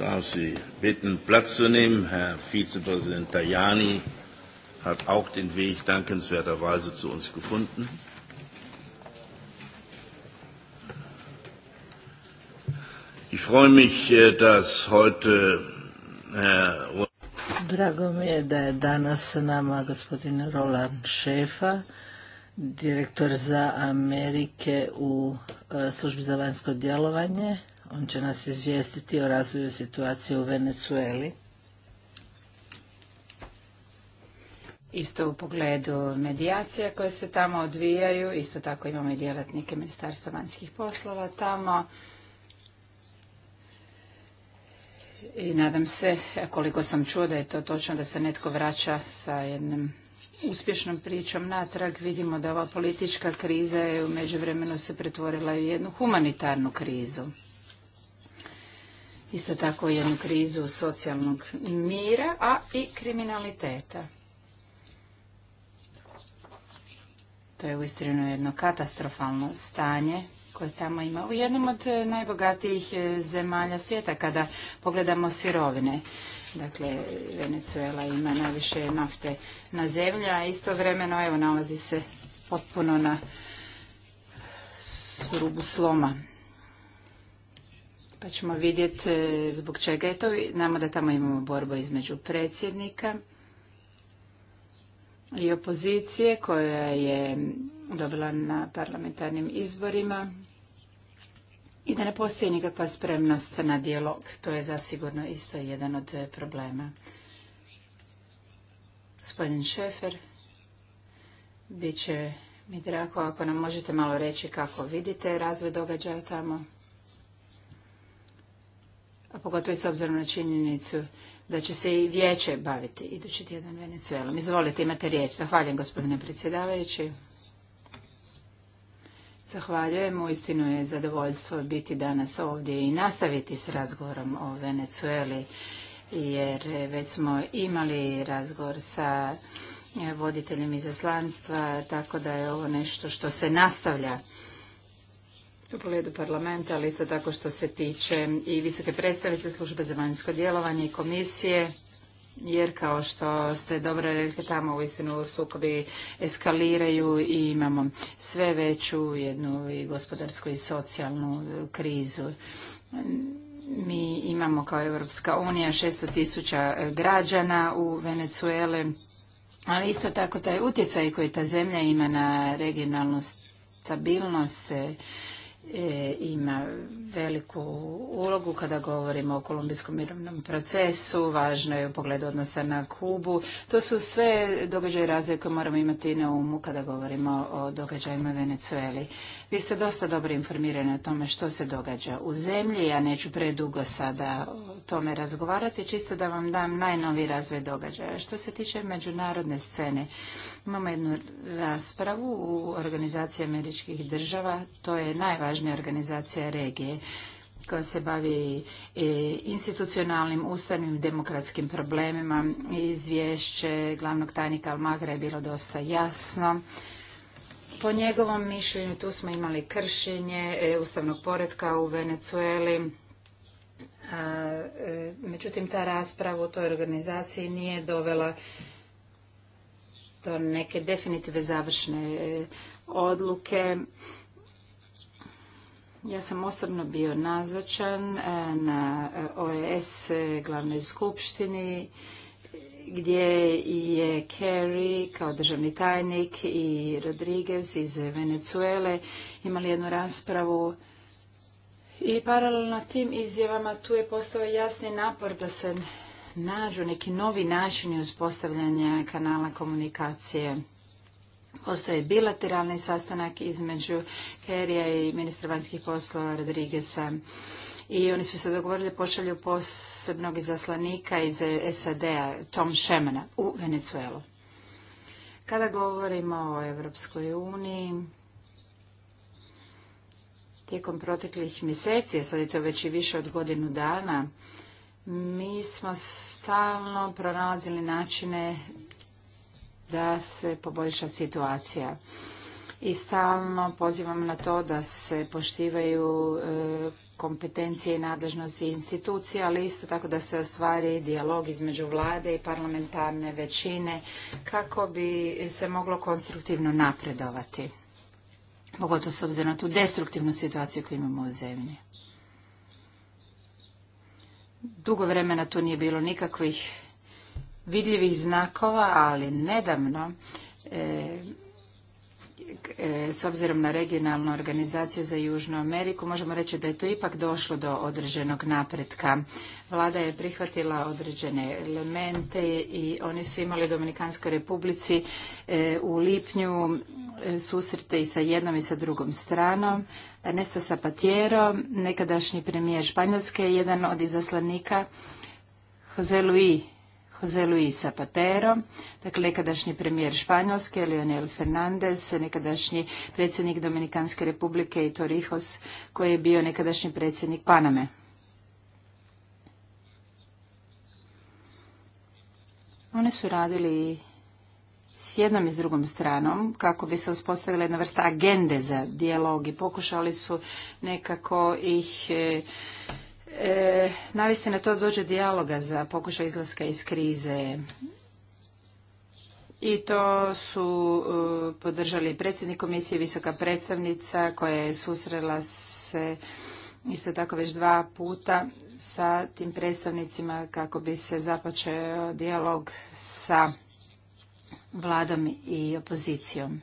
darf Sie bitten, Platz zu nehmen. Herr Vizepräsident Tajani hat auch den Weg dankenswerterweise zu uns gefunden. Ich freue mich, äh, dass heute Herr Drago mi je da je danas sa nama gospodin Roland Šefa, direktor za Amerike u e, službi za vanjsko djelovanje on će nas izvijestiti o razvoju situacije u Venecueli. Isto u pogledu medijacija koje se tamo odvijaju, isto tako imamo i djelatnike Ministarstva vanjskih poslova tamo. I nadam se, koliko sam čuo da je to točno, da se netko vraća sa jednom uspješnom pričom natrag. Vidimo da ova politička kriza je u međuvremenu se pretvorila u jednu humanitarnu krizu isto tako jednu krizu socijalnog mira, a i kriminaliteta. To je uistinu jedno katastrofalno stanje koje tamo ima. U jednom od eh, najbogatijih eh, zemalja svijeta kada pogledamo sirovine. Dakle, Venezuela ima najviše nafte na zemlji, a istovremeno evo, nalazi se potpuno na rubu sloma pa ćemo vidjeti e, zbog čega je to. Znamo da tamo imamo borbu između predsjednika i opozicije koja je dobila na parlamentarnim izborima i da ne postoji nikakva spremnost na dijalog. To je zasigurno isto jedan od e, problema. Gospodin Šefer, bit će mi drago ako nam možete malo reći kako vidite razvoj događaja tamo a pogotovo i s obzirom na činjenicu da će se i vijeće baviti idući tjedan Venezuelom. Izvolite, imate riječ. Zahvaljujem gospodine predsjedavajući. Zahvaljujem. Uistinu je zadovoljstvo biti danas ovdje i nastaviti s razgovorom o Venezueli jer već smo imali razgovor sa voditeljem izaslanstva, tako da je ovo nešto što se nastavlja u pogledu parlamenta, ali isto tako što se tiče i visoke predstavnice službe za vanjsko djelovanje i komisije, jer kao što ste dobro rekli, tamo uistinu sukobi eskaliraju i imamo sve veću jednu i gospodarsku i socijalnu krizu. Mi imamo kao Europska unija 600 tisuća građana u Venecuele, ali isto tako taj utjecaj koji ta zemlja ima na regionalnu stabilnost, E, ima veliku ulogu kada govorimo o kolumbijskom mirovnom procesu, važno je u pogledu odnosa na Kubu. To su sve događaje razvoja koje moramo imati na umu kada govorimo o događajima Venecueli. Vi ste dosta dobro informirani o tome što se događa u zemlji, ja neću predugo sada o tome razgovarati, čisto da vam dam najnoviji razvoj događaja. Što se tiče međunarodne scene, imamo jednu raspravu u organizaciji američkih država, to je najvažnija organizacija regije koja se bavi e, institucionalnim, ustavnim, demokratskim problemima. Izvješće glavnog tajnika Almagra je bilo dosta jasno. Po njegovom mišljenju tu smo imali kršenje e, ustavnog poredka u Venecueli. E, međutim, ta rasprava u toj organizaciji nije dovela do neke definitive završne odluke. Ja sam osobno bio nazočan e, na e, OES glavnoj skupštini gdje je Kerry kao državni tajnik i Rodriguez iz Venezuele imali jednu raspravu i paralelno tim izjavama tu je postao jasni napor da se nađu neki novi načini uspostavljanja kanala komunikacije Postoji bilateralni sastanak između Kerija i ministra vanjskih poslova Rodrigesa i oni su se dogovorili pošalju posebnog izaslanika iz SAD-a, Tom Šemana, u Venecuelu. Kada govorimo o Europskoj uniji, tijekom proteklih mjeseci, sad je to već i više od godinu dana, mi smo stalno pronalazili načine da se poboljša situacija. I stalno pozivam na to da se poštivaju e, kompetencije i nadležnosti institucija, ali isto tako da se ostvari dijalog između vlade i parlamentarne većine kako bi se moglo konstruktivno napredovati. Pogotovo s obzirom na tu destruktivnu situaciju koju imamo u zemlji. Dugo vremena tu nije bilo nikakvih vidljivih znakova, ali nedavno e, e, s obzirom na regionalnu organizaciju za Južnu Ameriku, možemo reći da je to ipak došlo do određenog napretka. Vlada je prihvatila određene elemente i oni su imali u Dominikanskoj republici e, u lipnju susrete i sa jednom i sa drugom stranom. Nesta Sapatiero, nekadašnji premijer Španjolske, jedan od izaslanika Jose Luis Jose Luis Zapatero, dakle nekadašnji premijer Španjolske, Leonel Fernandez, nekadašnji predsjednik Dominikanske republike i torijos koji je bio nekadašnji predsjednik Paname. Oni su radili s jednom i s drugom stranom kako bi se uspostavila jedna vrsta agende za dijalog i pokušali su nekako ih eh, e, navesti na to dođe dijaloga za pokušaj izlaska iz krize. I to su e, podržali predsjednik komisije, visoka predstavnica koja je susrela se isto tako već dva puta sa tim predstavnicima kako bi se započeo dijalog sa vladom i opozicijom.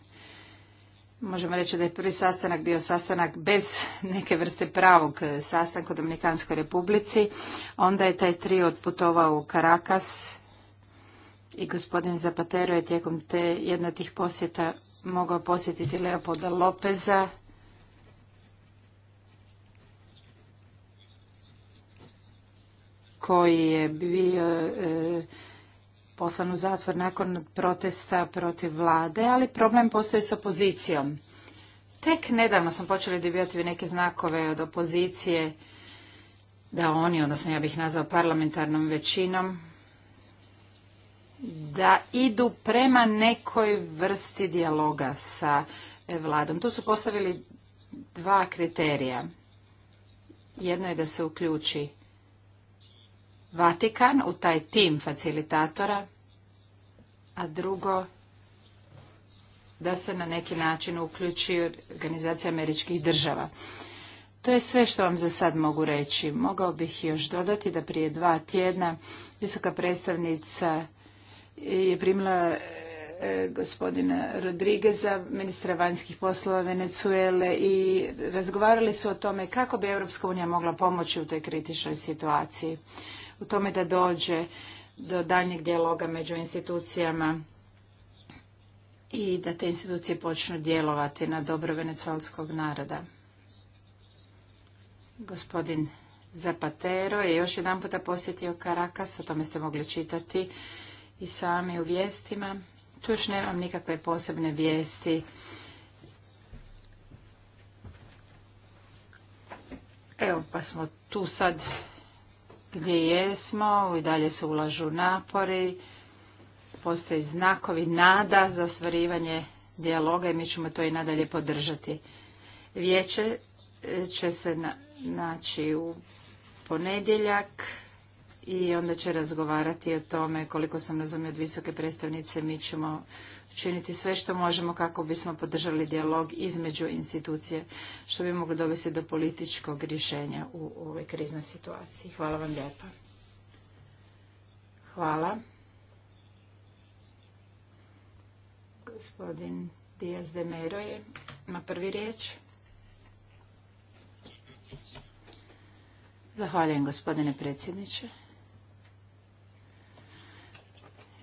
Možemo reći da je prvi sastanak bio sastanak bez neke vrste pravog sastanka u Dominikanskoj republici. Onda je taj tri otputovao u Karakas i gospodin Zapatero je tijekom te, od tih posjeta mogao posjetiti Leopolda Lopeza. koji je bio e, poslan u zatvor nakon protesta protiv vlade, ali problem postoji s opozicijom. Tek nedavno smo počeli dobivati neke znakove od opozicije da oni, odnosno ja bih nazvao parlamentarnom većinom, da idu prema nekoj vrsti dijaloga sa vladom. Tu su postavili dva kriterija. Jedno je da se uključi Vatikan u taj tim facilitatora, a drugo da se na neki način uključi organizacija američkih država. To je sve što vam za sad mogu reći. Mogao bih još dodati da prije dva tjedna visoka predstavnica je primila e, gospodina Rodrigueza, ministra vanjskih poslova Venecuele i razgovarali su o tome kako bi Europska unija mogla pomoći u toj kritičnoj situaciji u tome da dođe do daljnjeg dijaloga među institucijama i da te institucije počnu djelovati na dobro venecualskog naroda. Gospodin Zapatero je još jedan puta posjetio Karakas, o tome ste mogli čitati i sami u vijestima. Tu još nemam nikakve posebne vijesti. Evo, pa smo tu sad gdje jesmo, i dalje se ulažu napori, postoji znakovi nada za ostvarivanje dijaloga i mi ćemo to i nadalje podržati. Vijeće e, će se naći u ponedjeljak i onda će razgovarati o tome koliko sam razumio od visoke predstavnice mi ćemo činiti sve što možemo kako bismo podržali dijalog između institucije, što bi moglo dovesti do političkog rješenja u ovoj kriznoj situaciji. Hvala vam lijepa. Hvala. Gospodin de Mero je, ima prvi riječ. Zahvaljujem gospodine predsjedniče.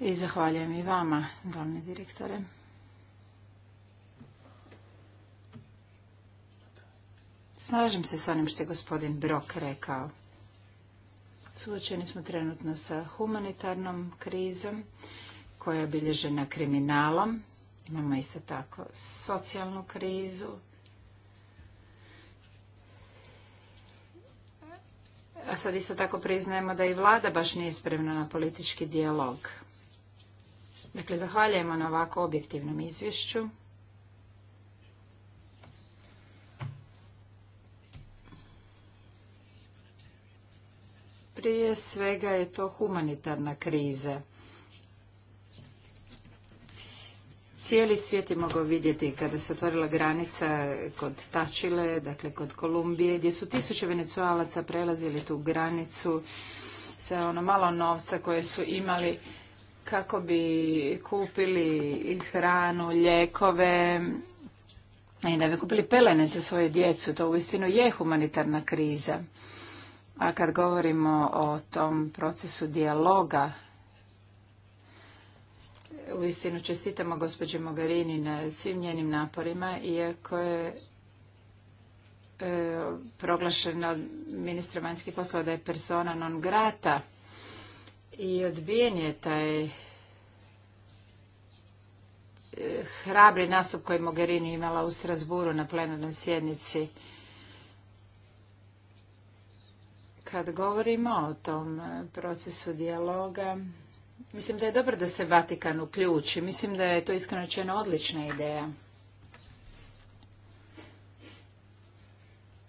I zahvaljujem i vama, glavni direktore. Slažem se s onim što je gospodin Brok rekao. Suočeni smo trenutno sa humanitarnom krizom koja je obilježena kriminalom. Imamo isto tako socijalnu krizu. A sad isto tako priznajemo da i vlada baš nije spremna na politički dijalog. Dakle, zahvaljujemo na ovako objektivnom izvješću. Prije svega je to humanitarna kriza. Cijeli svijet je mogao vidjeti kada se otvorila granica kod Tačile, dakle kod Kolumbije, gdje su tisuće venecualaca prelazili tu granicu sa ono malo novca koje su imali kako bi kupili hranu, ljekove i da bi kupili pelene za svoje djecu. To uistinu je humanitarna kriza. A kad govorimo o tom procesu dijaloga, uistinu čestitamo gospođe Mogherini na svim njenim naporima, iako je e, proglašeno proglašena ministra vanjskih poslova da je persona non grata – i odbijen je taj eh, hrabri nastup koji Mogherini imala u Strasburu na plenarnoj sjednici. Kad govorimo o tom eh, procesu dijaloga, mislim da je dobro da se Vatikan uključi. Mislim da je to iskreno odlična ideja.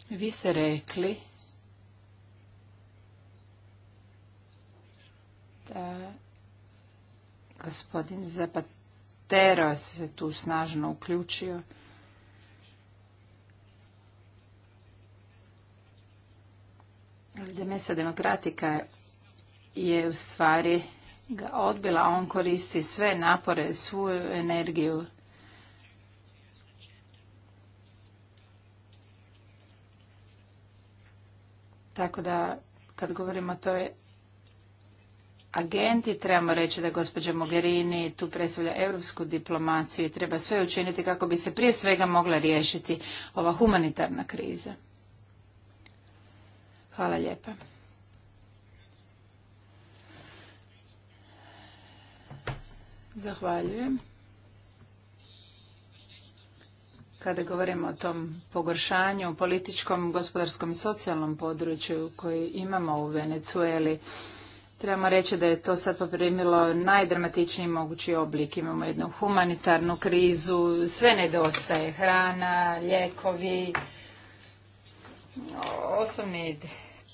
Vi ste rekli E, gospodin Zapatero se tu snažno uključio. Demesa demokratika je u stvari ga odbila, on koristi sve napore, svoju energiju. Tako da kad govorimo o toj agenti. Trebamo reći da gospođa Mogherini tu predstavlja evropsku diplomaciju i treba sve učiniti kako bi se prije svega mogla riješiti ova humanitarna kriza. Hvala lijepa. Zahvaljujem. Kada govorimo o tom pogoršanju političkom, gospodarskom i socijalnom području koji imamo u Venecueli, trebamo reći da je to sad poprimilo najdramatičniji mogući oblik. Imamo jednu humanitarnu krizu, sve nedostaje, hrana, lijekovi, osobni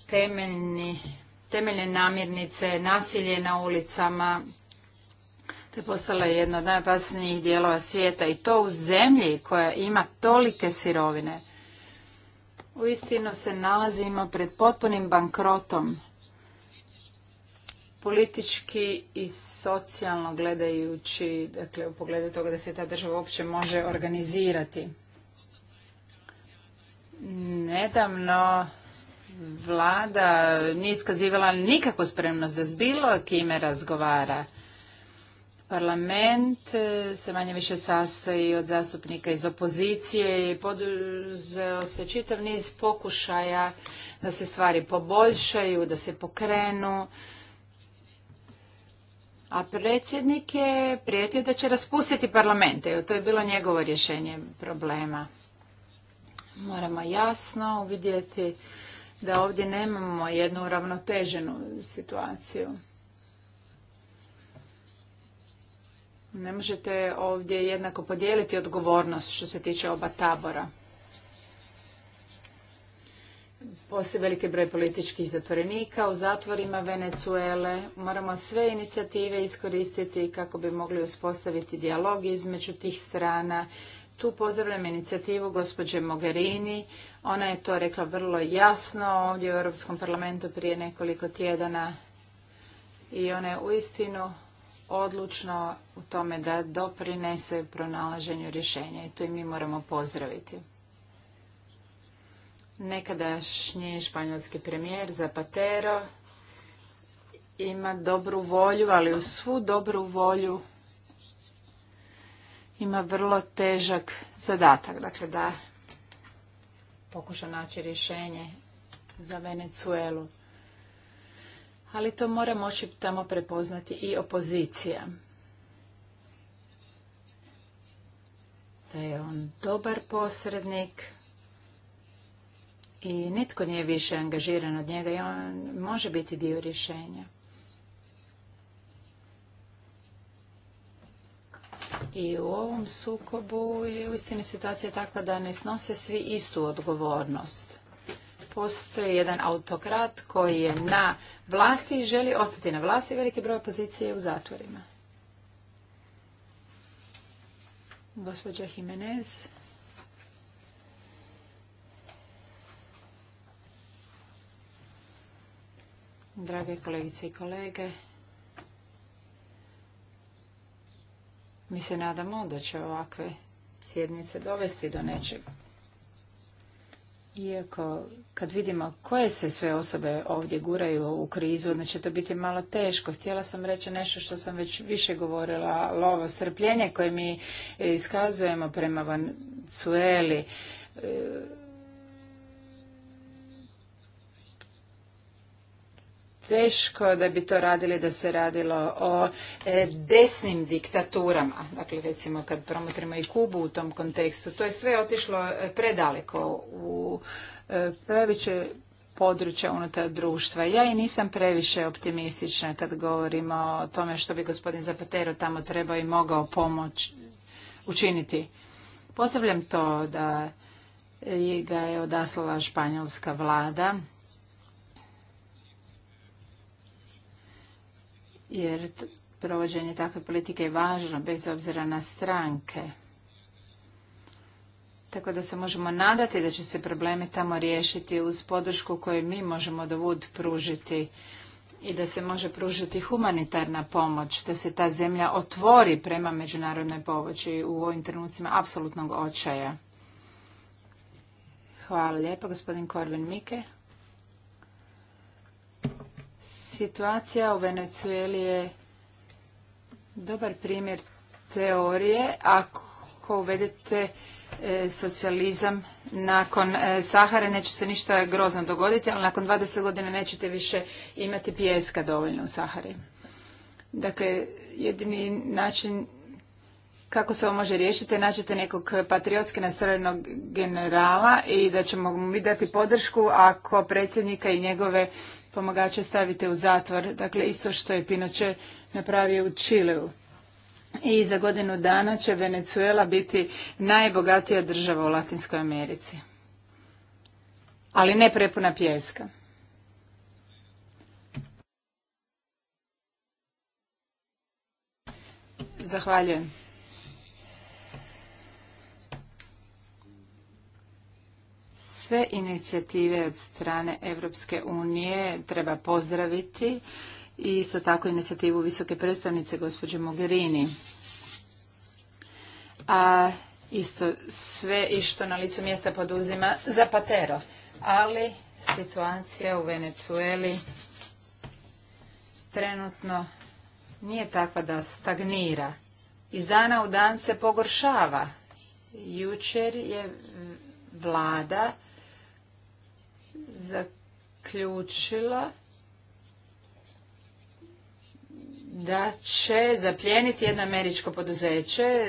temeljni, temeljne namirnice, nasilje na ulicama. To je postala jedna od najopasnijih dijelova svijeta i to u zemlji koja ima tolike sirovine. Uistinu se nalazimo pred potpunim bankrotom politički i socijalno gledajući, dakle u pogledu toga da se ta država uopće može organizirati. Nedavno vlada nije iskazivala nikakvu spremnost da s bilo kime razgovara. Parlament eh, se manje više sastoji od zastupnika iz opozicije i poduzeo se čitav niz pokušaja da se stvari poboljšaju, da se pokrenu. A predsjednik je prijetio da će raspustiti parlamente. To je bilo njegovo rješenje problema. Moramo jasno uvidjeti da ovdje nemamo jednu uravnoteženu situaciju. Ne možete ovdje jednako podijeliti odgovornost što se tiče oba tabora. Postoji veliki broj političkih zatvorenika u zatvorima Venecuele. Moramo sve inicijative iskoristiti kako bi mogli uspostaviti dijalog između tih strana. Tu pozdravljam inicijativu gospođe Mogherini. Ona je to rekla vrlo jasno ovdje u Europskom parlamentu prije nekoliko tjedana i ona je uistinu odlučno u tome da doprinese pronalaženju rješenja i to i mi moramo pozdraviti. Nekadašnji španjolski premijer Zapatero ima dobru volju, ali u svu dobru volju ima vrlo težak zadatak. Dakle, da pokuša naći rješenje za Venecuelu. Ali to mora moći tamo prepoznati i opozicija. Da je on dobar posrednik, i nitko nije više angažiran od njega i on može biti dio rješenja. I u ovom sukobu je istini situacija takva da ne snose svi istu odgovornost. Postoji jedan autokrat koji je na vlasti i želi ostati na vlasti, veliki broj pozicije u zatvorima. Gospođa Jimenez. drage kolegice i kolege. Mi se nadamo da će ovakve sjednice dovesti do nečega. Iako kad vidimo koje se sve osobe ovdje guraju u krizu, onda će to biti malo teško. Htjela sam reći nešto što sam već više govorila, lovo strpljenje koje mi iskazujemo prema Vancueli, teško da bi to radili da se radilo o e, desnim diktaturama. Dakle, recimo kad promotrimo i Kubu u tom kontekstu, to je sve otišlo e, predaleko u e, previše područja unutar društva. Ja i nisam previše optimistična kad govorimo o tome što bi gospodin Zapatero tamo trebao i mogao pomoć učiniti. Postavljam to da ga je odaslala španjolska vlada jer provođenje takve politike je važno bez obzira na stranke. Tako da se možemo nadati da će se problemi tamo riješiti uz podršku koju mi možemo dovud pružiti i da se može pružiti humanitarna pomoć, da se ta zemlja otvori prema međunarodnoj pomoći u ovim trenucima apsolutnog očaja. Hvala lijepa, gospodin Korvin Mike. Situacija u Venecueli je dobar primjer teorije. Ako uvedete e, socijalizam nakon e, Sahare neće se ništa grozno dogoditi, ali nakon 20 godina nećete više imati pijeska dovoljno u Sahari. Dakle, jedini način kako se ovo može riješiti, naćete nekog patriotski nastrojenog generala i da ćemo mu mi dati podršku ako predsjednika i njegove pomagače stavite u zatvor, dakle isto što je Pinoče napravio u Čileu. I za godinu dana će Venezuela biti najbogatija država u Latinskoj Americi. Ali ne prepuna pjeska. Zahvaljujem. Sve inicijative od strane Europske unije treba pozdraviti i isto tako inicijativu visoke predstavnice gospođe Mogherini. A isto sve i što na licu mjesta poduzima Zapatero. Ali situacija u Venecueli trenutno nije takva da stagnira. Iz dana u dan se pogoršava. Jučer je vlada zaključila da će zapljeniti jedno američko poduzeće,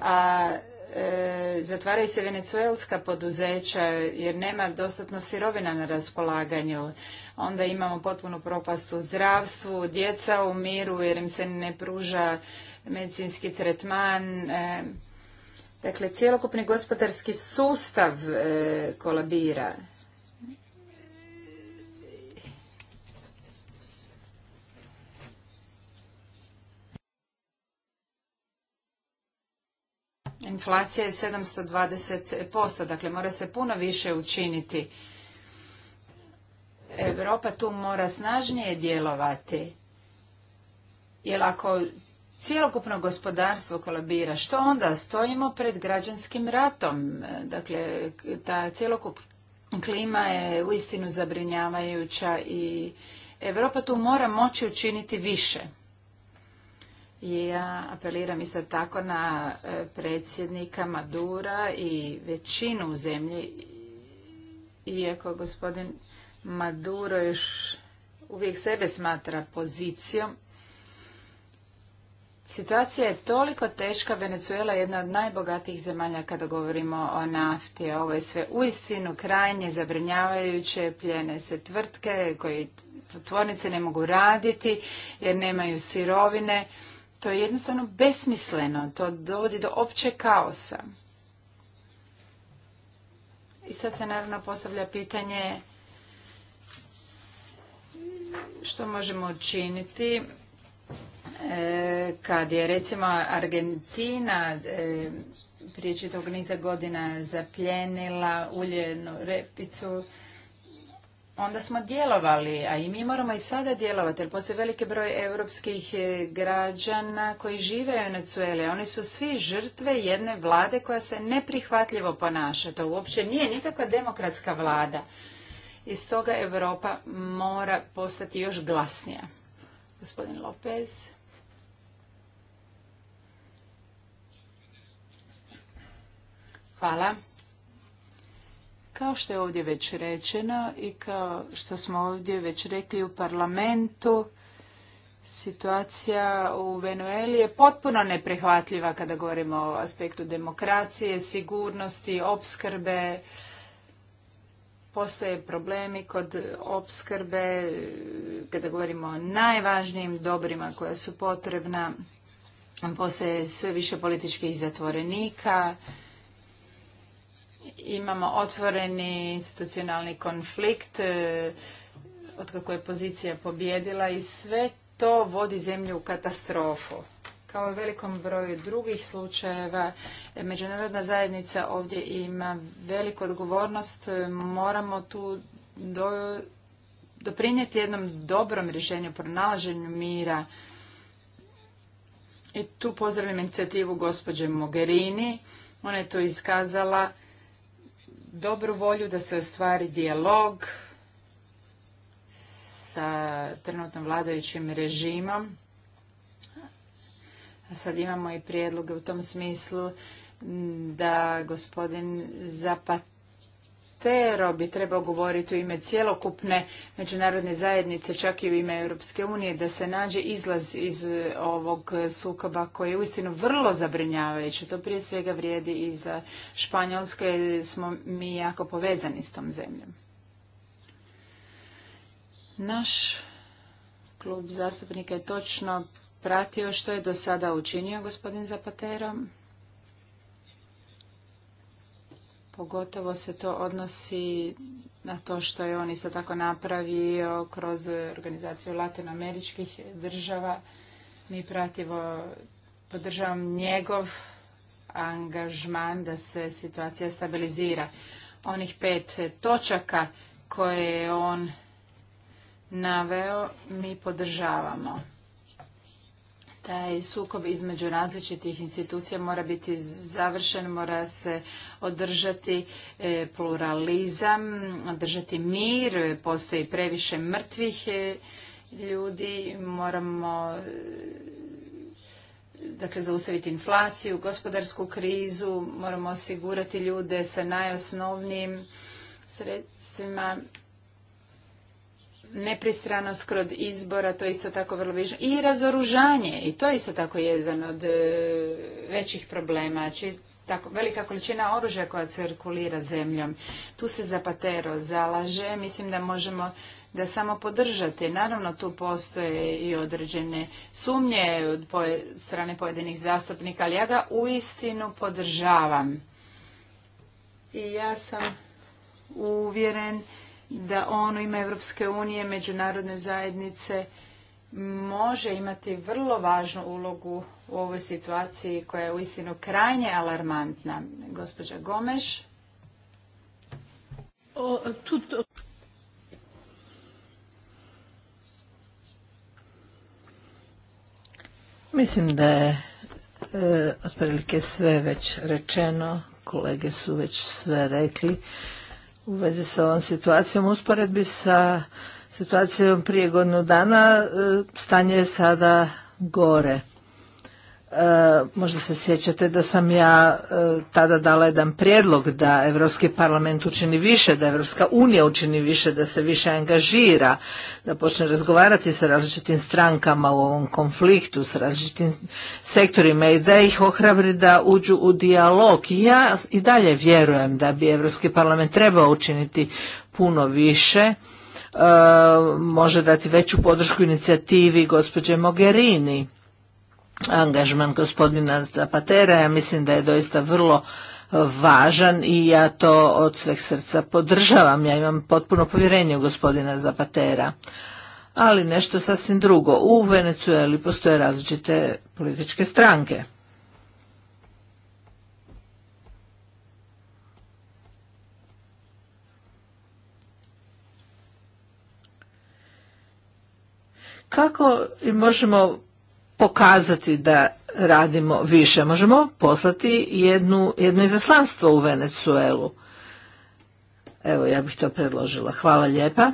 a e, zatvaraju se venecuelska poduzeća jer nema dostatno sirovina na raspolaganju. Onda imamo potpunu propast u zdravstvu, djeca u miru jer im se ne pruža medicinski tretman. E, dakle, cjelokupni gospodarski sustav e, kolabira. inflacija je 720%, dakle mora se puno više učiniti. Europa tu mora snažnije djelovati, jer ako cjelokupno gospodarstvo kolabira, što onda? Stojimo pred građanskim ratom, dakle ta cjelokupna klima je uistinu zabrinjavajuća i Europa tu mora moći učiniti više. Ja apeliram isto tako na e, predsjednika Madura i većinu u zemlji, iako gospodin Maduro još uvijek sebe smatra pozicijom, Situacija je toliko teška. Venezuela je jedna od najbogatijih zemalja kada govorimo o nafti. Ovo je sve uistinu krajnje zabrinjavajuće. Pljene se tvrtke koje tvornice ne mogu raditi jer nemaju sirovine. To je jednostavno besmisleno, to dovodi do opće kaosa. I sad se naravno postavlja pitanje što možemo učiniti e, kad je recimo Argentina e, prije čitog niza godina zapljenila uljenu repicu onda smo djelovali, a i mi moramo i sada djelovati, jer postoji veliki broj europskih e, građana koji žive u Venezueli. Oni su svi žrtve jedne vlade koja se neprihvatljivo ponaša. To uopće nije nikakva demokratska vlada. I stoga Europa mora postati još glasnija. Gospodin Lopez. Hvala. Kao što je ovdje već rečeno i kao što smo ovdje već rekli u parlamentu, situacija u Venueli je potpuno neprihvatljiva kada govorimo o aspektu demokracije, sigurnosti, opskrbe. Postoje problemi kod opskrbe kada govorimo o najvažnijim dobrima koja su potrebna. Postoje sve više političkih zatvorenika imamo otvoreni institucionalni konflikt e, od kako je pozicija pobjedila i sve to vodi zemlju u katastrofu. Kao u velikom broju drugih slučajeva, e, međunarodna zajednica ovdje ima veliku odgovornost. E, moramo tu do, doprinijeti jednom dobrom rješenju, pronalaženju mira. I tu pozdravim inicijativu gospođe Mogherini. Ona je to iskazala dobru volju da se ostvari dijalog sa trenutno vladajućim režimom. A sad imamo i prijedloge u tom smislu da gospodin Zapat Montero bi trebao govoriti u ime cjelokupne međunarodne zajednice, čak i u ime Europske unije, da se nađe izlaz iz e, ovog sukoba koji je uistinu vrlo zabrinjavajući. To prije svega vrijedi i za Španjolsku jer smo mi jako povezani s tom zemljom. Naš klub zastupnika je točno pratio što je do sada učinio gospodin Zapatero. Pogotovo se to odnosi na to što je on isto tako napravio kroz organizaciju latinoameričkih država. Mi pratimo, podržavam njegov angažman da se situacija stabilizira. Onih pet točaka koje je on naveo mi podržavamo taj sukob između različitih institucija mora biti završen, mora se održati e, pluralizam, održati mir, postoji previše mrtvih e, ljudi, moramo e, dakle zaustaviti inflaciju, gospodarsku krizu, moramo osigurati ljude sa najosnovnijim sredstvima nepristranost kroz izbora, to je isto tako vrlo više. I razoružanje, i to je isto tako jedan od e, većih problema. Či tako, velika količina oružja koja cirkulira zemljom. Tu se Zapatero zalaže, mislim da možemo da samo podržati. Naravno, tu postoje i određene sumnje od strane pojedinih zastupnika, ali ja ga uistinu podržavam. I ja sam uvjeren da on ima Evropske unije, međunarodne zajednice može imati vrlo važnu ulogu u ovoj situaciji koja je uistinu krajnje alarmantna. Gospođa Gomeš. Mislim da je e, otprilike sve već rečeno, kolege su već sve rekli u vezi sa ovom situacijom. Usporedbi sa situacijom prije godinu dana e, stanje je sada gore. E, možda se sjećate da sam ja e, tada dala jedan prijedlog da Europski parlament učini više, da Europska unija učini više, da se više angažira, da počne razgovarati sa različitim strankama u ovom konfliktu, sa različitim sektorima i da ih ohrabri da uđu u dijalog. I ja i dalje vjerujem da bi Europski parlament trebao učiniti puno više. E, može dati veću podršku inicijativi gospođe Mogherini angažman gospodina Zapatera. Ja mislim da je doista vrlo važan i ja to od sveg srca podržavam. Ja imam potpuno povjerenje u gospodina Zapatera. Ali nešto sasvim drugo. U Venecueli postoje različite političke stranke. Kako možemo pokazati da radimo više. Možemo poslati jednu, jedno izaslanstvo u Venezuelu. Evo, ja bih to predložila. Hvala lijepa.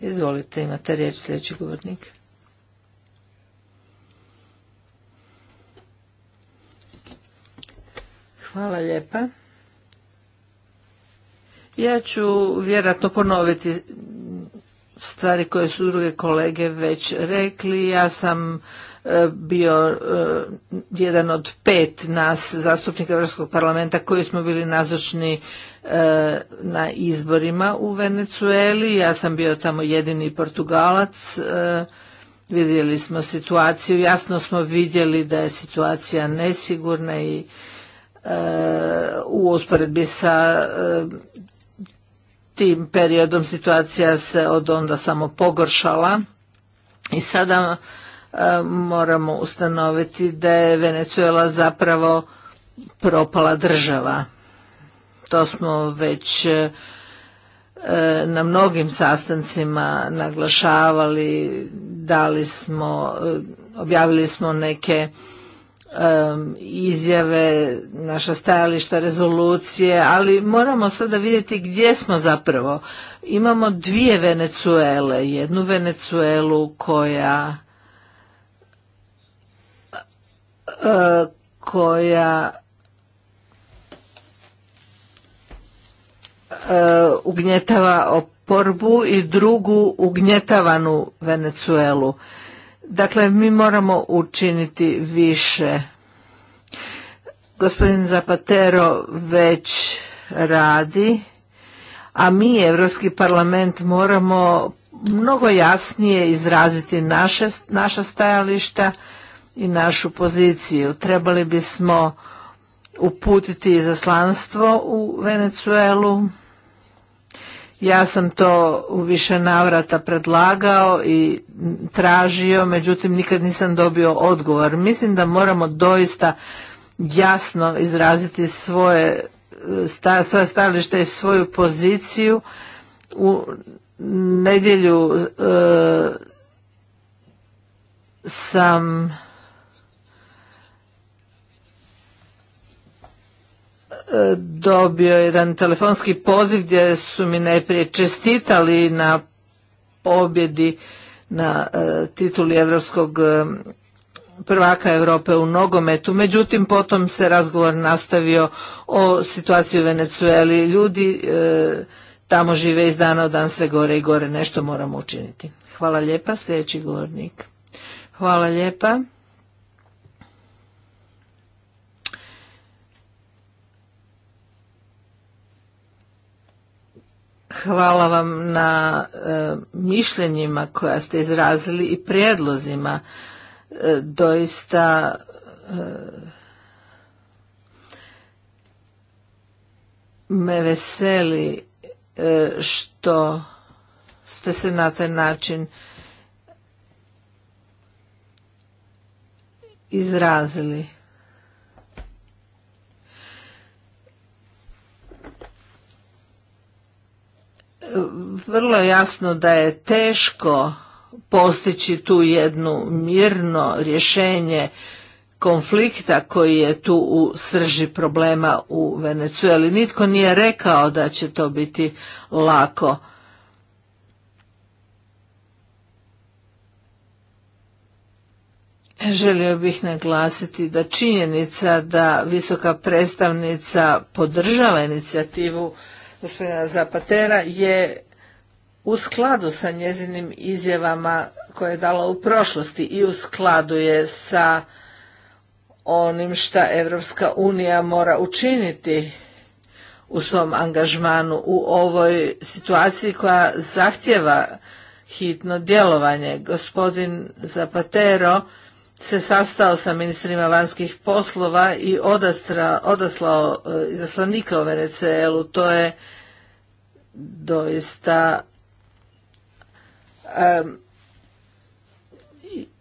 Izvolite, imate riječ sljedeći govornik. Hvala lijepa. Ja ću vjerojatno ponoviti stvari koje su druge kolege već rekli. Ja sam e, bio e, jedan od pet nas zastupnika Europskog parlamenta koji smo bili nazočni e, na izborima u Venecueli. Ja sam bio tamo jedini Portugalac. Vidjeli smo situaciju. Jasno smo vidjeli da je situacija nesigurna i u usporedbi sa tim periodom situacija se od onda samo pogoršala i sada e, moramo ustanoviti da je Venezuela zapravo propala država. To smo već e, e, na mnogim sastancima naglašavali, dali smo, objavili smo neke izjave, naša stajališta, rezolucije, ali moramo sada vidjeti gdje smo zapravo. Imamo dvije Venecuele, jednu Venecuelu koja eh, koja eh, ugnjetava oporbu i drugu ugnjetavanu Venecuelu. Dakle, mi moramo učiniti više. Gospodin Zapatero već radi, a mi, Europski parlament, moramo mnogo jasnije izraziti naše, naša stajališta i našu poziciju. Trebali bismo uputiti zaslanstvo u Venecuelu ja sam to u više navrata predlagao i tražio, međutim nikad nisam dobio odgovor. Mislim da moramo doista jasno izraziti svoje svoje i svoju poziciju u nedjelju e, sam E, dobio jedan telefonski poziv gdje su mi najprije čestitali na pobjedi na e, tituli Europskog e, prvaka Europe u nogometu. Međutim, potom se razgovor nastavio o situaciji u Venecueli. Ljudi tamo žive iz dana u dan sve gore i gore. Nešto moramo učiniti. Hvala lijepa. Sljedeći govornik. Hvala lijepa. Hvala vam na e, mišljenjima koja ste izrazili i prijedlozima. E, doista e, me veseli što ste se na taj način izrazili. vrlo jasno da je teško postići tu jednu mirno rješenje konflikta koji je tu u srži problema u Venecueli. Nitko nije rekao da će to biti lako. Želio bih naglasiti da činjenica da visoka predstavnica podržava inicijativu gospodina Zapatera je u skladu sa njezinim izjavama koje je dala u prošlosti i u skladu je sa onim šta Evropska unija mora učiniti u svom angažmanu u ovoj situaciji koja zahtjeva hitno djelovanje. Gospodin Zapatero se sastao sa ministrima vanjskih poslova i odastra, odaslao e, izaslanika u VNCL-u. To je doista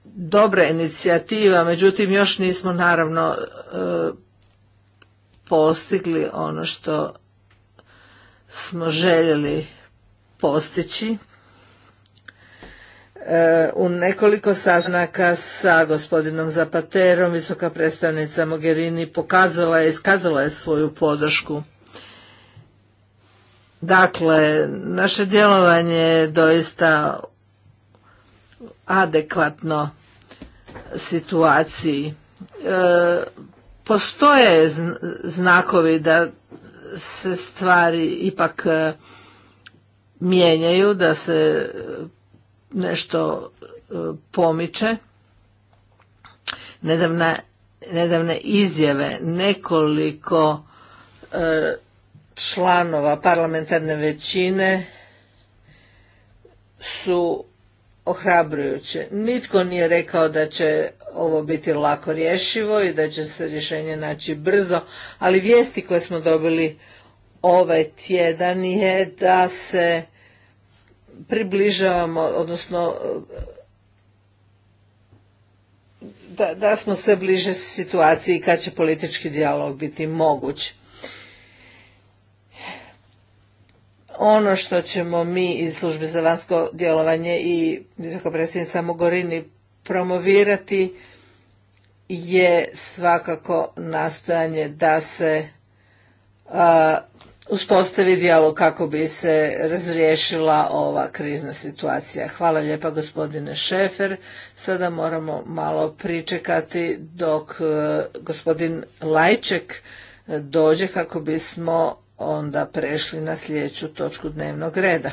dobra inicijativa, međutim još nismo naravno e, postigli ono što smo željeli postići. E, u nekoliko saznaka sa gospodinom Zapaterom, visoka predstavnica Mogherini pokazala je, iskazala je svoju podršku. Dakle, naše djelovanje je doista adekvatno situaciji. E, postoje znakovi da se stvari ipak e, mijenjaju, da se nešto e, pomiče. nedavne izjave nekoliko e, članova parlamentarne većine su ohrabrujuće. Nitko nije rekao da će ovo biti lako rješivo i da će se rješenje naći brzo, ali vijesti koje smo dobili ovaj tjedan je da se približavamo, odnosno da, da smo sve bliže situaciji kad će politički dijalog biti moguć. Ono što ćemo mi iz službe za vanjsko djelovanje i visoka predsjednica Mogorini promovirati je svakako nastojanje da se uspostavi dijalog kako bi se razriješila ova krizna situacija. Hvala lijepa gospodine Šefer. Sada moramo malo pričekati dok e, gospodin Lajček e, dođe kako bismo onda prešli na sljedeću točku dnevnog reda.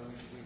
Hvala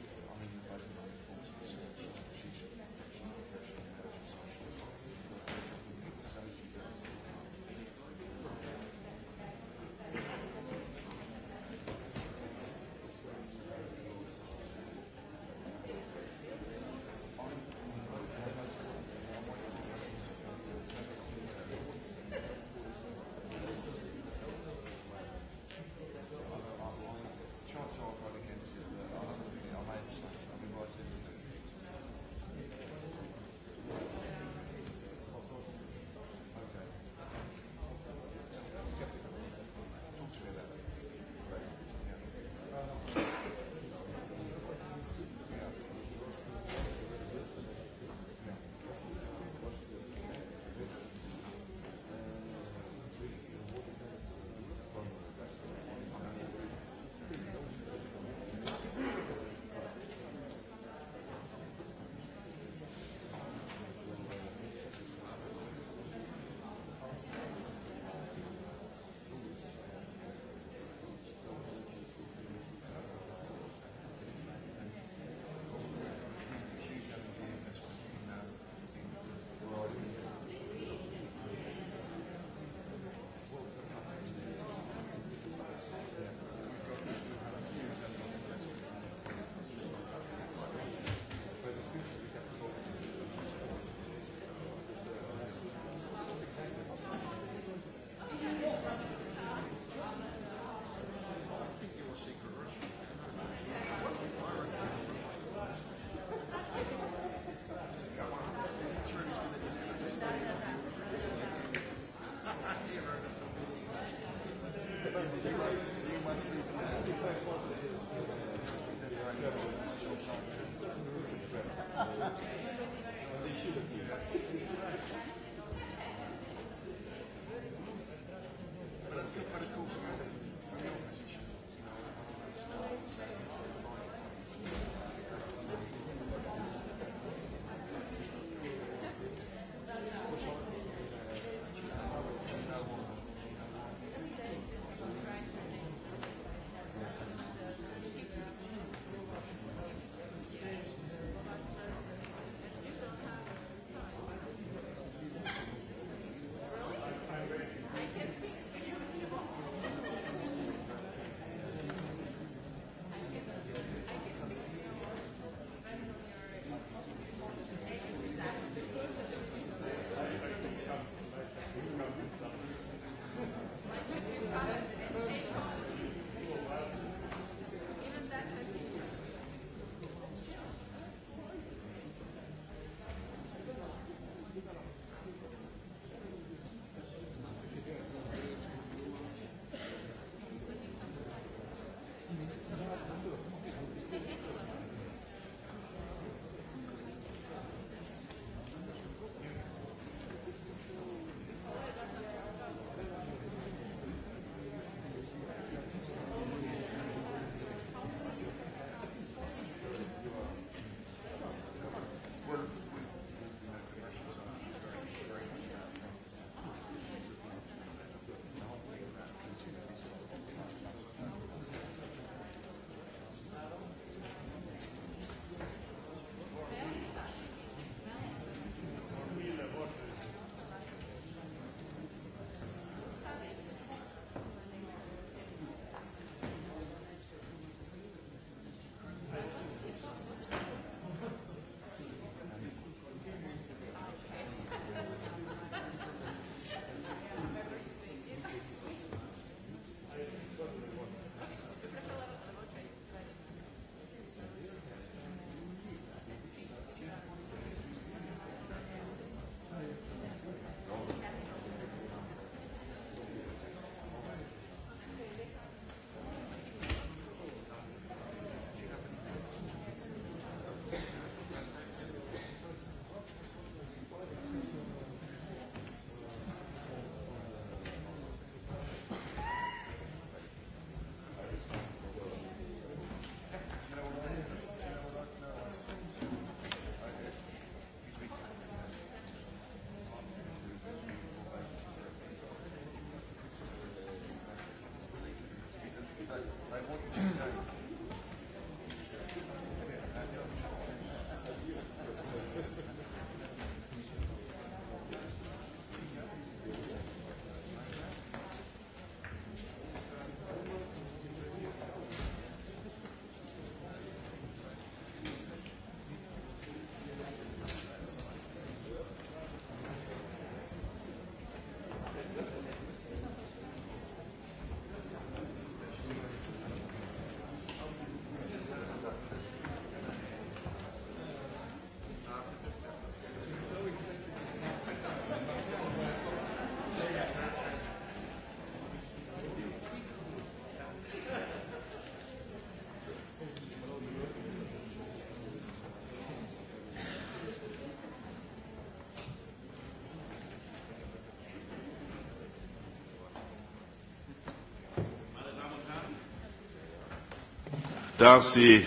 darf Sie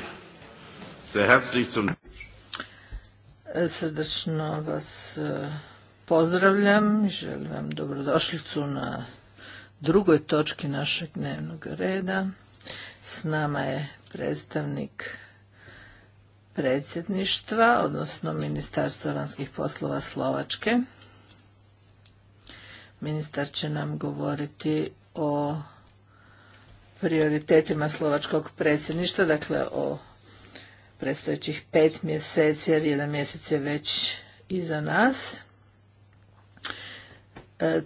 zum Srdačno vas e, pozdravljam i želim vam dobrodošlicu na drugoj točki našeg dnevnog reda. S nama je predstavnik predsjedništva, odnosno Ministarstva vanjskih poslova Slovačke. Ministar će nam govoriti o prioritetima slovačkog predsjedništva, dakle o predstojećih pet mjeseci, jer jedan mjesec je već iza nas. E,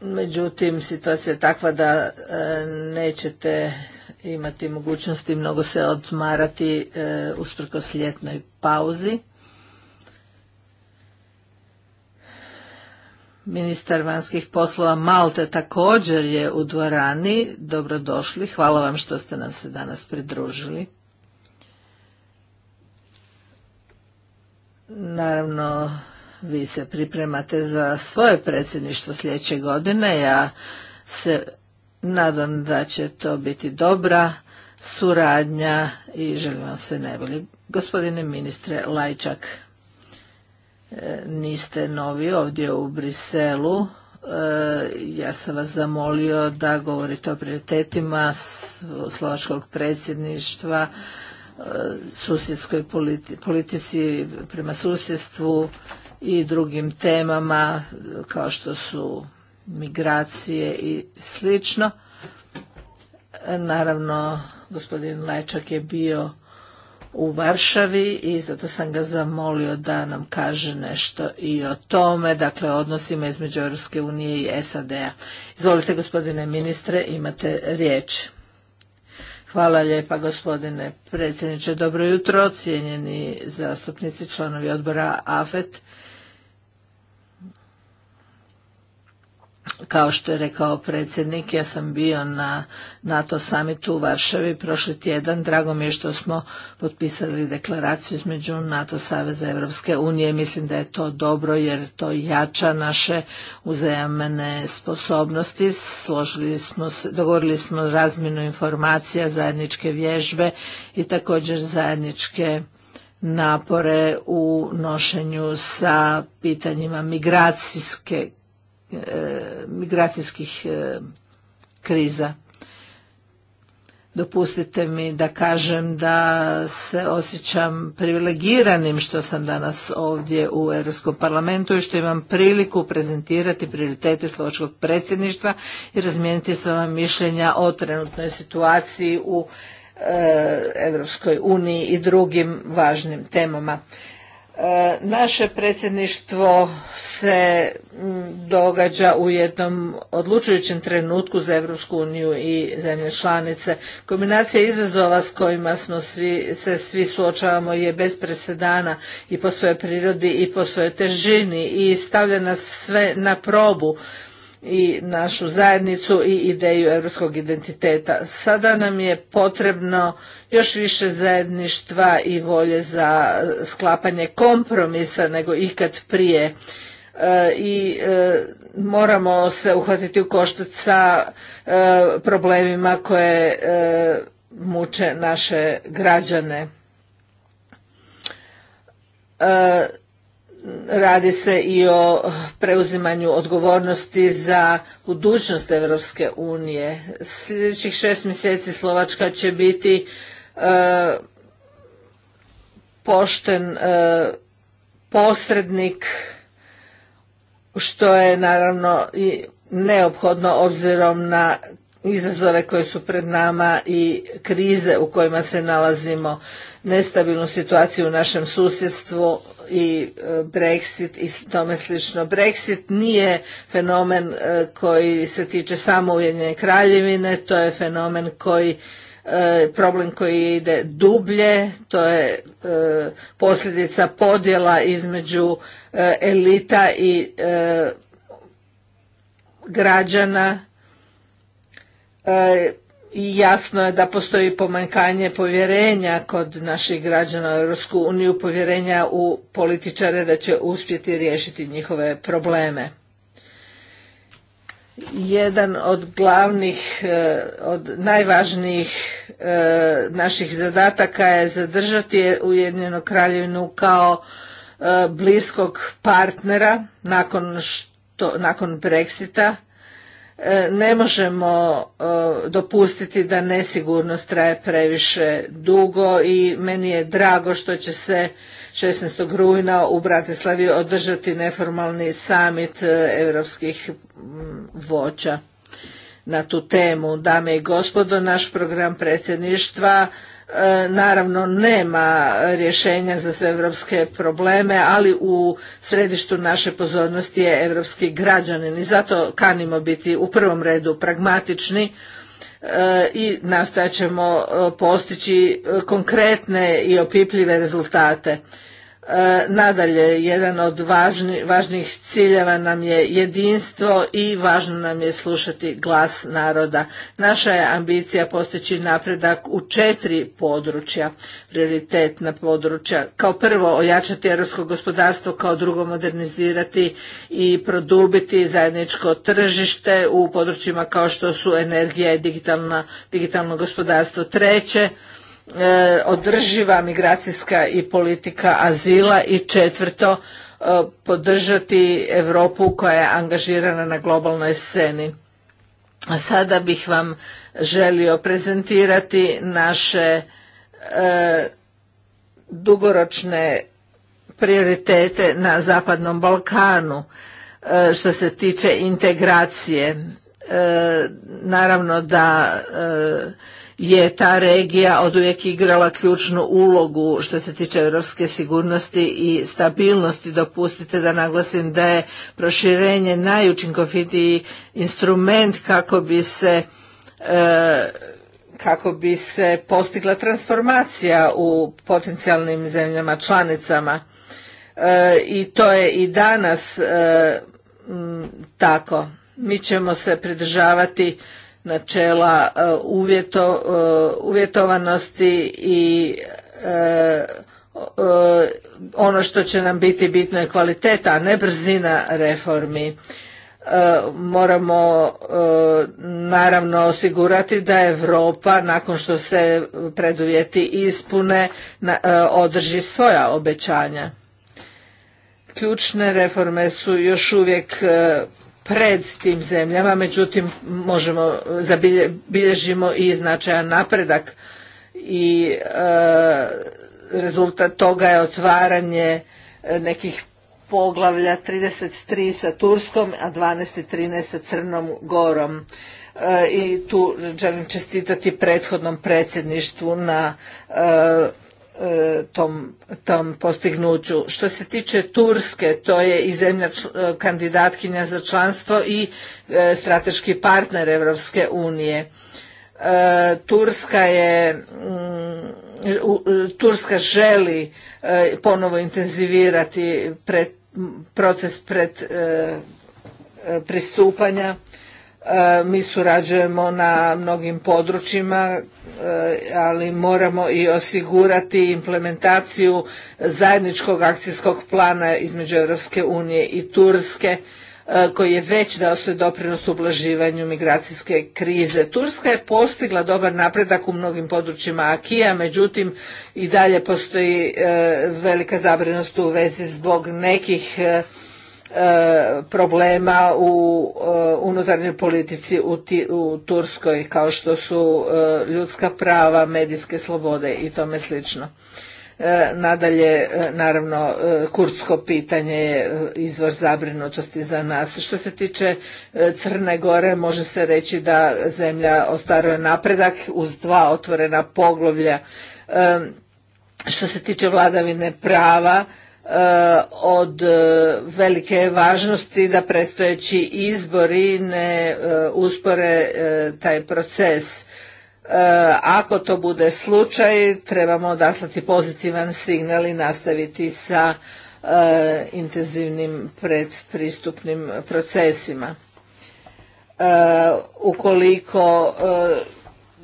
međutim, situacija je takva da e, nećete imati mogućnosti mnogo se odmarati e, usprkos ljetnoj pauzi. Ministar vanjskih poslova Malte također je u dvorani. Dobrodošli. Hvala vam što ste nam se danas pridružili. Naravno, vi se pripremate za svoje predsjedništvo sljedeće godine. Ja se nadam da će to biti dobra suradnja i želim vam sve najbolje. Gospodine ministre Lajčak, niste novi ovdje u Briselu. E, ja sam vas zamolio da govorite o prioritetima slovačkog predsjedništva, e, susjedskoj politici prema susjedstvu i drugim temama kao što su migracije i slično. E, naravno, gospodin Lajčak je bio u Varšavi i zato sam ga zamolio da nam kaže nešto i o tome, dakle odnosima između Europske unije i SAD-a. Izvolite gospodine ministre, imate riječ. Hvala lijepa gospodine predsjedniče. Dobro jutro, cijenjeni zastupnici, članovi odbora AFET. Kao što je rekao predsjednik, ja sam bio na NATO samitu u Varšavi prošli tjedan. Drago mi je što smo potpisali deklaraciju između NATO Saveza europske unije. Mislim da je to dobro jer to jača naše uzajamene sposobnosti. Složili smo, dogovorili smo razmjenu informacija, zajedničke vježbe i također zajedničke napore u nošenju sa pitanjima migracijske migracijskih e, kriza. Dopustite mi da kažem da se osjećam privilegiranim što sam danas ovdje u Europskom parlamentu i što imam priliku prezentirati prioritete slovačkog predsjedništva i razmijeniti s vama mišljenja o trenutnoj situaciji u e, Europskoj uniji i drugim važnim temama. E, naše predsjedništvo se događa u jednom odlučujućem trenutku za Europsku uniju i zemlje članice. Kombinacija izazova s kojima smo se svi suočavamo je bez presedana i po svojoj prirodi i po svojoj težini i stavlja nas sve na probu i našu zajednicu i ideju europskog identiteta. Sada nam je potrebno još više zajedništva i volje za sklapanje kompromisa nego ikad prije e, i e, moramo se uhvatiti u koštac sa e, problemima koje muče naše građane radi se i o preuzimanju odgovornosti za budućnost Europske unije. Sljedećih šest mjeseci Slovačka će biti e, pošten e, posrednik što je naravno i neophodno obzirom na izazove koje su pred nama i krize u kojima se nalazimo, nestabilnu situaciju u našem susjedstvu, i e, Brexit i tome slično. Brexit nije fenomen e, koji se tiče samo Ujedinjene kraljevine, to je fenomen koji e, problem koji ide dublje, to je posljedica podjela između elita i građana jasno je da postoji pomanjkanje povjerenja kod naših građana u Europsku uniju, povjerenja u političare da će uspjeti riješiti njihove probleme. Jedan od glavnih, e, od najvažnijih e, naših zadataka je zadržati Ujedinjenu kraljevinu kao e, bliskog partnera nakon, što, nakon Brexita E, ne možemo e, dopustiti da nesigurnost traje previše dugo i meni je drago što će se 16. rujna u Bratislavi održati neformalni samit europskih voća na tu temu. Dame i gospodo, naš program predsjedništva E, naravno nema rješenja za sve evropske probleme, ali u središtu naše pozornosti je evropski građanin i zato kanimo biti u prvom redu pragmatični e, i nastojat ćemo e, postići konkretne i opipljive rezultate. E, nadalje, jedan od važnih važnijih ciljeva nam je jedinstvo i važno nam je slušati glas naroda. Naša je ambicija postići napredak u četiri područja, prioritetna područja. Kao prvo, ojačati europsko gospodarstvo, kao drugo, modernizirati i produbiti zajedničko tržište u područjima kao što su energija i digitalno gospodarstvo. Treće, E, održiva migracijska i politika azila i četvrto e, podržati Europu koja je angažirana na globalnoj sceni. A sada bih vam želio prezentirati naše e, dugoročne prioritete na Zapadnom Balkanu što se tiče integracije. Naravno da je ta regija oduvijek igrala ključnu ulogu što se tiče europske sigurnosti i stabilnosti. Dopustite da naglasim da je proširenje najučinkovitiji instrument kako bi se e, kako bi se postigla transformacija u potencijalnim zemljama članicama. E, I to je i danas e, tako. Mi ćemo se pridržavati načela e, e, uvjetovanosti i e, ono što će nam biti bitno je kvaliteta, a ne brzina reformi. Moramo naravno osigurati da Europa nakon što se preduvjeti ispune održi svoja obećanja. Ključne reforme su još uvijek pred tim zemljama, međutim možemo zabilježimo i značajan napredak i e, rezultat toga je otvaranje e, nekih poglavlja 33 sa Turskom, a 12 i 13 sa Crnom Gorom. E, I tu želim čestitati prethodnom predsjedništvu na E, tom, tom postignuću. Što se tiče Turske, to je i zemlja e, kandidatkinja za članstvo i e, strateški partner Evropske unije. Turska je mm, Turska želi ponovo intenzivirati proces pred pristupanja E, mi surađujemo na mnogim područjima, e, ali moramo i osigurati implementaciju zajedničkog akcijskog plana između Europske unije i Turske, e, koji je već dao se doprinos ublaživanju migracijske krize. Turska je postigla dobar napredak u mnogim područjima Akija, međutim i dalje postoji velika zabrinost u vezi zbog nekih E, problema u e, unutarnjoj politici u Turskoj kao što su e, ljudska prava, medijske slobode i tome slično. Nadalje, naravno, kurdsko pitanje je izvor zabrinutosti za nas. Što se tiče Crne Gore, može se reći da zemlja ostvaruje napredak uz dva otvorena poglavlja. Što se tiče vladavine prava, Eh, od eh, velike važnosti da prestojeći izbori ne eh, uspore taj proces. Ako to bude slučaj, trebamo odaslati pozitivan signal i nastaviti sa intenzivnim predpristupnim procesima. Ukoliko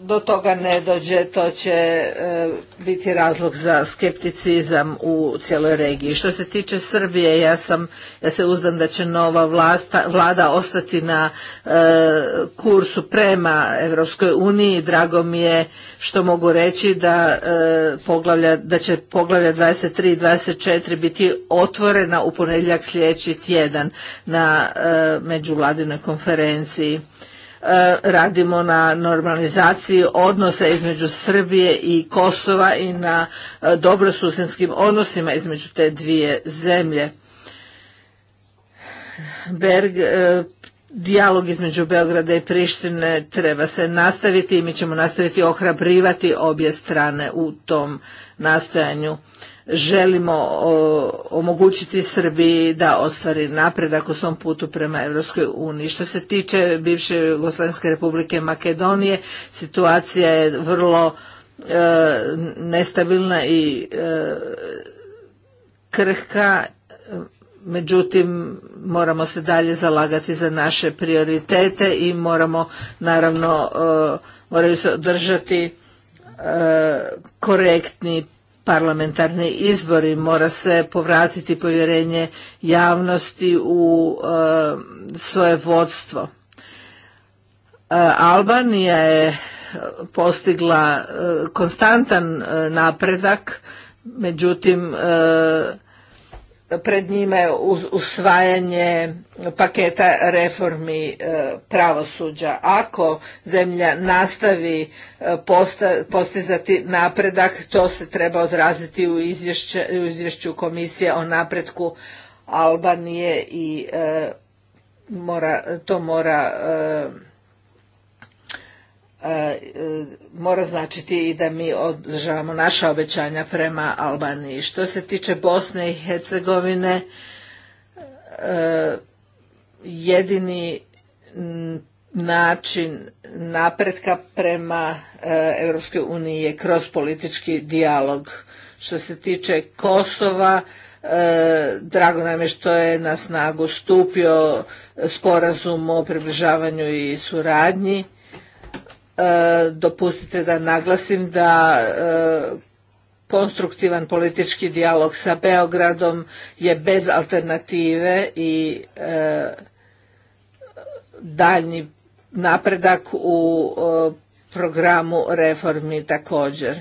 do toga ne dođe, to će e, biti razlog za skepticizam u cijeloj regiji. Što se tiče Srbije, ja sam, ja se uzdam da će nova vlada ostati na e, kursu prema Europskoj uniji. Drago mi je što mogu reći da, e, poglavlja, da će poglavlja 23 i 24 biti otvorena u ponedjeljak sljedeći tjedan na e, međuvladinoj konferenciji. E, radimo na normalizaciji odnosa između Srbije i Kosova i na e, dobrosusinskim odnosima između te dvije zemlje. Berg e, Dijalog između Beograda i Prištine treba se nastaviti i mi ćemo nastaviti ohrabrivati obje strane u tom nastojanju želimo omogućiti Srbiji da ostvari napredak u svom putu prema Europskoj uniji. Što se tiče bivše Jugoslavenske republike Makedonije, situacija je vrlo e, nestabilna i e, krhka, međutim moramo se dalje zalagati za naše prioritete i moramo naravno e, moraju se održati korektni parlamentarni izbori mora se povratiti povjerenje javnosti u e, svoje vodstvo. E, Albanija je postigla e, konstantan napredak, međutim pred njime usvajanje paketa reformi e, pravosuđa. Ako zemlja nastavi e, postizati napredak, to se treba odraziti u izvješću komisije o napretku Albanije i e, to mora E, e, mora značiti i da mi održavamo naša obećanja prema Albaniji. Što se tiče Bosne i Hercegovine, e, jedini način napretka prema Europskoj uniji je kroz politički dijalog. Što se tiče Kosova, drago nam je što je na snagu stupio sporazum o približavanju i suradnji E, dopustite da naglasim da e, konstruktivan politički dijalog sa Beogradom je bez alternative i e, daljnji napredak u programu reformi također.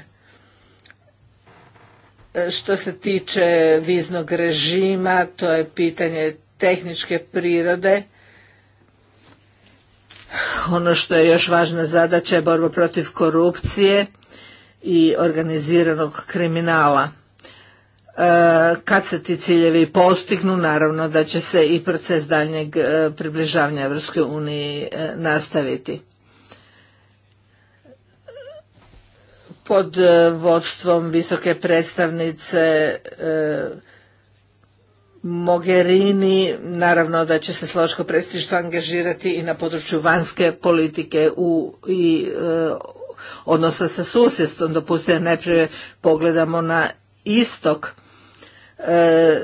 Što se tiče viznog režima, to je pitanje tehničke prirode ono što je još važna zadaća je borba protiv korupcije i organiziranog kriminala. E, kad se ti ciljevi postignu, naravno da će se i proces daljnjeg e, približavanja Evropskoj uniji e, nastaviti. Pod vodstvom visoke predstavnice Mogherini, naravno da će se slovačko predsjedništvo angažirati i na području vanjske politike u, i e, odnosa sa susjedstvom. Dopustite najprije pogledamo na istok. E,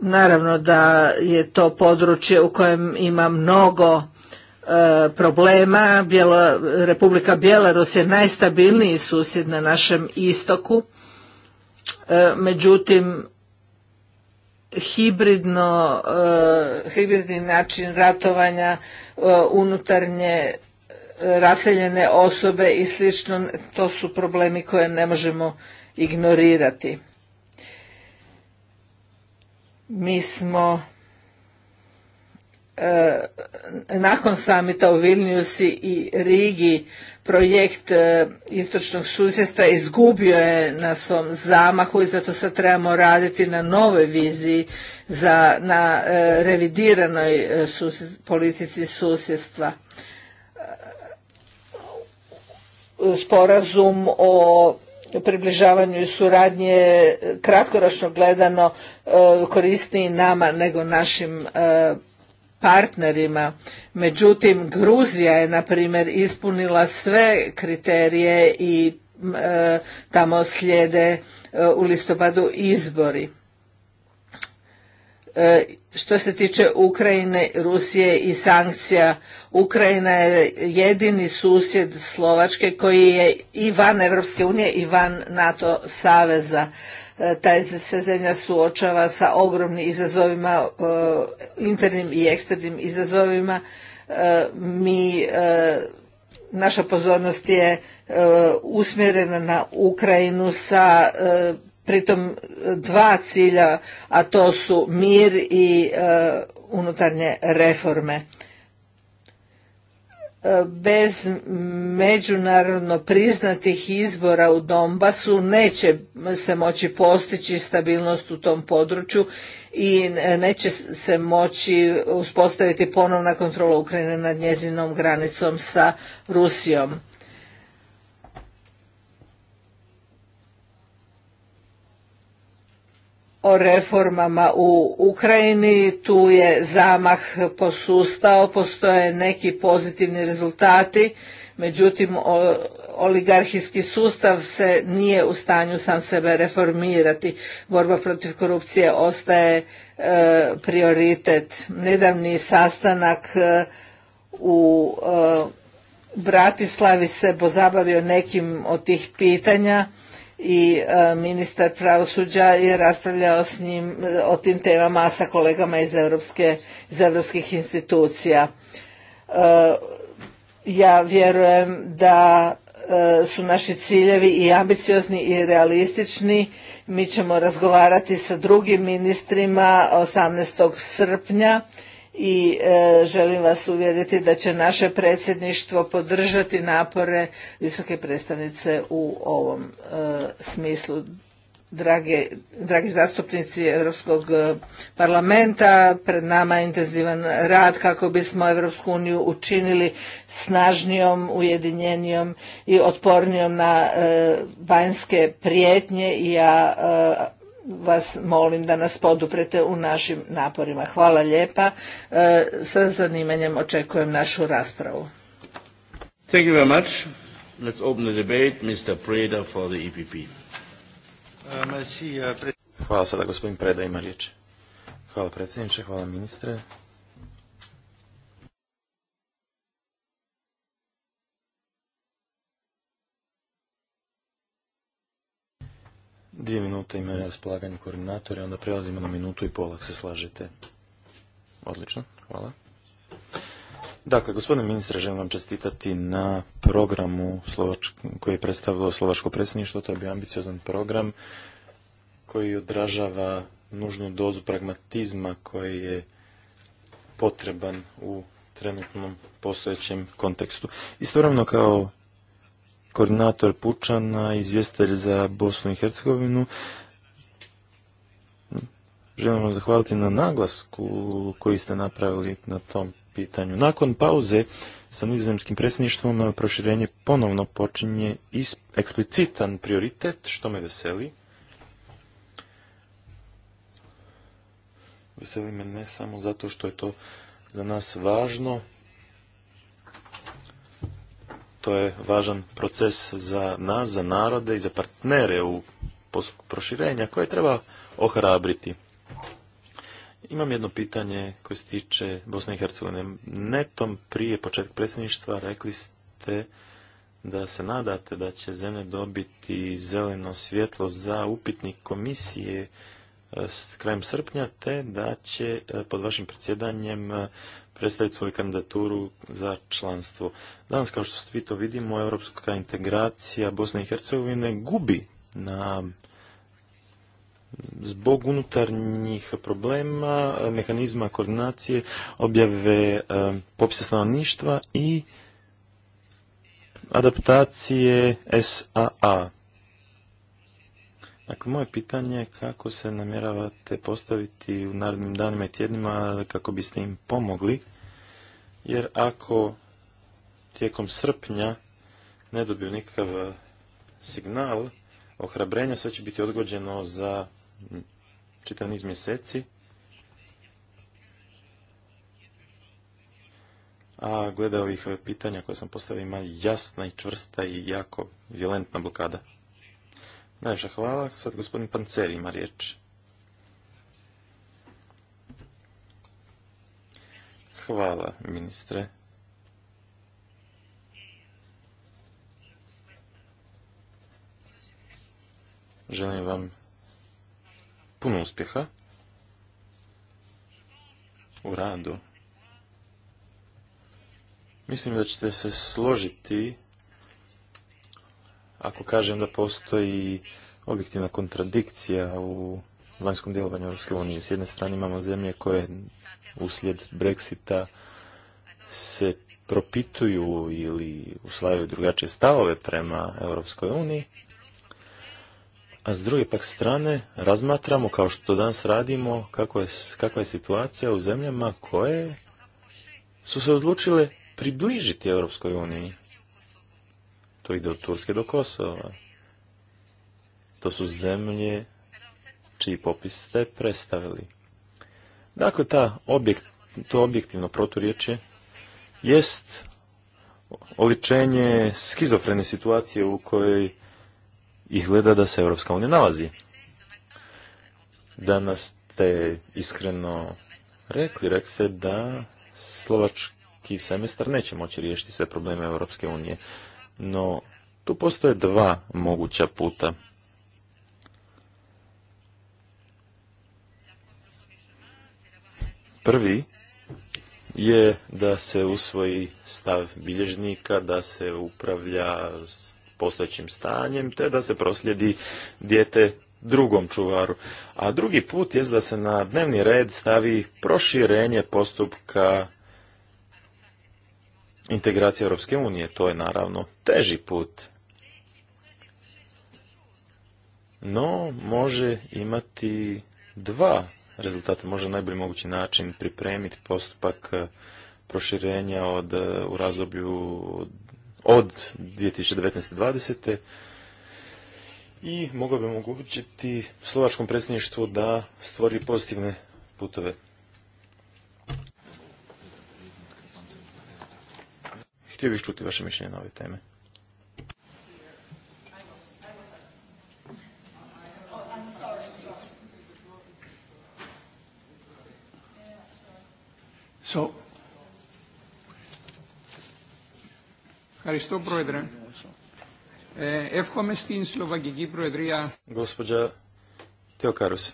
naravno da je to područje u kojem ima mnogo e, problema. Republika Bjelarus je najstabilniji susjed na našem istoku. E, međutim, hibridno, eh, hibridni način ratovanja eh, unutarnje eh, raseljene osobe i slično, to su problemi koje ne možemo ignorirati. Mi smo E, nakon samita u Vilniusi i Rigi projekt e, istočnog susjedstva izgubio je na svom zamahu i zato sad trebamo raditi na novoj viziji za, na e, revidiranoj politici susjedstva. Sporazum o približavanju i suradnje kratkoročno gledano korisniji nama nego našim partnerima. Međutim, Gruzija je, na primjer, ispunila sve kriterije i e, tamo slijede e, u listopadu izbori. E, što se tiče Ukrajine, Rusije i sankcija, Ukrajina je jedini susjed Slovačke koji je i van Europske unije i van NATO saveza. E, taj se zemlja suočava sa ogromnim izazovima, e, internim i eksternim izazovima. E, mi, naša pozornost je usmjerena na Ukrajinu sa pritom dva cilja, a to su mir i unutarnje reforme bez međunarodno priznatih izbora u Donbasu neće se moći postići stabilnost u tom području i neće se moći uspostaviti ponovna kontrola Ukrajine nad njezinom granicom sa Rusijom. o reformama u Ukrajini. Tu je zamah posustao, postoje neki pozitivni rezultati, međutim oligarhijski sustav se nije u stanju sam sebe reformirati. Borba protiv korupcije ostaje e, prioritet. Nedavni sastanak e, u e, Bratislavi se pozabavio nekim od tih pitanja i e, ministar pravosuđa je raspravljao s njim e, o tim temama sa kolegama iz, Europske, europskih institucija. E, ja vjerujem da su naši ciljevi i ambiciozni i realistični. Mi ćemo razgovarati sa drugim ministrima 18. srpnja i e, želim vas uvjeriti da će naše predsjedništvo podržati napore visoke predstavnice u ovom e, smislu. dragi zastupnici Europskog e, parlamenta, pred nama je intenzivan rad kako bismo Europsku uniju učinili snažnijom, ujedinjenijom i otpornijom na vanjske prijetnje i ja vas molim da nas poduprete u našim naporima. Hvala lijepa. E, sa zanimanjem očekujem našu raspravu. Thank you very much. Let's open the debate. Mr. Preda for the EPP. Hvala sada gospodin Preda ima riječ. Hvala predsjedniče, hvala ministre. Dvije minute imaju na raspolaganju koordinatora, onda prelazimo na minutu i pola ako se slažete. Odlično, hvala. Dakle, gospodine ministre, želim vam čestitati na programu koji je predstavilo Slovačko predsjedništvo. To je bio ambiciozan program koji odražava nužnu dozu pragmatizma koji je potreban u trenutnom postojećem kontekstu. Istovremeno kao koordinator Pučana, izvjestitelj za Bosnu i Hercegovinu. Želim vam zahvaliti na naglasku koji ste napravili na tom pitanju. Nakon pauze sa nizozemskim predsjedništvom proširenje ponovno počinje eksplicitan prioritet, što me veseli. Veseli me ne samo zato što je to za nas važno, to je važan proces za nas, za narode i za partnere u proširenja koje treba ohrabriti. Imam jedno pitanje koje se tiče Bosne i Hercegovine. Netom prije početka predsjedništva rekli ste da se nadate da će zemlje dobiti zeleno svjetlo za upitnik komisije e, s krajem srpnja, te da će e, pod vašim predsjedanjem e, predstaviti svoju kandidaturu za članstvo. Danas, kao što svi to vidimo, europska integracija Bosne i Hercegovine gubi na zbog unutarnjih problema, mehanizma koordinacije, objave e, popisa stanovništva i adaptacije SAA. Dakle, moje pitanje je kako se namjeravate postaviti u narednim danima i tjednima kako biste im pomogli jer ako tijekom srpnja ne dobiju nikakav e, signal ohrabrenja, sve će biti odgođeno za čitav niz mjeseci. A gleda ovih e, pitanja koje sam postavio ima jasna i čvrsta i jako violentna blokada. Najviše hvala. Sad gospodin Panceri ima riječ. Hvala, ministre. Želim vam puno uspjeha u radu. Mislim da ćete se složiti ako kažem da postoji objektivna kontradikcija u vanjskom djelovanju Europske unije. S jedne strane imamo zemlje koje uslijed Brexita se propituju ili usvajaju drugačije stavove prema Europskoj uniji, a s druge pak strane razmatramo, kao što danas radimo, kako je, kakva je situacija u zemljama koje su se odlučile približiti Europskoj uniji. To ide od Turske do Kosova. To su zemlje čiji popis ste predstavili. Dakle, ta objekt, to objektivno proturječje jest oličenje skizofrene situacije u kojoj izgleda da se Europska unija nalazi. Danas ste iskreno rekli, rekli ste da slovački semestar neće moći riješiti sve probleme Europske unije, no tu postoje dva moguća puta. Prvi je da se usvoji stav bilježnika, da se upravlja postojećim stanjem, te da se proslijedi dijete drugom čuvaru. A drugi put je da se na dnevni red stavi proširenje postupka integracije Europske unije. To je naravno teži put. No, može imati dva rezultate može na najbolji mogući način pripremiti postupak eh, proširenja od, eh, u razdoblju od 2019-2020. I mogao bi omogućiti slovačkom predsjedništvu da stvori pozitivne putove. Htio bih čuti vaše mišljenje na ove teme. So, eh, Gospođa Teokarus.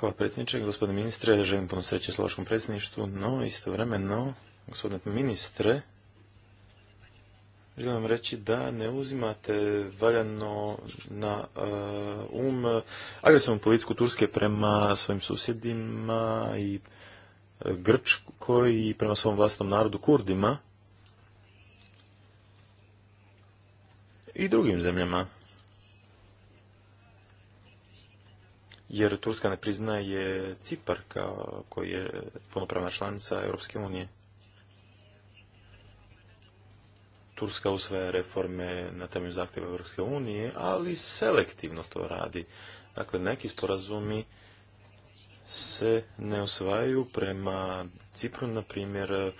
Hvala predsjedniče, gospodine ministre, želim puno sreće slovačkom predsjedništvu, no istovremeno, gospodine ministre, želim vam reći da ne uzimate valjano na eh, um agresivnu politiku Turske prema svojim susjedima i Grčkoj i prema svom vlastnom narodu Kurdima i drugim zemljama. Jer Turska ne priznaje Cipar kao koji je punopravna članica Europske unije. Turska usvaja reforme na temelju zahtjeva Europske unije, ali selektivno to radi. Dakle, neki sporazumi se ne osvajaju prema Cipru, na primjer, e,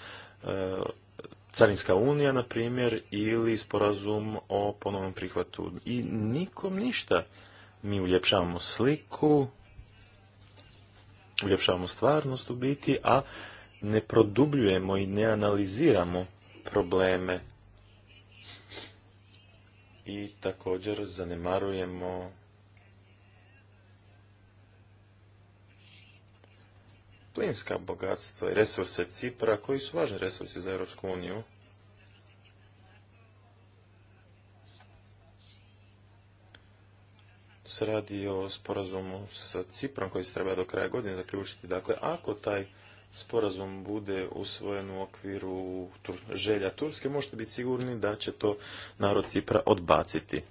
Carinska unija, na primjer, ili sporazum o ponovnom prihvatu. I nikom ništa. Mi uljepšavamo sliku, uljepšavamo stvarnost u biti, a ne produbljujemo i ne analiziramo probleme. I također zanemarujemo plinska bogatstva i resurse Cipra, koji su važni resursi za Europsku uniju. se radi o sporazumu sa Ciprom koji se treba do kraja godine zaključiti. Dakle, ako taj sporazum bude usvojen u okviru želja Turske, možete biti sigurni da će to narod Cipra odbaciti.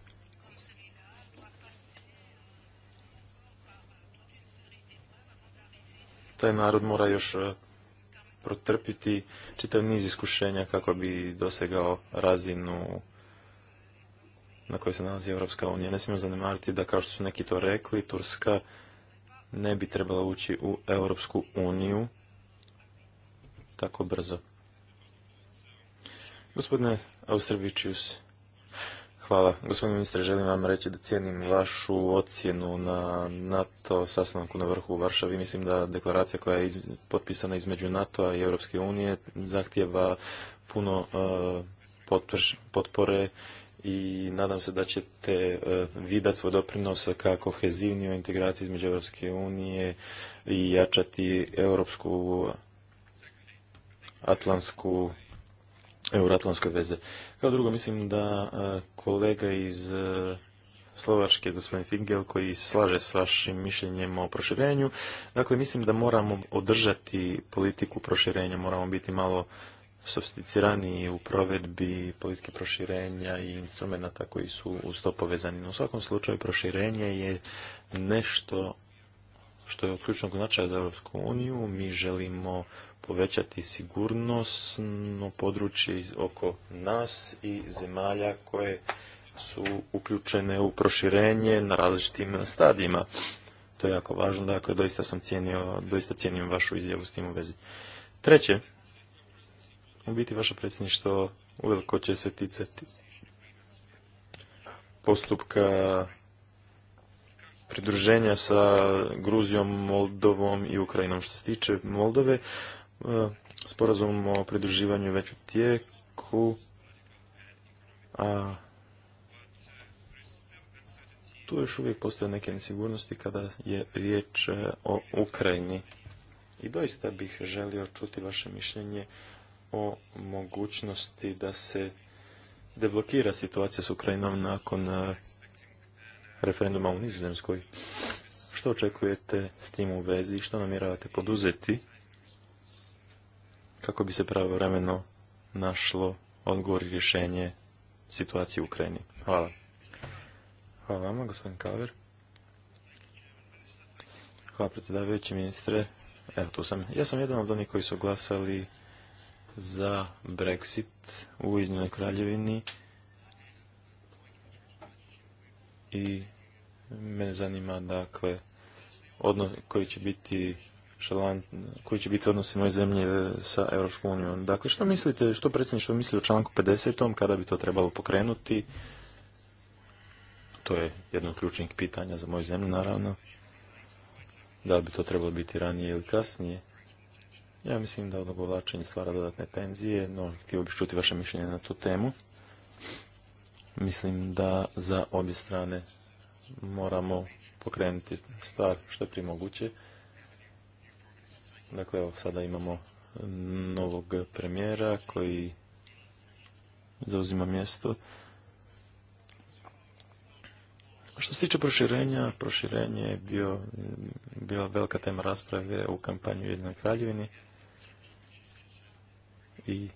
taj narod mora još e, protrpiti čitav niz iskušenja kako bi dosegao razinu na kojoj se nalazi Europska unija. Ne smijemo zanemariti da, kao što su neki to rekli, Turska ne bi trebala ući u Europsku uniju tako brzo. Gospodine Austrovičius, Hvala. Gospodine ministre, želim vam reći da cijenim vašu ocjenu na NATO sastanku na vrhu u Varšavi. Mislim da deklaracija koja je potpisana između NATO-a i Europske unije zahtjeva puno uh, potpore i nadam se da ćete uh, vidati svoj doprinos ka o integraciji između Europske unije i jačati europsku atlansku euroatlantske veze. Kao drugo, mislim da e, kolega iz e, Slovačke, gospodin Fingel, koji slaže s vašim mišljenjem o proširenju. Dakle, mislim da moramo održati politiku proširenja, moramo biti malo sofisticiraniji u provedbi politike proširenja i instrumenta koji su uz to povezani. u svakom slučaju proširenje je nešto što je od ključnog značaja za Europsku uniju. Mi želimo povećati sigurnosno područje oko nas i zemalja koje su uključene u proširenje na različitim stadijima. To je jako važno, dakle, doista sam cijenio, doista cijenim vašu izjavu s tim u vezi. Treće, u biti vaše predsjedništvo uveliko će se ticati postupka pridruženja sa Gruzijom, Moldovom i Ukrajinom. Što se tiče Moldove, E, sporazum o pridruživanju već u tijeku, a tu još uvijek postoje neke nesigurnosti kada je riječ e, o Ukrajini. I doista bih želio čuti vaše mišljenje o mogućnosti da se deblokira situacija s Ukrajinom nakon e, referenduma u Nizozemskoj. Što očekujete s tim u vezi i što namjeravate poduzeti kako bi se pravovremeno našlo odgovor i rješenje situacije u Ukrajini. Hvala. Hvala vama, gospodin Kaver. Hvala predsjedavajući ministre. Evo tu sam. Ja sam jedan od onih koji su glasali za Brexit u Ujedinjenoj kraljevini i me zanima dakle odnos koji će biti koji će biti odnosi moje zemlje e, sa Europskom unijom. Dakle, što mislite, što što misli o članku 50. kada bi to trebalo pokrenuti? To je jedno od ključnih pitanja za moju zemlju, naravno. Da li bi to trebalo biti ranije ili kasnije? Ja mislim da odgovlačenje stvara dodatne penzije, no htio bih čuti vaše mišljenje na tu temu. Mislim da za obje strane moramo pokrenuti stvar što je prije moguće. Dakle, evo, sada imamo novog premijera koji zauzima mjesto. Što se tiče proširenja, proširenje je bio, bila velika tema rasprave u kampanju jedinoj kraljevini i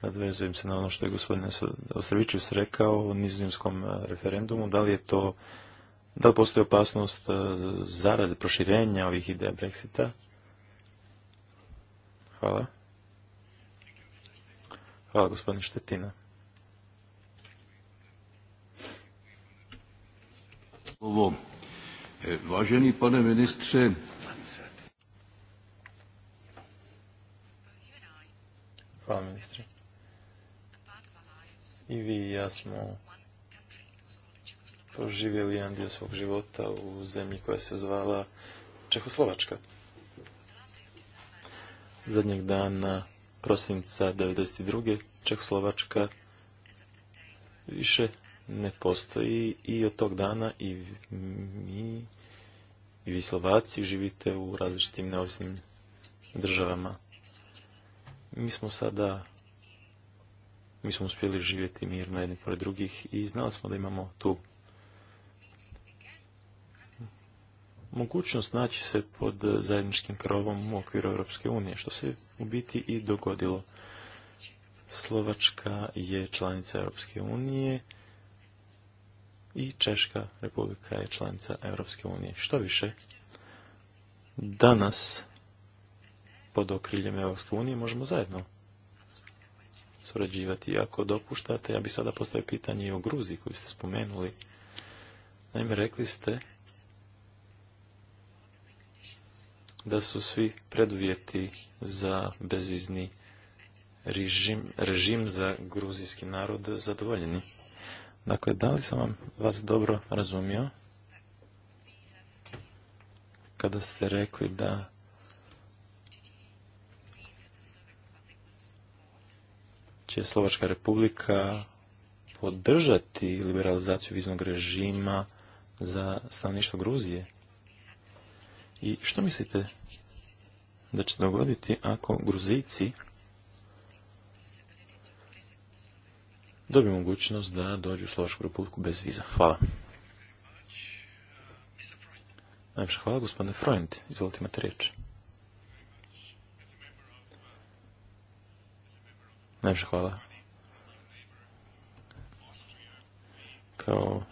nadvezujem se na ono što je gospodin Ostrovićus rekao o nizozemskom referendumu, da li je to da li postoji opasnost e, zarade, proširenja ovih ideja Brexita? Hvala. Hvala gospodin Štetina. važeni e, pane ministre, Hvala ministri. I vi i ja smo živjeli jedan dio svog života u zemlji koja se zvala Čehoslovačka. Zadnjeg dana prosinca 1992. Čehoslovačka više ne postoji i od tog dana i mi i vi Slovaci živite u različitim neovisnim državama. Mi smo sada mi smo uspjeli živjeti mirno jedni pored drugih i znali smo da imamo tu mogućnost naći se pod zajedničkim krovom u okviru Europske unije, što se u biti i dogodilo. Slovačka je članica Europske unije i Češka republika je članica Europske unije. Što više, danas pod okriljem Europske unije možemo zajedno surađivati. Ako dopuštate, ja bih sada postavio pitanje i o Gruziji koju ste spomenuli. Naime, rekli ste da su svi preduvjeti za bezvizni režim, režim za gruzijski narod zadovoljeni. Dakle, da li sam vam, vas dobro razumio kada ste rekli da će Slovačka republika podržati liberalizaciju viznog režima za stanovništvo Gruzije? I što mislite da će dogoditi ako Gruzici dobiju mogućnost da dođu u Slovačku republiku bez viza. Hvala. Najviše hvala gospodine Freund. Izvolite imate riječ. hvala. Kao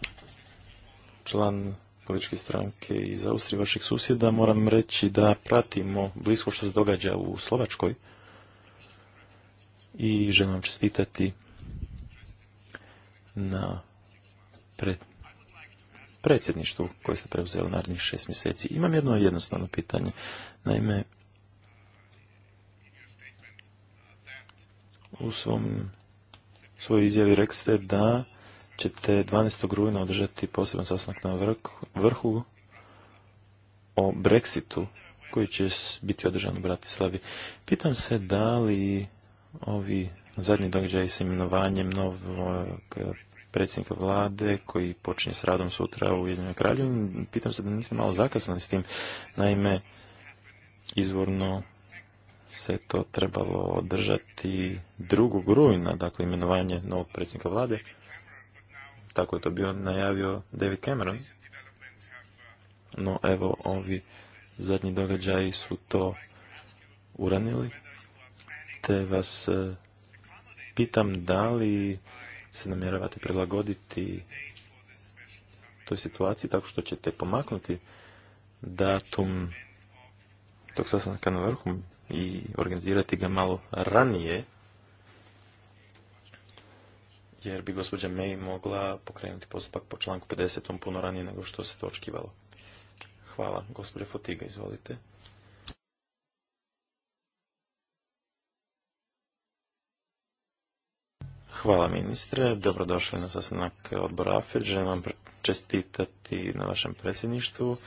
član političke stranke iz Austrije, vaših susjeda, moram reći da pratimo blisko što se događa u Slovačkoj i želim vam čestitati na predsjedništvu koje ste preuzeli narednih šest mjeseci. Imam jedno jednostavno pitanje. Naime, u svom svojoj izjavi rekste da ćete 12. rujna održati poseban sastanak na vrhu o Brexitu koji će biti održan u Bratislavi. Pitam se da li ovi zadnji događaj s imenovanjem novog predsjednika vlade koji počinje s radom sutra u Ujedinjenoj kraljevini. Pitam se da niste malo zakasnili s tim. Naime, izvorno se to trebalo održati drugog rujna, dakle imenovanje novog predsjednika vlade tako je to bio najavio David Cameron. No evo, ovi zadnji događaji su to uranili, te vas e, pitam da li se namjeravate prilagoditi toj situaciji tako što ćete pomaknuti datum tog sastanka na vrhu i organizirati ga malo ranije jer bi gospođa May mogla pokrenuti postupak po članku 50. puno ranije nego što se to očekivalo. Hvala. Gospođa Fotiga, izvolite. Hvala ministre, dobrodošli na sastanak odbora AFED. Želim vam čestitati na vašem predsjedništvu.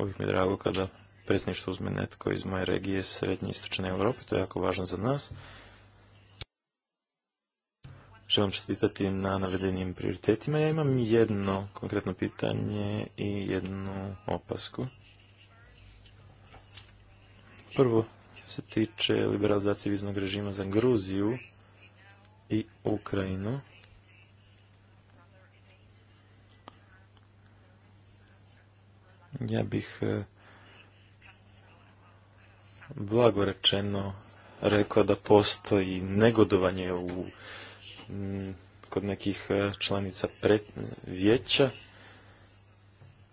Uvijek mi je drago kada predsjedništvo uzme netko iz moje regije Srednje i Istočne Europe, to je jako važno za nas želim čestitati na navedenim prioritetima. Ja imam jedno konkretno pitanje i jednu opasku. Prvo se tiče liberalizacije viznog režima za Gruziju i Ukrajinu. Ja bih e, blago rečeno rekla da postoji negodovanje u Mm, kod nekih e, članica vijeća.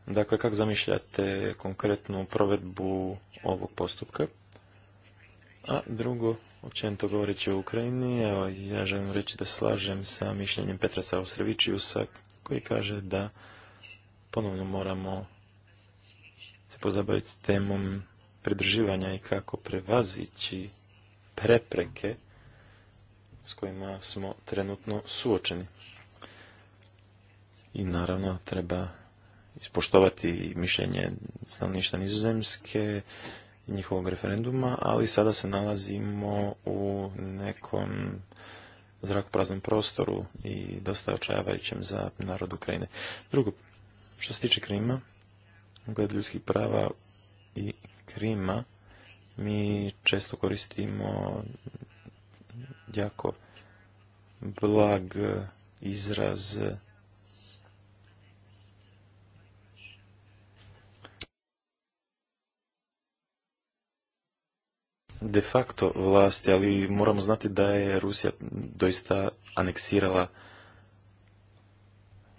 Dakle, kako zamišljate konkretnu provedbu ovog postupka? A drugo, općenito govoreći o Ukrajini, evo, ja želim reći da slažem sa mišljenjem Petra Sausrevičiusa koji kaže da ponovno moramo se pozabaviti temom pridruživanja i kako prevazići prepreke s kojima smo trenutno suočeni. I naravno treba ispoštovati mišljenje stanovništva nizozemske i njihovog referenduma, ali sada se nalazimo u nekom zrakopraznom prostoru i dosta očajavajućem za narod Ukrajine. Drugo, što se tiče Krima, gled ljudskih prava i Krima, mi često koristimo jako blag e, izraz de facto vlasti, ali moramo znati da je Rusija doista aneksirala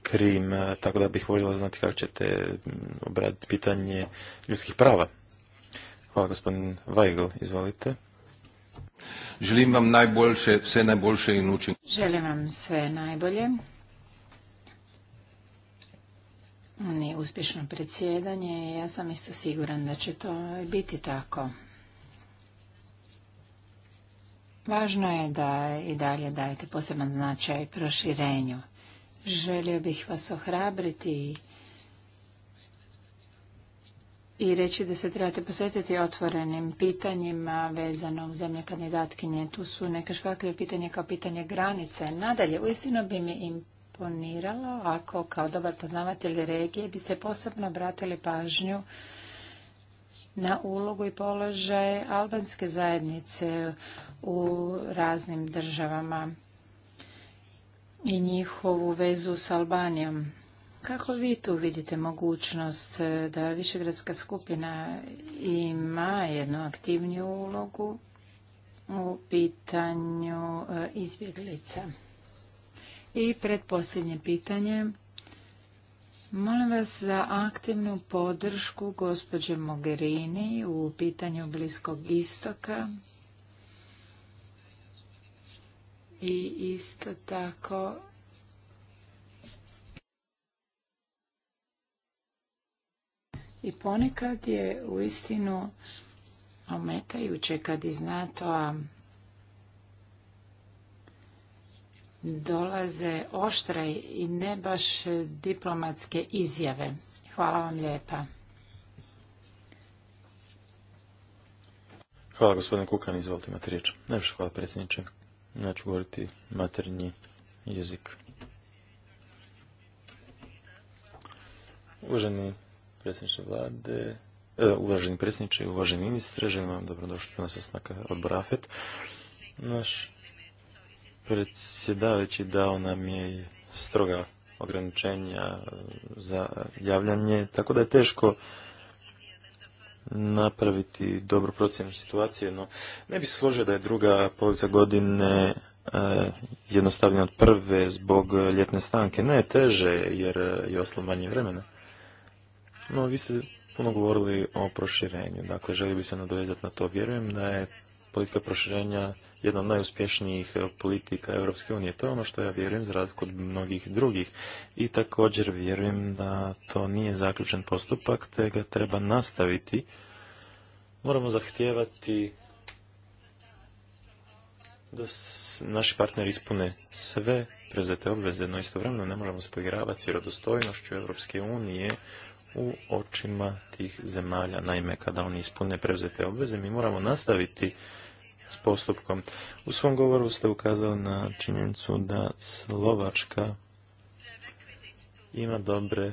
Krim, e, tako da bih voljela znati kako ćete obraditi pitanje ljudskih prava. Hvala gospodin Weigl, izvolite. Želim vam najboljše, sve najboljše i učin. Želim vam sve najbolje. I uspješno predsjedanje. Ja sam isto siguran da će to biti tako. Važno je da i dalje dajete poseban značaj proširenju. Želio bih vas ohrabriti i i reći da se trebate posvetiti otvorenim pitanjima vezano u zemlje kandidatkinje. Tu su neke škakljive pitanje kao pitanje granice. Nadalje, uistinu bi mi imponiralo ako kao dobar poznavatelj regije biste posebno obratili pažnju na ulogu i položaj albanske zajednice u raznim državama i njihovu vezu s Albanijom. Kako vi tu vidite mogućnost eh, da višegradska skupina ima jednu aktivniju ulogu u pitanju eh, izbjeglica? I predposljednje pitanje. Molim vas za aktivnu podršku gospođe Mogherini u pitanju Bliskog istoka i isto tako I ponekad je u istinu ometajuće kad iz NATO-a dolaze oštre i ne baš diplomatske izjave. Hvala vam lijepa. Hvala gospodine Kukan, izvolite imate riječ. Najviše hvala predsjedniče. Ja govoriti maternji jezik. Uvaženi predsjedniče vlade, e, uvaženi predsjedniče i uvaženi ministre, želim vam dobrodošli na sastanak odbora AFET. Naš predsjedavajući dao nam je stroga ograničenja za javljanje, tako da je teško napraviti dobru procjenu situacije, no ne bi se složio da je druga polica godine e, jednostavnija od prve zbog ljetne stanke. Ne, teže jer je oslo manje vremena. No, vi ste puno govorili o proširenju, dakle želio bi se nadovezati na to. Vjerujem da je politika proširenja jedna od najuspješnijih e, politika Europske unije. To je ono što ja vjerujem za razliku od mnogih drugih. I također vjerujem da to nije zaključen postupak, te ga treba nastaviti. Moramo zahtijevati da naši partneri ispune sve prezete obveze, no istovremeno ne možemo s vjerodostojnošću Europske unije u očima tih zemalja. Naime, kada oni ispune preuzete obveze, mi moramo nastaviti s postupkom. U svom govoru ste ukazali na činjenicu da Slovačka ima dobre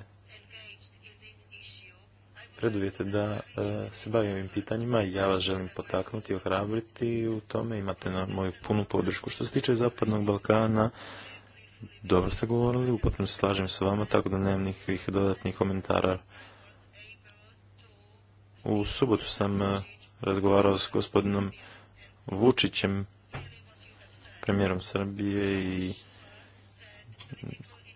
preduvjete da e, se bavi ovim pitanjima. Ja vas želim potaknuti, ohrabriti u tome. Imate na moju punu podršku. Što se tiče Zapadnog Balkana, dobro ste govorili, upotno se slažem s vama, tako da nemam nikakvih dodatnih komentara. U subotu sam eh, razgovarao s gospodinom Vučićem, premijerom Srbije i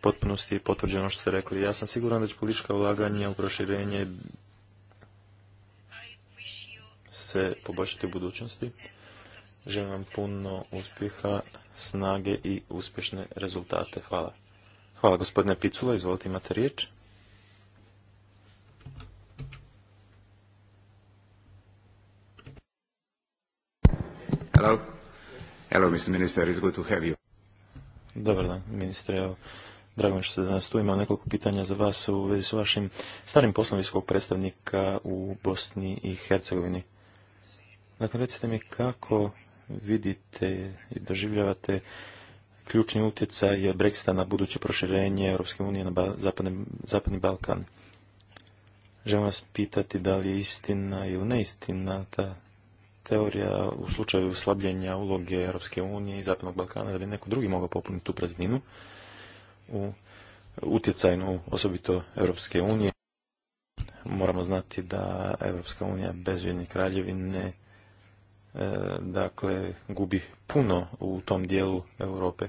potpunosti je potvrđeno ono što ste rekli. Ja sam siguran da će politička ulaganja u proširenje se poboljšati u budućnosti. Želim vam puno uspjeha snage i uspješne rezultate. Hvala. Hvala gospodine Picula, izvolite imate riječ. Hello. Hello, Mr. Minister, it's Dobar dan, ministre. Evo, drago mi što ste danas tu. Imam nekoliko pitanja za vas u vezi s vašim starim poslovinskog predstavnika u Bosni i Hercegovini. Dakle, recite mi kako vidite i doživljavate ključni utjecaj Brexita na buduće proširenje Europske unije na Zapadni, Balkan. Želim vas pitati da li je istina ili neistina ta teorija u slučaju slabljenja uloge Europske unije i Zapadnog Balkana da bi neko drugi mogao popuniti tu prazninu u utjecajnu osobito Europske unije. Moramo znati da Europska unija bez jedne kraljevine E, dakle gubi puno u tom dijelu Europe.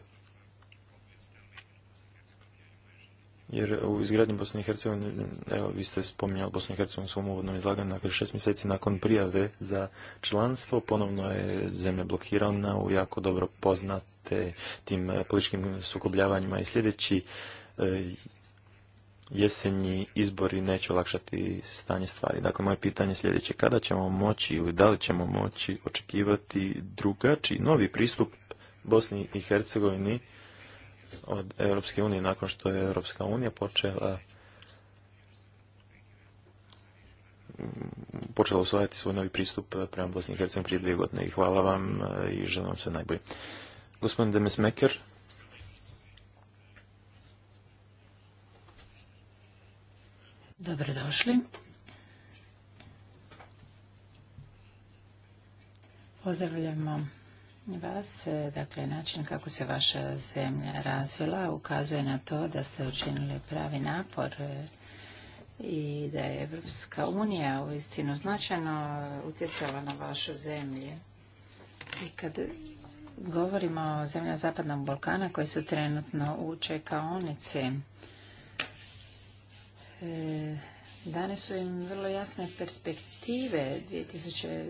Jer u izgradnji Bosne evo vi ste spominjali Bosnu i Hercegovine u svom uvodnom izlaganju, dakle šest mjeseci nakon prijave za članstvo, ponovno je zemlja blokirana u jako dobro poznate tim e, političkim sukobljavanjima i sljedeći e, jesenji izbori neće olakšati stanje stvari. Dakle, moje pitanje je sljedeće. Kada ćemo moći ili da li ćemo moći očekivati drugačiji, novi pristup Bosni i Hercegovini od Europske unije nakon što je Europska unija počela počela usvajati svoj novi pristup prema Bosni i Hercegovini prije dvije godine i hvala vam e, i želim vam sve najbolje. Gospodin Meker, Dobrodošli. Pozdravljamo vas. Dakle, način kako se vaša zemlja razvila ukazuje na to da ste učinili pravi napor e, i da je Evropska unija uistinu značajno utjecala na vašu zemlju. I kad govorimo o zemljama Zapadnog Balkana koji su trenutno u čekaonici, E, dane su im vrlo jasne perspektive 2000,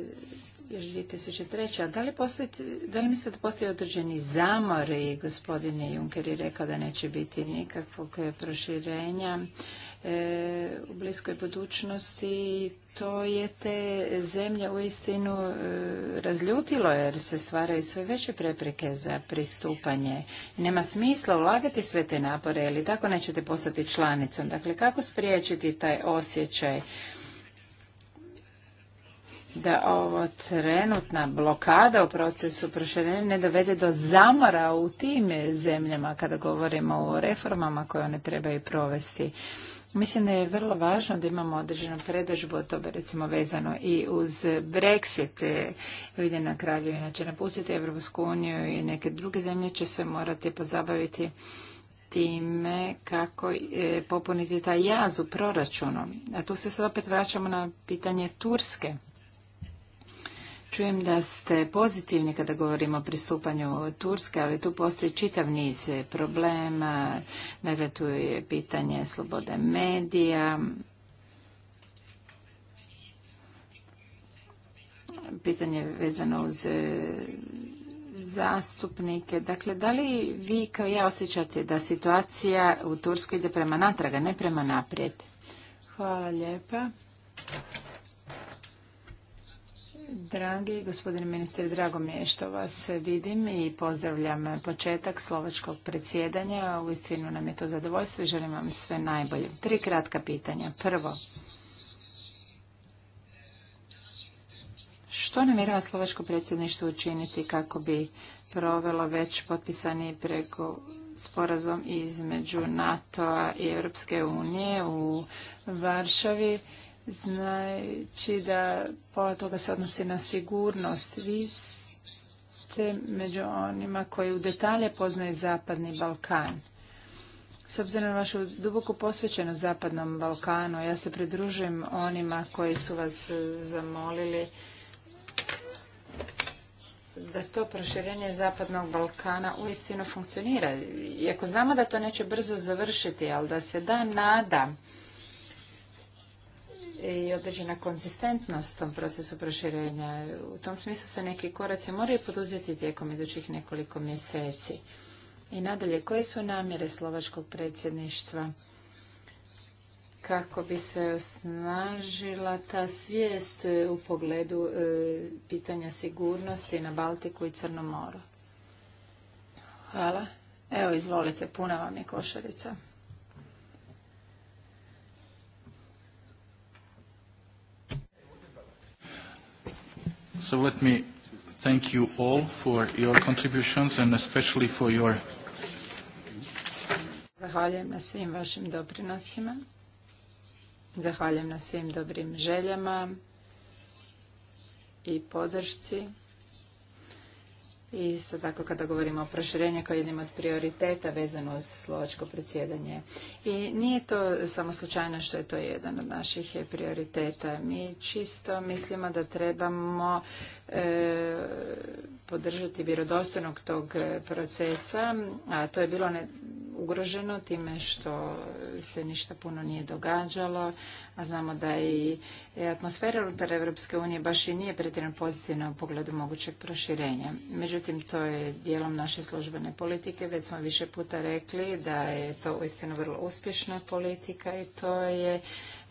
još 2003. A da li, postoji, da li mislite da postoji određeni zamor i gospodin Juncker je rekao da neće biti nikakvog proširenja e, u bliskoj budućnosti to je te zemlje u istinu e, razljutilo jer se stvaraju sve veće prepreke za pristupanje. Nema smisla ulagati sve te napore ili tako nećete postati članicom. Dakle, kako spriječiti taj osjećaj da ovo trenutna blokada u procesu proširenja ne dovede do zamora u tim zemljama kada govorimo o reformama koje one trebaju provesti. Mislim da je vrlo važno da imamo određenu predožbu o tome recimo vezano i uz Brexit. Ujedinjena kraljevina će napustiti Evropsku uniju i neke druge zemlje će se morati pozabaviti time kako e, popuniti taj jaz u proračunu. A tu se sad opet vraćamo na pitanje Turske. Čujem da ste pozitivni kada govorimo o pristupanju Turske, ali tu postoji čitav niz problema. Dakle, tu je pitanje slobode medija, pitanje vezano uz e, zastupnike. Dakle, da li vi kao ja osjećate da situacija u Turskoj ide prema natraga, ne prema naprijed? Hvala lijepa. Dragi gospodine ministre, drago mi je što vas vidim i pozdravljam početak slovačkog predsjedanja. Uistinu nam je to zadovoljstvo i želim vam sve najbolje. Tri kratka pitanja. Prvo, što namjerava slovačko predsjedništvo učiniti kako bi provelo već potpisani preko sporazum između NATO-a i Europske unije u Varšavi? znači da pola toga se odnosi na sigurnost. Vi ste među onima koji u detalje poznaju Zapadni Balkan. S obzirom na vašu duboku posvećenost Zapadnom Balkanu, ja se pridružujem onima koji su vas zamolili da to proširenje Zapadnog Balkana uistinu funkcionira. Iako znamo da to neće brzo završiti, ali da se da nada i određena konzistentnost tom procesu proširenja. U tom smislu se neki koraci moraju poduzeti tijekom idućih nekoliko mjeseci. I nadalje, koje su namjere slovačkog predsjedništva kako bi se osnažila ta svijest e, u pogledu e, pitanja sigurnosti na Baltiku i Crnom moru? Hvala. Evo, izvolite, puna vam je košarica. So let me thank you all for your contributions and especially for your... Zahvaljujem na svim vašim doprinosima. Zahvaljujem na svim dobrim željama i podršci. Isto tako kada govorimo o proširenju kao jednim od prioriteta vezano uz slovačko predsjedanje. I nije to samo slučajno što je to jedan od naših prioriteta. Mi čisto mislimo da trebamo e, podržati vjerodostojnog tog e, procesa, a to je bilo ne, ugroženo time što se ništa puno nije događalo, a znamo da i e, atmosfera unutar Europske unije baš i nije pretjerano pozitivna u pogledu mogućeg proširenja. Međutim, to je dijelom naše službene politike, već smo više puta rekli da je to uistinu vrlo uspješna politika i to je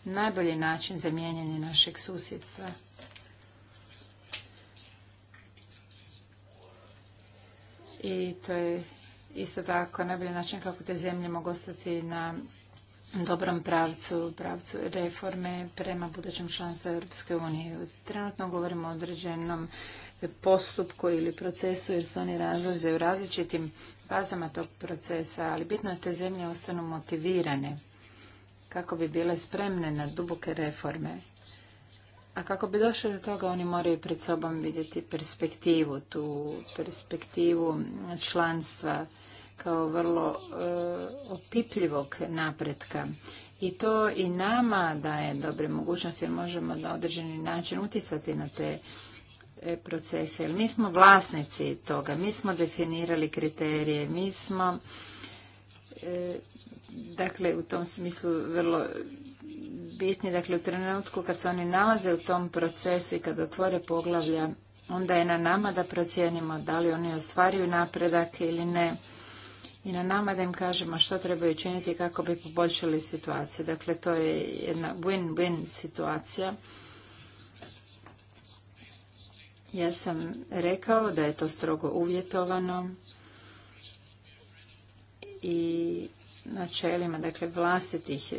najbolji način za mijenjanje našeg susjedstva. i to je isto tako najbolji način kako te zemlje mogu ostati na dobrom pravcu, pravcu reforme prema budućem članstvu Europske unije. Trenutno govorimo o određenom postupku ili procesu jer se oni razlaze u različitim fazama tog procesa, ali bitno je da te zemlje ostanu motivirane kako bi bile spremne na duboke reforme. A kako bi došli do toga, oni moraju pred sobom vidjeti perspektivu, tu perspektivu članstva kao vrlo e, opipljivog napretka. I to i nama daje dobre mogućnosti jer možemo na određeni način utjecati na te e, procese. Jer mi smo vlasnici toga, mi smo definirali kriterije, mi smo e, dakle u tom smislu vrlo bitni, dakle u trenutku kad se oni nalaze u tom procesu i kad otvore poglavlja, onda je na nama da procijenimo da li oni ostvaruju napredak ili ne i na nama da im kažemo što trebaju činiti kako bi poboljšali situaciju. Dakle, to je jedna win-win situacija. Ja sam rekao da je to strogo uvjetovano i načelima, dakle vlastitih e,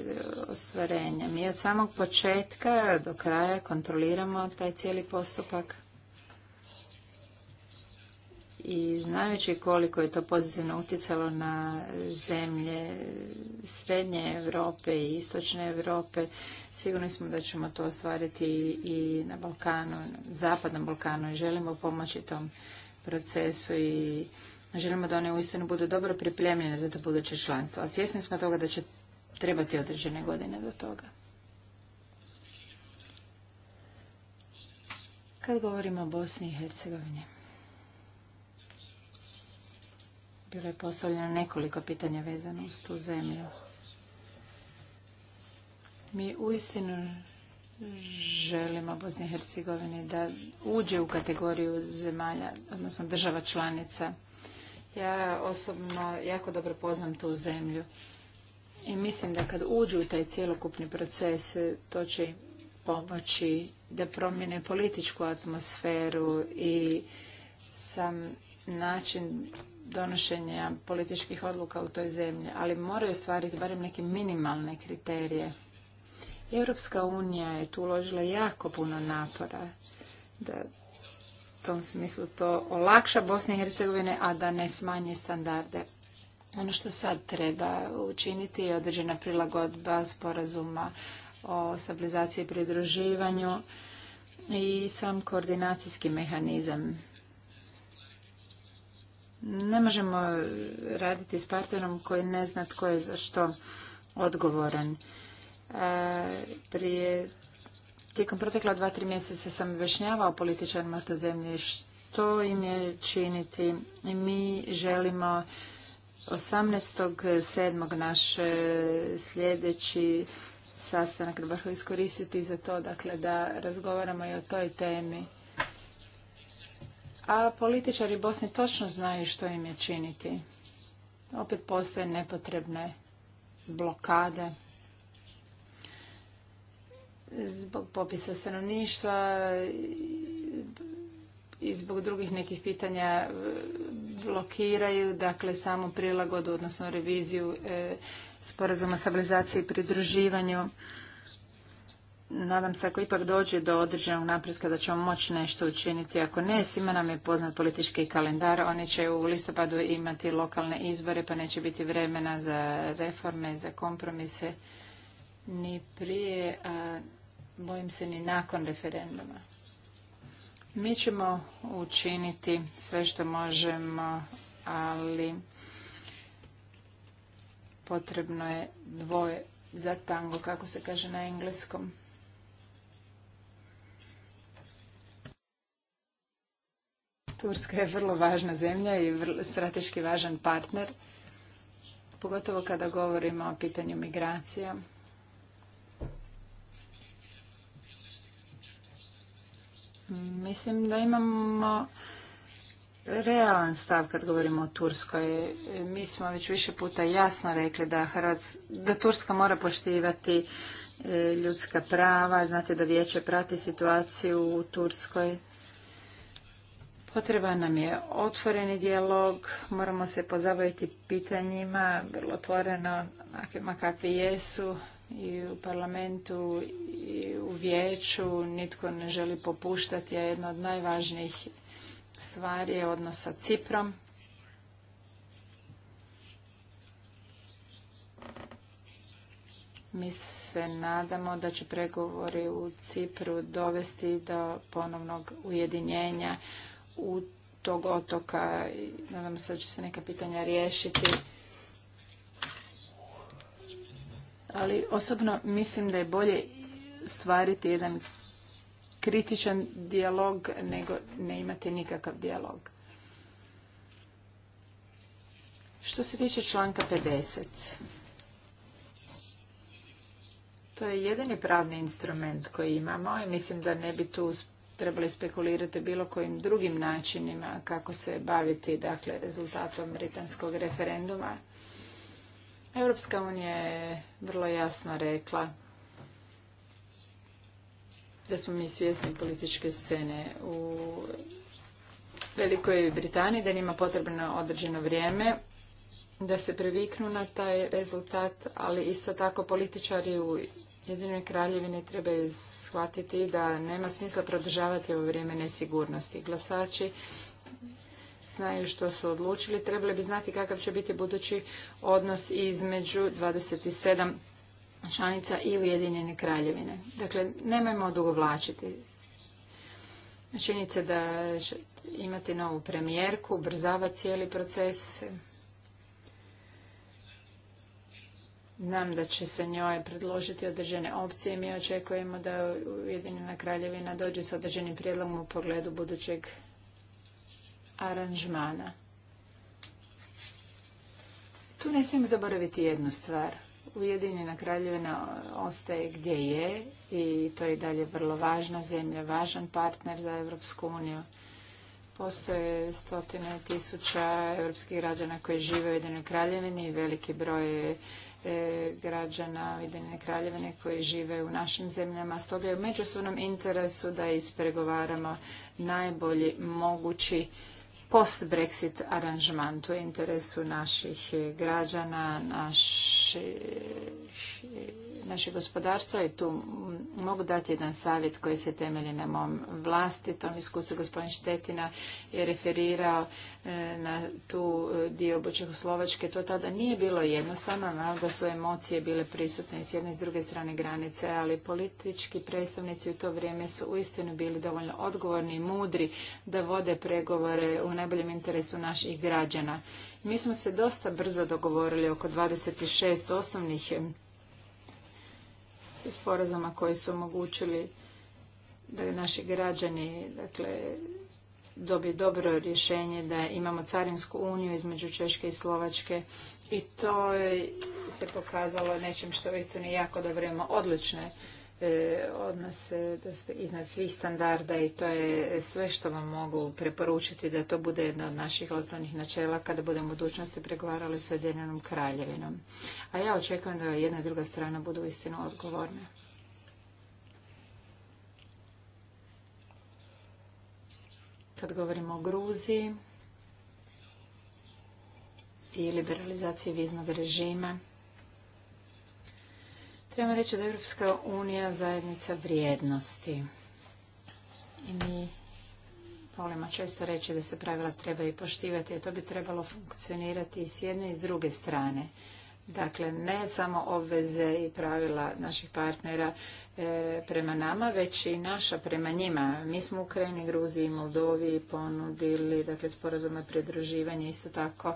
ostvarenja. Mi od samog početka do kraja kontroliramo taj cijeli postupak i znajući koliko je to pozitivno utjecalo na zemlje srednje Europe i istočne Europe, sigurni smo da ćemo to ostvariti i na Balkanu, zapadnom Balkanu i želimo pomoći tom procesu i Želimo da one uistinu budu dobro pripremljene za to buduće članstvo, a svjesni smo toga da će trebati određene godine do toga. Kad govorimo o Bosni i Hercegovini, bilo je postavljeno nekoliko pitanja vezano uz tu zemlju. Mi uistinu želimo Bosni i Hercegovini da uđe u kategoriju zemalja, odnosno država članica ja osobno jako dobro poznam tu zemlju i mislim da kad uđu u taj cjelokupni proces, to će pomoći da promjene političku atmosferu i sam način donošenja političkih odluka u toj zemlji, ali moraju ostvariti barem neke minimalne kriterije. Europska unija je tu uložila jako puno napora da tom smislu to olakša Bosni i Hercegovine, a da ne smanje standarde. Ono što sad treba učiniti je određena prilagodba sporazuma o stabilizaciji i pridruživanju i sam koordinacijski mehanizam. Ne možemo raditi s partnerom koji ne zna tko je za što odgovoran. E, prije Tijekom protekla dva, tri mjeseca sam objašnjavao političarima to zemlje što im je činiti. Mi želimo 18.7. naš sljedeći sastanak vrhu iskoristiti za to, dakle, da razgovaramo i o toj temi. A političari Bosni točno znaju što im je činiti. Opet postoje nepotrebne blokade zbog popisa stanovništva i zbog drugih nekih pitanja e, blokiraju, dakle, samo prilagodu, odnosno reviziju e, sporazuma stabilizacije i pridruživanju. Nadam se ako ipak dođe do određenog napretka da ćemo moći nešto učiniti. Ako ne, svima nam je poznat politički kalendar. Oni će u listopadu imati lokalne izbore pa neće biti vremena za reforme, za kompromise ni prije. A bojim se ni nakon referenduma. Mi ćemo učiniti sve što možemo, ali potrebno je dvoje za tango, kako se kaže na engleskom. Turska je vrlo važna zemlja i strateški važan partner, pogotovo kada govorimo o pitanju migracija. Mislim da imamo realan stav kad govorimo o Turskoj. Mi smo već više puta jasno rekli da, da Turska mora poštivati e, ljudska prava. Znate da vijeće prati situaciju u Turskoj. Potreban nam je otvoreni dijalog, moramo se pozabaviti pitanjima, vrlo otvoreno, onakvima kakvi jesu, i u parlamentu i u vijeću nitko ne želi popuštati, a jedna od najvažnijih stvari je odnos sa Ciprom. Mi se nadamo da će pregovori u Cipru dovesti do ponovnog ujedinjenja u tog otoka. Nadamo se da će se neka pitanja riješiti ali osobno mislim da je bolje stvariti jedan kritičan dijalog nego ne imati nikakav dijalog. Što se tiče članka 50, to je jedini pravni instrument koji imamo i mislim da ne bi tu trebali spekulirati bilo kojim drugim načinima kako se baviti dakle, rezultatom britanskog referenduma Europska unija je vrlo jasno rekla da smo mi svjesni političke scene u Velikoj Britaniji, da njima potrebno određeno vrijeme da se priviknu na taj rezultat, ali isto tako političari u Jedinoj kraljevini treba shvatiti da nema smisla prodržavati ovo vrijeme nesigurnosti. Glasači znaju što su odlučili, trebali bi znati kakav će biti budući odnos između 27 članica i Ujedinjene kraljevine. Dakle, nemojmo odugovlačiti. Čini se da će imati novu premijerku, brzava cijeli proces. Znam da će se njoj predložiti određene opcije mi očekujemo da Ujedinjena kraljevina dođe sa određenim prijedlogom u pogledu budućeg aranžmana. Tu ne smijem zaboraviti jednu stvar. Ujedinjena kraljevina ostaje gdje je i to je dalje vrlo važna zemlja, važan partner za Europsku uniju. Postoje stotine tisuća europskih građana koji žive u Ujedinjenoj kraljevini i veliki broj e, građana Ujedinjene kraljevine koji žive u našim zemljama. Stoga je u međusobnom interesu da ispregovaramo najbolji mogući post-Brexit aranžman. u interesu naših građana, naših naše gospodarstvo i tu mogu dati jedan savjet koji se temelji na mom tom iskustvu. Gospodin Štetina je referirao e, na tu e, dio Slovačke. To tada nije bilo jednostavno, naravno da su emocije bile prisutne s jedne i s druge strane granice, ali politički predstavnici u to vrijeme su uistinu bili dovoljno odgovorni i mudri da vode pregovore u najboljem interesu naših građana. Mi smo se dosta brzo dogovorili oko 26 osnovnih sporazuma koji su omogućili da naši građani dakle, dobiju dobro rješenje da imamo carinsku uniju između Češke i Slovačke i to se pokazalo nečim što nije jako dobro imamo odlične E, odnose iznad svih standarda i to je sve što vam mogu preporučiti da to bude jedno od naših osnovnih načela kada budemo u budućnosti pregovarali s Ujedinjenom kraljevinom. A ja očekujem da jedna i druga strana budu istinu odgovorne. Kad govorimo o Gruziji i liberalizaciji viznog režima, Treba reći da je Europska unija zajednica vrijednosti. I mi volimo često reći da se pravila treba i poštivati, a to bi trebalo funkcionirati i s jedne i s druge strane. Dakle, ne samo obveze i pravila naših partnera e, prema nama, već i naša prema njima. Mi smo Ukrajini, Gruziji i Moldoviji ponudili dakle, sporazume pridruživanja isto tako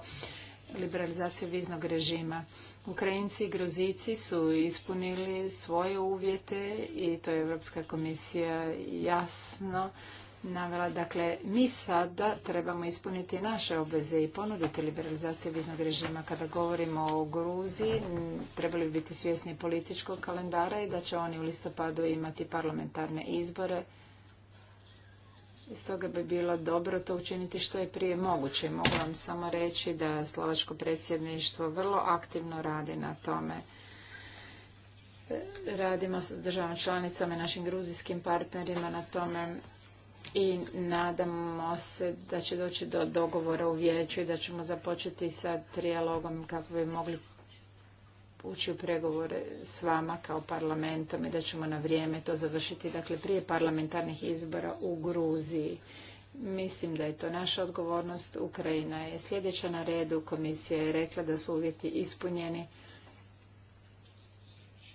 liberalizaciju viznog režima. Ukrajinci i Gruzici su ispunili svoje uvjete i to je Europska komisija jasno navela. Dakle, mi sada trebamo ispuniti naše obveze i ponuditi liberalizaciju viznog režima. Kada govorimo o Gruziji, trebali bi biti svjesni političkog kalendara i da će oni u listopadu imati parlamentarne izbore i stoga bi bilo dobro to učiniti što je prije moguće. Mogu vam samo reći da slovačko predsjedništvo vrlo aktivno radi na tome. Radimo s državama članicama i našim gruzijskim partnerima na tome i nadamo se da će doći do dogovora u vijeću i da ćemo započeti sa trijalogom kako bi mogli ući u pregovore s vama kao parlamentom i da ćemo na vrijeme to završiti, dakle prije parlamentarnih izbora u Gruziji. Mislim da je to naša odgovornost. Ukrajina je sljedeća na redu. Komisija je rekla da su uvjeti ispunjeni.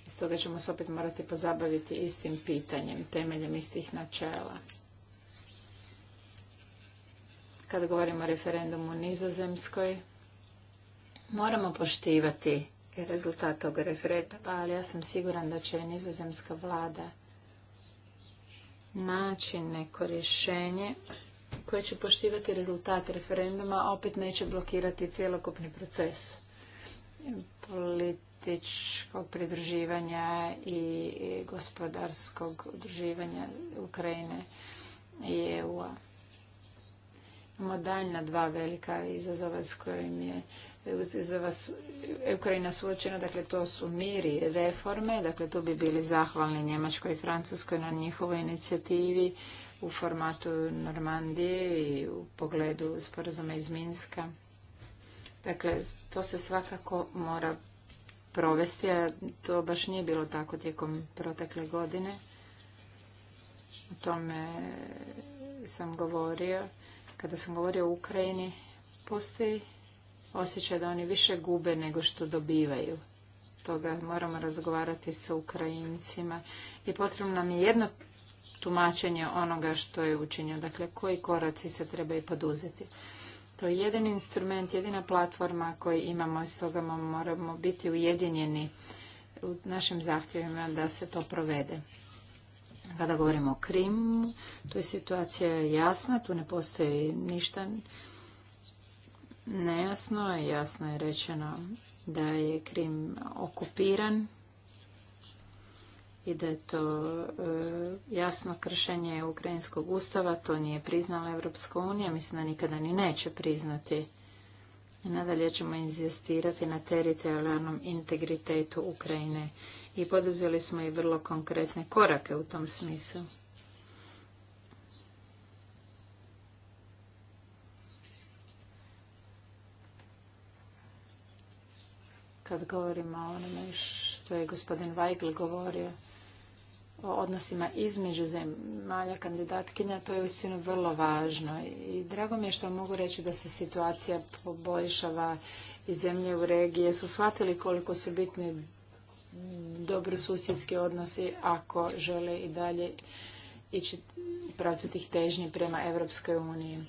Stoga ćemo se opet morati pozabaviti istim pitanjem, temeljem istih načela. Kad govorimo o referendumu u Nizozemskoj, moramo poštivati rezultat tog referenduma, ali ja sam siguran da će nizozemska vlada naći neko rješenje koje će poštivati rezultat referenduma, opet neće blokirati cjelokupni proces političkog pridruživanja i gospodarskog udruživanja Ukrajine i EU-a. Imamo daljna dva velika izazova s kojim je Ukrajina suočena, dakle to su miri reforme, dakle tu bi bili zahvalni Njemačkoj i Francuskoj na njihovoj inicijativi u formatu Normandije i u pogledu sporazuma iz Minska. Dakle, to se svakako mora provesti, a to baš nije bilo tako tijekom protekle godine. O tome sam govorio. Kada sam govorio o Ukrajini, postoji osjećaj da oni više gube nego što dobivaju. Toga moramo razgovarati sa Ukrajincima i potrebno nam je jedno tumačenje onoga što je učinio. dakle koji koraci se trebaju poduzeti. To je jedan instrument, jedina platforma koju imamo i stoga moramo biti ujedinjeni u našim zahtjevima da se to provede. Kada govorimo o Krimu, tu je situacija jasna, tu ne postoji ništa nejasno, jasno je rečeno da je Krim okupiran i da je to e, jasno kršenje ukrajinskog ustava, to nije priznala Evropska unija, mislim da nikada ni neće priznati. Nadalje ćemo inzistirati na teritorijalnom integritetu Ukrajine i poduzeli smo i vrlo konkretne korake u tom smislu. kad govorimo o onome što je gospodin Weigl govorio o odnosima između zemalja kandidatkinja, to je uistinu vrlo važno. I drago mi je što mogu reći da se situacija poboljšava i zemlje u regiji su shvatili koliko su bitni susjedski odnosi ako žele i dalje ići pravcu tih težnji prema Europskoj uniji.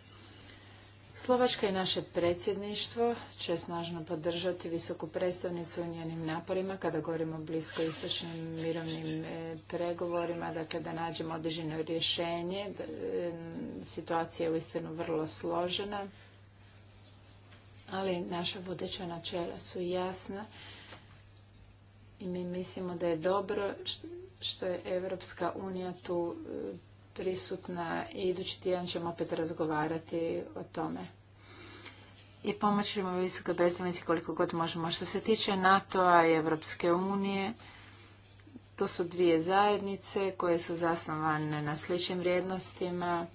Slovačka i naše predsjedništvo će snažno podržati visoku predstavnicu u njenim naporima kada govorimo o bliskoistočnim mirovnim e, pregovorima, dakle da nađemo određeno rješenje. E, situacija je istinu vrlo složena, ali naša vodeća načela su jasna i mi mislimo da je dobro što je Evropska unija tu e, prisutna i idući tjedan ćemo opet razgovarati o tome. I pomoći ćemo visokoj predstavnici koliko god možemo. Što se tiče NATO-a i Europske unije, to su dvije zajednice koje su zasnovane na sličnim vrijednostima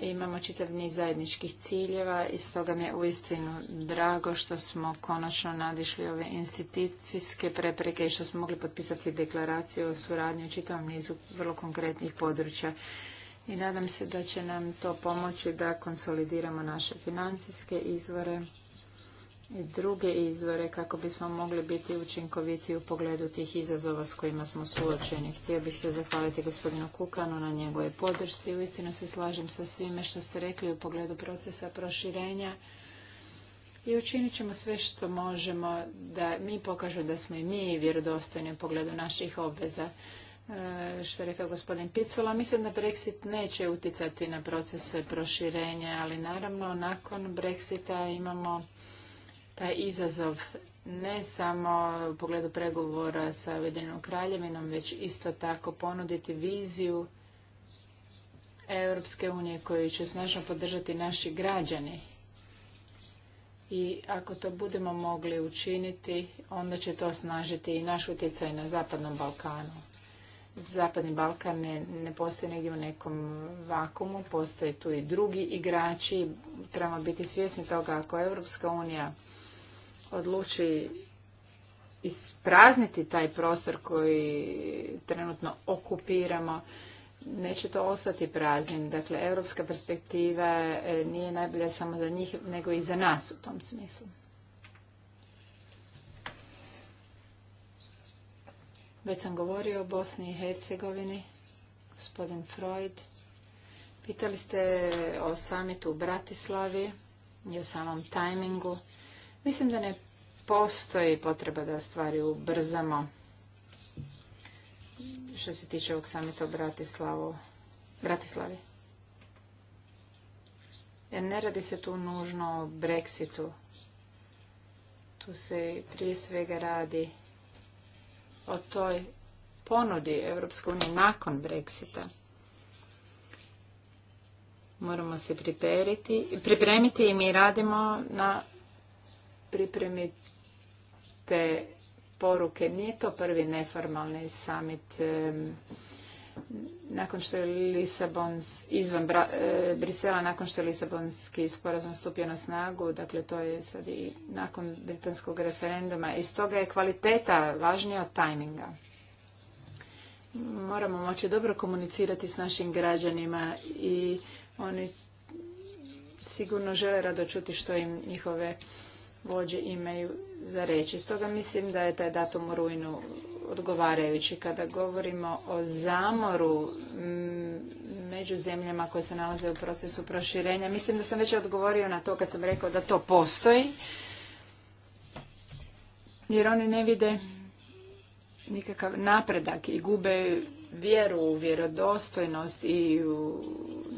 Imamo čitav niz zajedničkih ciljeva i stoga mi je uistinu drago što smo konačno nadišli ove institucijske prepreke i što smo mogli potpisati deklaraciju o suradnji u čitavom nizu vrlo konkretnih područja. I nadam se da će nam to pomoći da konsolidiramo naše financijske izvore druge izvore kako bismo mogli biti učinkoviti u pogledu tih izazova s kojima smo suočeni. Htio bih se zahvaliti gospodinu Kukanu na njegove podršci. Uistinu se slažem sa svime što ste rekli u pogledu procesa proširenja i učinit ćemo sve što možemo da mi pokažu da smo i mi vjerodostojni u pogledu naših obveza. E, što je rekao gospodin Picula, mislim da Brexit neće uticati na procese proširenja, ali naravno nakon Brexita imamo taj izazov ne samo u pogledu pregovora sa Ujedinjenom kraljevinom, već isto tako ponuditi viziju Europske unije koju će snažno podržati naši građani. I ako to budemo mogli učiniti, onda će to snažiti i naš utjecaj na Zapadnom Balkanu. Zapadni Balkan ne, ne postoji negdje u nekom vakumu, postoje tu i drugi igrači. Trebamo biti svjesni toga ako Europska unija odluči isprazniti taj prostor koji trenutno okupiramo, neće to ostati praznim. Dakle, europska perspektiva e, nije najbolja samo za njih, nego i za nas u tom smislu. Već sam govorio o Bosni i Hercegovini, gospodin Freud. Pitali ste o samitu u Bratislavi i o samom tajmingu. Mislim da ne postoji potreba da stvari ubrzamo. Što se tiče ovog samita Bratislavi. Jer ne radi se tu nužno o Brexitu. Tu se prije svega radi o toj ponudi Europske unije nakon Brexita. Moramo se pripremiti i mi radimo na pripremite poruke. Nije to prvi neformalni summit nakon što je lisabons izvan e, Brisela, nakon što je Lisabonski sporazum stupio na snagu, dakle to je sad i nakon britanskog referenduma i stoga je kvaliteta važnija od tajminga. Moramo moći dobro komunicirati s našim građanima i oni sigurno žele rado čuti što im njihove vođe imaju za reći. Stoga mislim da je taj datum u rujnu odgovarajući. Kada govorimo o zamoru mm, među zemljama koje se nalaze u procesu proširenja, mislim da sam već odgovorio na to kad sam rekao da to postoji, jer oni ne vide nikakav napredak i gube vjeru u vjerodostojnost i u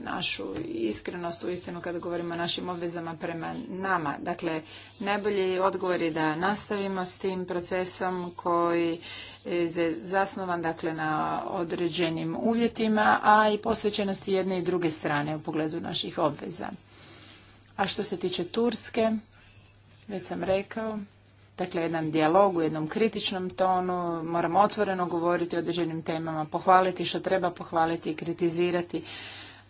našu iskrenost u istinu kada govorimo o našim obvezama prema nama. Dakle, najbolji odgovor je da nastavimo s tim procesom koji je zasnovan dakle, na određenim uvjetima, a i posvećenosti jedne i druge strane u pogledu naših obveza. A što se tiče Turske, već sam rekao, dakle jedan dijalog u jednom kritičnom tonu, moramo otvoreno govoriti o određenim temama, pohvaliti što treba pohvaliti i kritizirati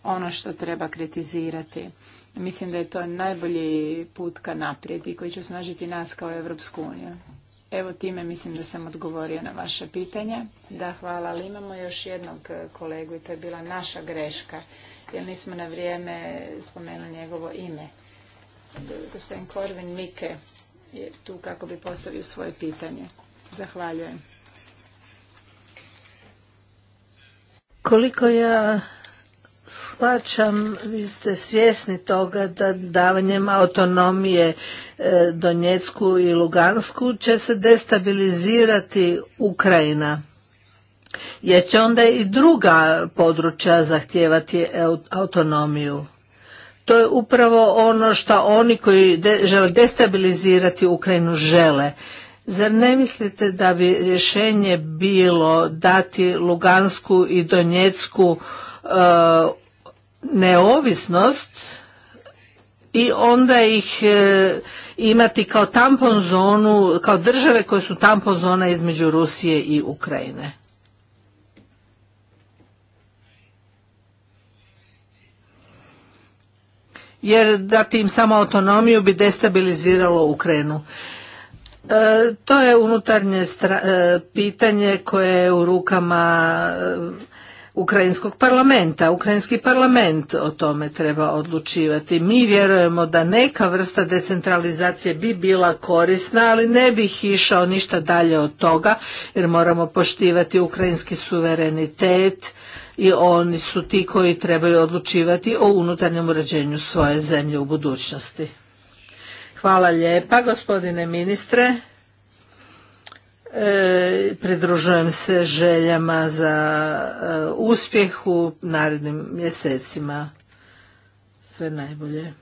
ono što treba kritizirati. Mislim da je to najbolji put ka naprijed i koji će snažiti nas kao Evropsku uniju. Evo time mislim da sam odgovorio na vaše pitanje. Da, hvala, ali imamo još jednog e, kolegu i to je bila naša greška, jer nismo na vrijeme spomenuli njegovo ime. E, gospodin Korvin Mike je tu kako bi postavio svoje pitanje. Zahvaljujem. Koliko ja Shvaćam, vi ste svjesni toga da davanjem autonomije e, Donjecku i Lugansku će se destabilizirati Ukrajina. Jer će onda i druga područja zahtijevati autonomiju. To je upravo ono što oni koji žele destabilizirati Ukrajinu žele. Zar ne mislite da bi rješenje bilo dati Lugansku i Donjecku E, neovisnost i onda ih e, imati kao tampon zonu, kao države koje su tampon zona između Rusije i Ukrajine. jer da im samo autonomiju bi destabiliziralo Ukrajinu. E, to je unutarnje pitanje koje je u rukama ukrajinskog parlamenta. Ukrajinski parlament o tome treba odlučivati. Mi vjerujemo da neka vrsta decentralizacije bi bila korisna, ali ne bih išao ništa dalje od toga jer moramo poštivati ukrajinski suverenitet i oni su ti koji trebaju odlučivati o unutarnjem uređenju svoje zemlje u budućnosti. Hvala lijepa gospodine ministre. E, pridružujem se željama za e, uspjeh u narednim mjesecima. Sve najbolje.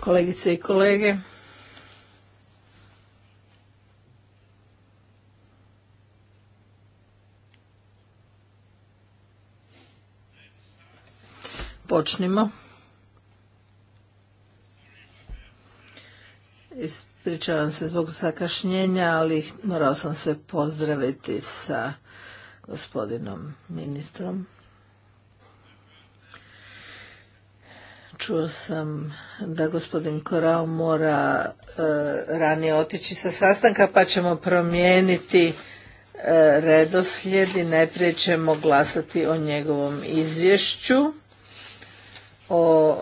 Kolegice i kolege. Počnimo. Ispričavam se zbog zakašnjenja, ali morao sam se pozdraviti sa gospodinom ministrom. Čuo sam da gospodin Korao mora e, ranije otići sa sastanka pa ćemo promijeniti e, redoslijed i najprije ćemo glasati o njegovom izvješću o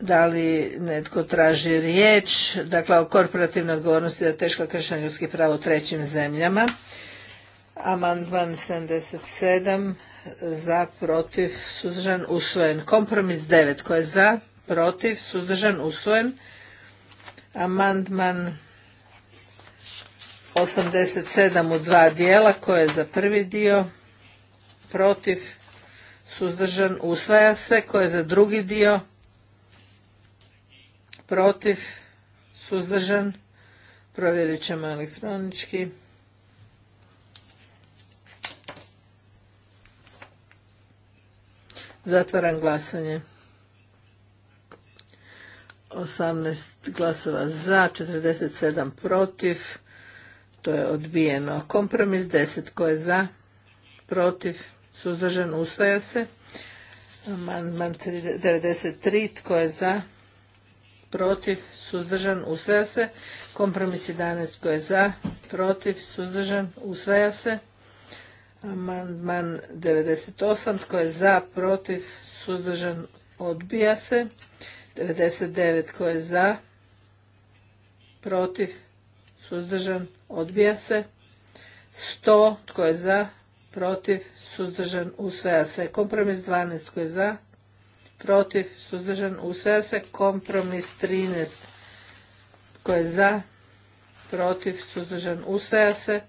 da li netko traži riječ, dakle o korporativnoj odgovornosti za teška kršenja ljudskih prava u trećim zemljama. Amandman 77 za, protiv, suzdržan, usvojen. Kompromis 9 koji je za, protiv, suzdržan, usvojen. Amandman 87 u dva dijela koje je za prvi dio, protiv, suzdržan, usvaja se, koje je za drugi dio, protiv, suzdržan, provjerit ćemo elektronički. Zatvaram glasanje. 18 glasova za, 47 protiv. To je odbijeno. Kompromis 10 koje je za, protiv, suzdržan, usvaja se. Amandman 93 tko je za, protiv, suzdržan, usvaja se. Kompromis 11 tko je za, protiv, suzdržan, usvaja se. Amandman 98. Tko je za, protiv, suzdržan, odbija se. 99. Tko je za, protiv, suzdržan, odbija se. 100. Tko je za, protiv, suzdržan, usvaja se. Kompromis 12. Tko je za, protiv, suzdržan, usvaja se. Kompromis 13. Tko je za, protiv, suzdržan, usvaja se.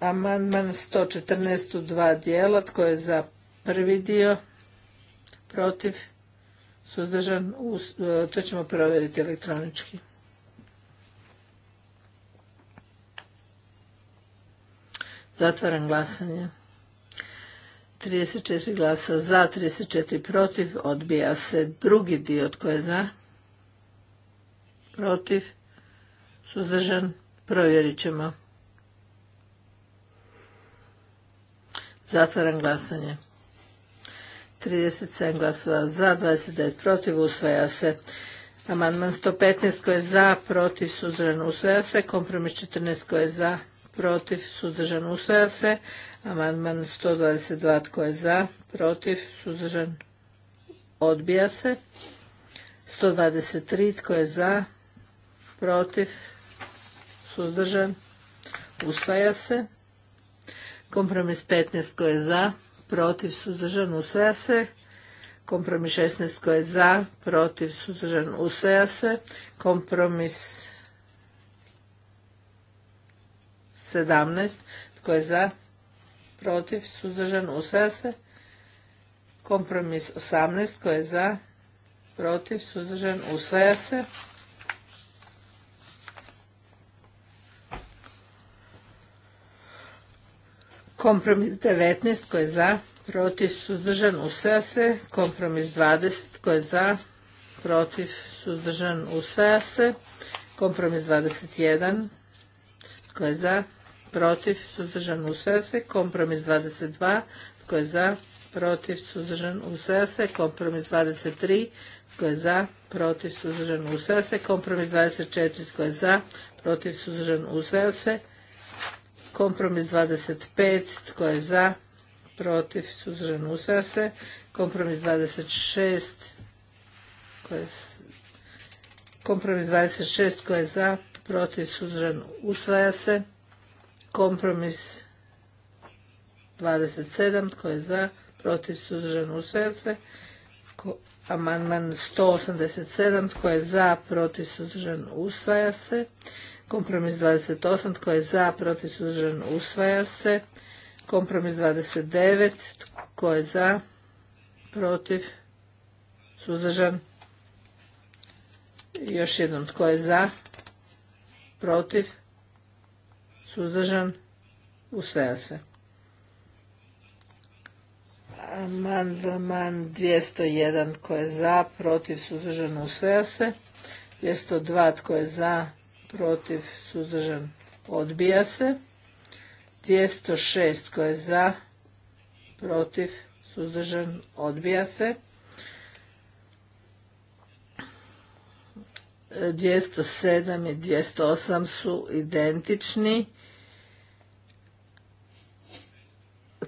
Amandman 114 u dva dijela. Tko je za prvi dio? Protiv? Suzdržan? E, to ćemo provjeriti elektronički. Zatvaram glasanje. 34 glasa za, 34 protiv. Odbija se drugi dio. Tko je za? Protiv? Suzdržan? Provjerit ćemo. Zatvaram glasanje. 37 glasova za, 29 protiv, usvaja se. Amandman 115 koje je za, protiv, suzdržan, usvaja se. Kompromis 14 koje je za, protiv, suzdržan, usvaja se. Amandman 122 tko je za, protiv, suzdržan, odbija se. 123 tko je za, protiv, suzdržan, usvaja se. Kompromis 15 koje je za, protiv suzdržan usvaja se. Kompromis 16 koje je za, protiv suzdržan usvaja se. Kompromis 17 koje je za, protiv suzdržan usvaja se. Kompromis 18 koje je za, protiv suzdržan usvaja se. Kompromis 19 tko je za, protiv, suzdržan, usvaja se. Kompromis 20 tko je za, protiv, suzdržan, usvaja se. Kompromis 21 tko je za, protiv, suzdržan, usvaja se. Kompromis 22 tko je za, protiv, suzdržan, usvaja se. Kompromis 23 tko je za, protiv, suzdržan, usvaja se. Kompromis 24 tko je za, protiv, suzdržan, usvaja se. Kompromis 25. Tko je za? Protiv. Suzdržan. Usvaja se. Kompromis 26. Tko je Kompromis 26. Tko je za? Protiv. Suzdržan. Usvaja se. Kompromis 27. Tko je za? Protiv. Suzdržan. Usvaja se. Amandman 187. Tko je za? Protiv. Suzdržan. Usvaja se. Kompromis 28. Tko je za? Protiv suzdržan? Usvaja se. Kompromis 29. Tko je za? Protiv suzdržan? Još jednom. Tko je za? Protiv suzdržan? Usvaja se. Amandman 201 tko je za, protiv, suzdržan, usvaja se. 202 tko je za, protiv, suzdržan, odbija se. 206 koje je za, protiv, suzdržan, odbija se. 207 i 208 su identični.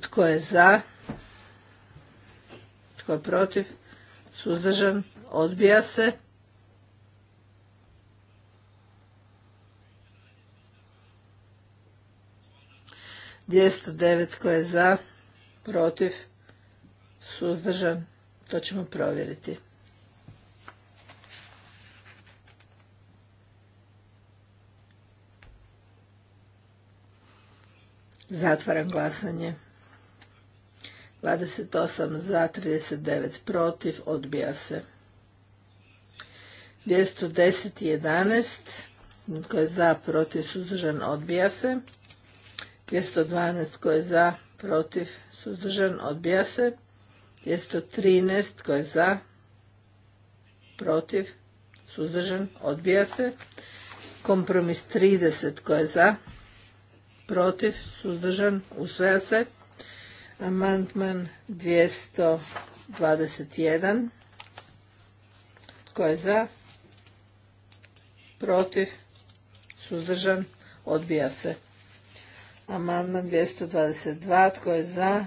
Tko je za? Tko je protiv? Suzdržan? Odbija se. 209 tko je za, protiv, suzdržan, to ćemo provjeriti. Zatvaram glasanje. 28 za, 39 protiv, odbija se. 210 i 11, koje je za, protiv, suzdržan, odbija se. 212 tko je za, protiv, suzdržan, odbija se. 213 tko je za, protiv, suzdržan, odbija se. Kompromis 30 tko je za, protiv, suzdržan, usvaja se. Amandman 221 tko je za, protiv, suzdržan, odbija se. Amandman 222. Tko je za?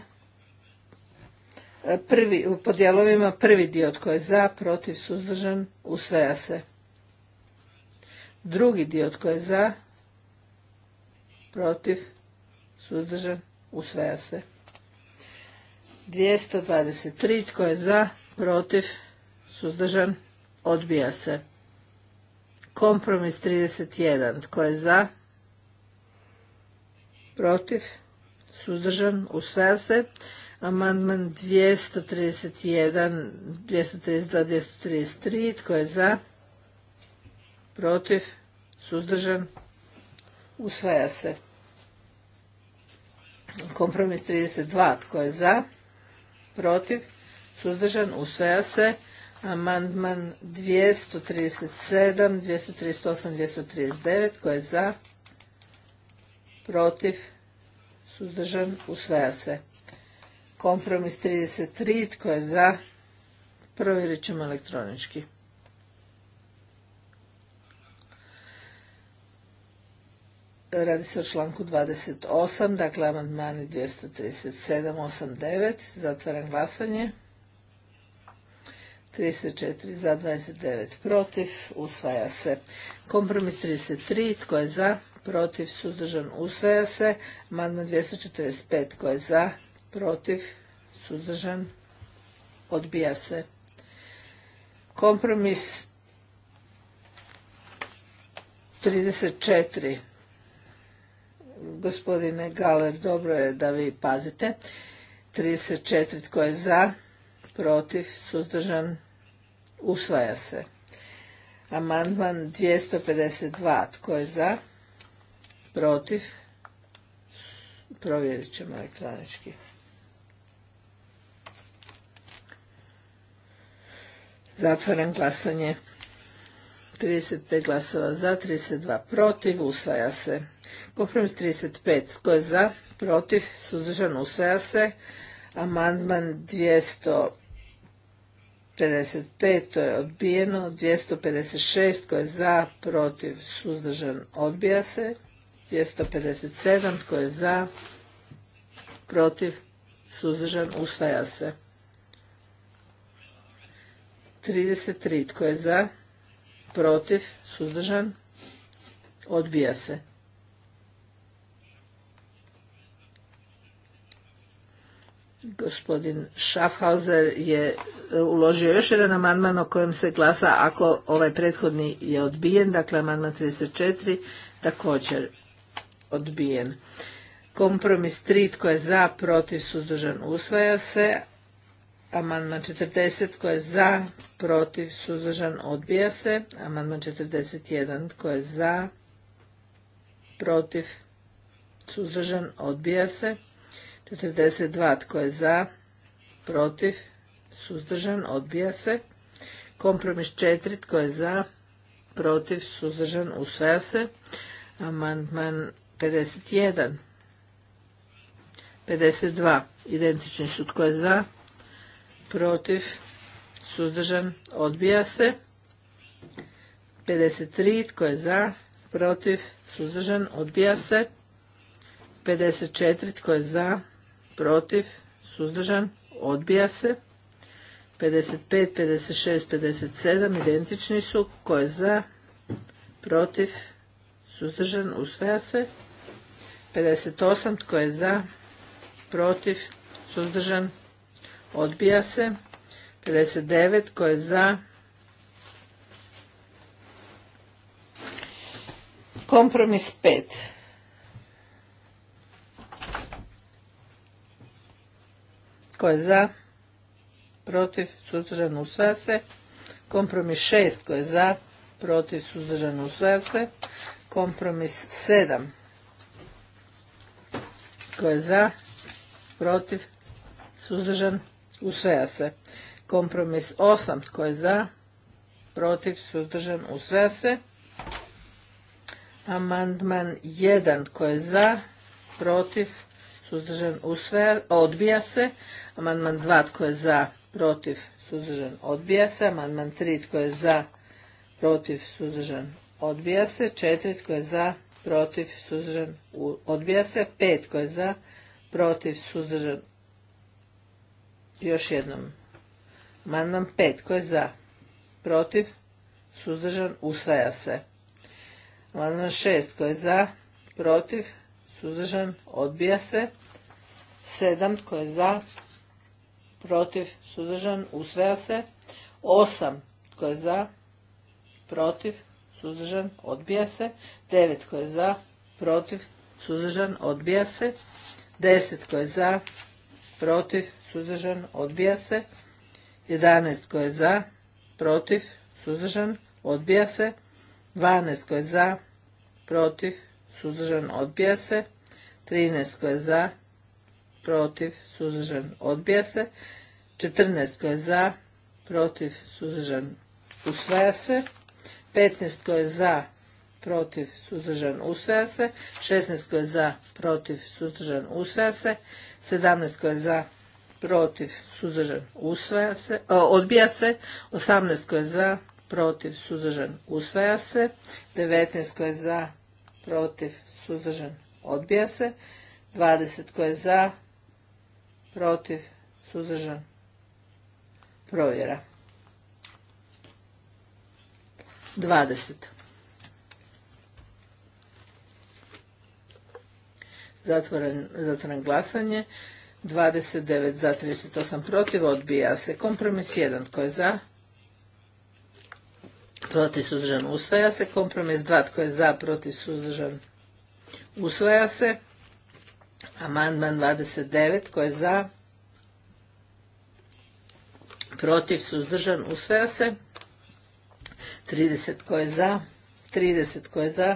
E, prvi, po dijelovima prvi dio. Tko je za? Protiv? Suzdržan? Usvaja se. Drugi dio. Tko je za? Protiv? Suzdržan? Usvaja se. 223. Tko je za? Protiv? Suzdržan? Odbija se. Kompromis 31. Tko je za? protiv, suzdržan, usvaja se. Amandman 231, 232, 233, tko je za, protiv, suzdržan, usvaja se. Kompromis 32, tko je za, protiv, suzdržan, usvaja se. Amandman 237, 238, 239, tko je za, protiv, suzdržan, usvaja se. Kompromis 33, tko je za, provjerit ćemo elektronički. Radi se o članku 28, dakle amandmani 237, 8, zatvaram glasanje. 34 za, 29 protiv, usvaja se. Kompromis 33, tko je za, protiv, suzdržan, usvaja se. Amandman 245 koji je za, protiv, suzdržan, odbija se. Kompromis 34. Gospodine Galer, dobro je da vi pazite. 34 tko je za, protiv, suzdržan, usvaja se. Amandman 252 tko je za, protiv, provjerit ćemo elektronički. Zatvaram glasanje. 35 glasova za, 32 protiv, usvaja se. Kompromis 35, tko je za, protiv, suzdržan, usvaja se. Amandman 255, to je odbijeno. 256, tko je za, protiv, suzdržan, odbija se. 257. Tko je za? Protiv? Suzdržan? Usvaja se. 33. Tko je za? Protiv? Suzdržan? Odbija se. Gospodin Schaffhauser je e, uložio još jedan amandman o kojem se glasa ako ovaj prethodni je odbijen, dakle amandman 34 također odbijen. Kompromis 3 tko je za, protiv, suzdržan, usvaja se. Amandman 40 tko je za, protiv, suzdržan, odbija se. Amandman 41 tko je za, protiv, suzdržan, odbija se. 42 tko je za, protiv, suzdržan, odbija se. Kompromis 4 tko je za, protiv, suzdržan, usvaja se. Amandman 51. 52. Identični su tko je za, protiv, suzdržan, odbija se. 53. Tko je za, protiv, suzdržan, odbija se. 54. Tko je za, protiv, suzdržan, odbija se. 55, 56, 57 identični su. Tko je za, protiv, suzdržan, usvaja se. 58. Tko je za? Protiv? Suzdržan? Odbija se. 59. Tko je za? Kompromis 5. Tko je za? Protiv? Suzdržan? Usvaja se. Kompromis 6. Tko je za? Protiv? Suzdržan? Usvaja se. Kompromis 7. Tko je za? Protiv? Suzdržan? Usvaja se. Kompromis 8. Tko je za? Protiv? Suzdržan? Usvaja se. Amandman 1. Tko je za? Protiv? Suzdržan? odbija se. Amandman 2. Tko je za? Protiv? Suzdržan? Odbija se. Amandman 3. Tko je za? Protiv? Suzdržan? Odbija se. 4. Tko je za? protiv, suzdržan, odbija se. Pet tko je za, protiv, suzdržan, još jednom. Amandman 5 tko je za, protiv, suzdržan, usvaja se. Amandman šest tko je za, protiv, suzdržan, odbija se. Sedam tko je za, protiv, suzdržan, usvaja se. Osam tko je za, protiv, suzdržan, odbija se. 9 koje je za, protiv, suzdržan, odbija se. 10 koje je za, protiv, suzdržan, odbija se. 11 koje je za, protiv, suzdržan, odbija se. 12 koje je za, protiv, suzdržan, odbija se. 13 koje je za, protiv, suzdržan, odbija se. 14 koje je za, protiv, suzdržan, usvaja se. 15 koje za, protiv, suzdržan, usvaja se. 16 koje za, protiv, suzdržan, usvaja se. 17 koje za, protiv, suzdržan, usvaja se. odbija se. 18 koje za, protiv, suzdržan, usvaja se. 19 koje za, protiv, suzdržan, odbija se. 20 koje za, protiv, suzdržan, provjera. 20. Zatvoren, zatvoren glasanje. 29 za 38 protiv. Odbija se kompromis 1. Tko je za? Protiv suzdržan usvaja se. Kompromis 2. Tko je za? Protiv suzdržan usvaja se. Amandman 29. Tko je za? Protiv suzdržan usvaja se. 30 tko je za, 30 tko je za,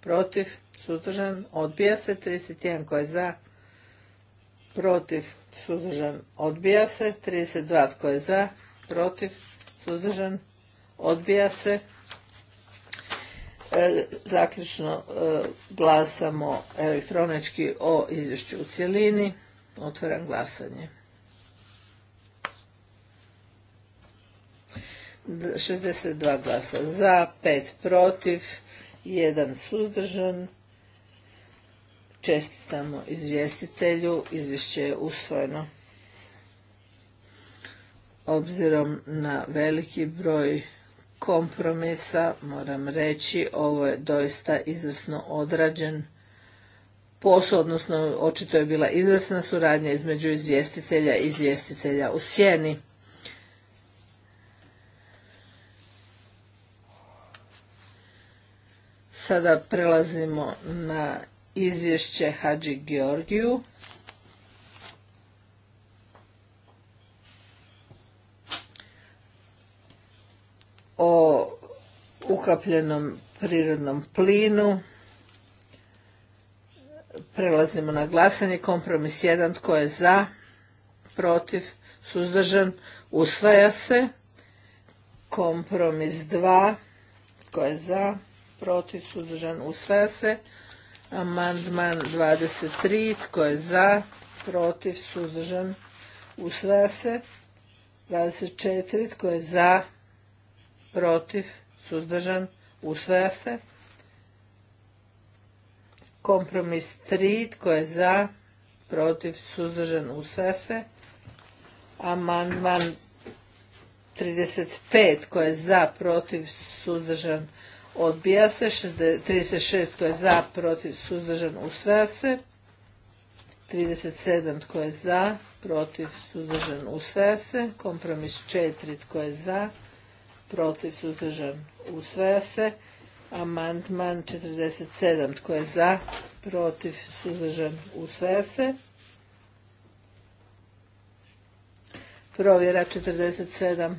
protiv, suzdržan, odbija se, 31 tko je za, protiv, suzdržan, odbija se, 32 tko je za, protiv, suzdržan, odbija se. E, zaključno e, glasamo elektronički o izvješću u cjelini. Otvaram glasanje. 62 glasa za, 5 protiv, 1 suzdržan. Čestitamo izvjestitelju, izvješće je usvojeno. Obzirom na veliki broj kompromisa, moram reći, ovo je doista izvrsno odrađen posao, odnosno očito je bila izvrsna suradnja između izvjestitelja i izvjestitelja u sjeni. Sada prelazimo na izvješće Hadži Georgiju. o ukapljenom prirodnom plinu. Prelazimo na glasanje. Kompromis 1. Tko je za? Protiv? Suzdržan? Usvaja se. Kompromis 2. Tko je za? protiv, suzdržan, usvaja se. Amandman 23, tko je za, protiv, suzdržan, usvaja se. 24, tko je za, protiv, suzdržan, usvaja se. Kompromis 3, tko je za, protiv, suzdržan, usvaja se. Amandman 35, tko je za, protiv, suzdržan, odbija se, 36 tko je za, protiv, suzdržan, usvaja se, 37 tko je za, protiv, suzdržan, usvaja se, kompromis 4 tko je za, protiv, suzdržan, usvaja se, amandman 47 tko je za, protiv, suzdržan, usvaja se, provjera 47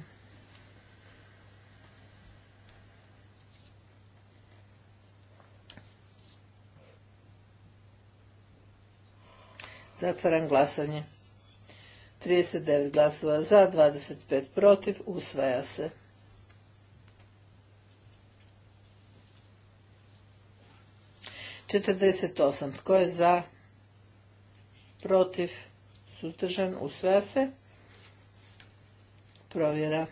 Zatvaram glasanje. 39 glasova za, 25 protiv, usvaja se. Četrdeset osam. Tko je za? Protiv? Sutržan? Usvaja se? Provjera.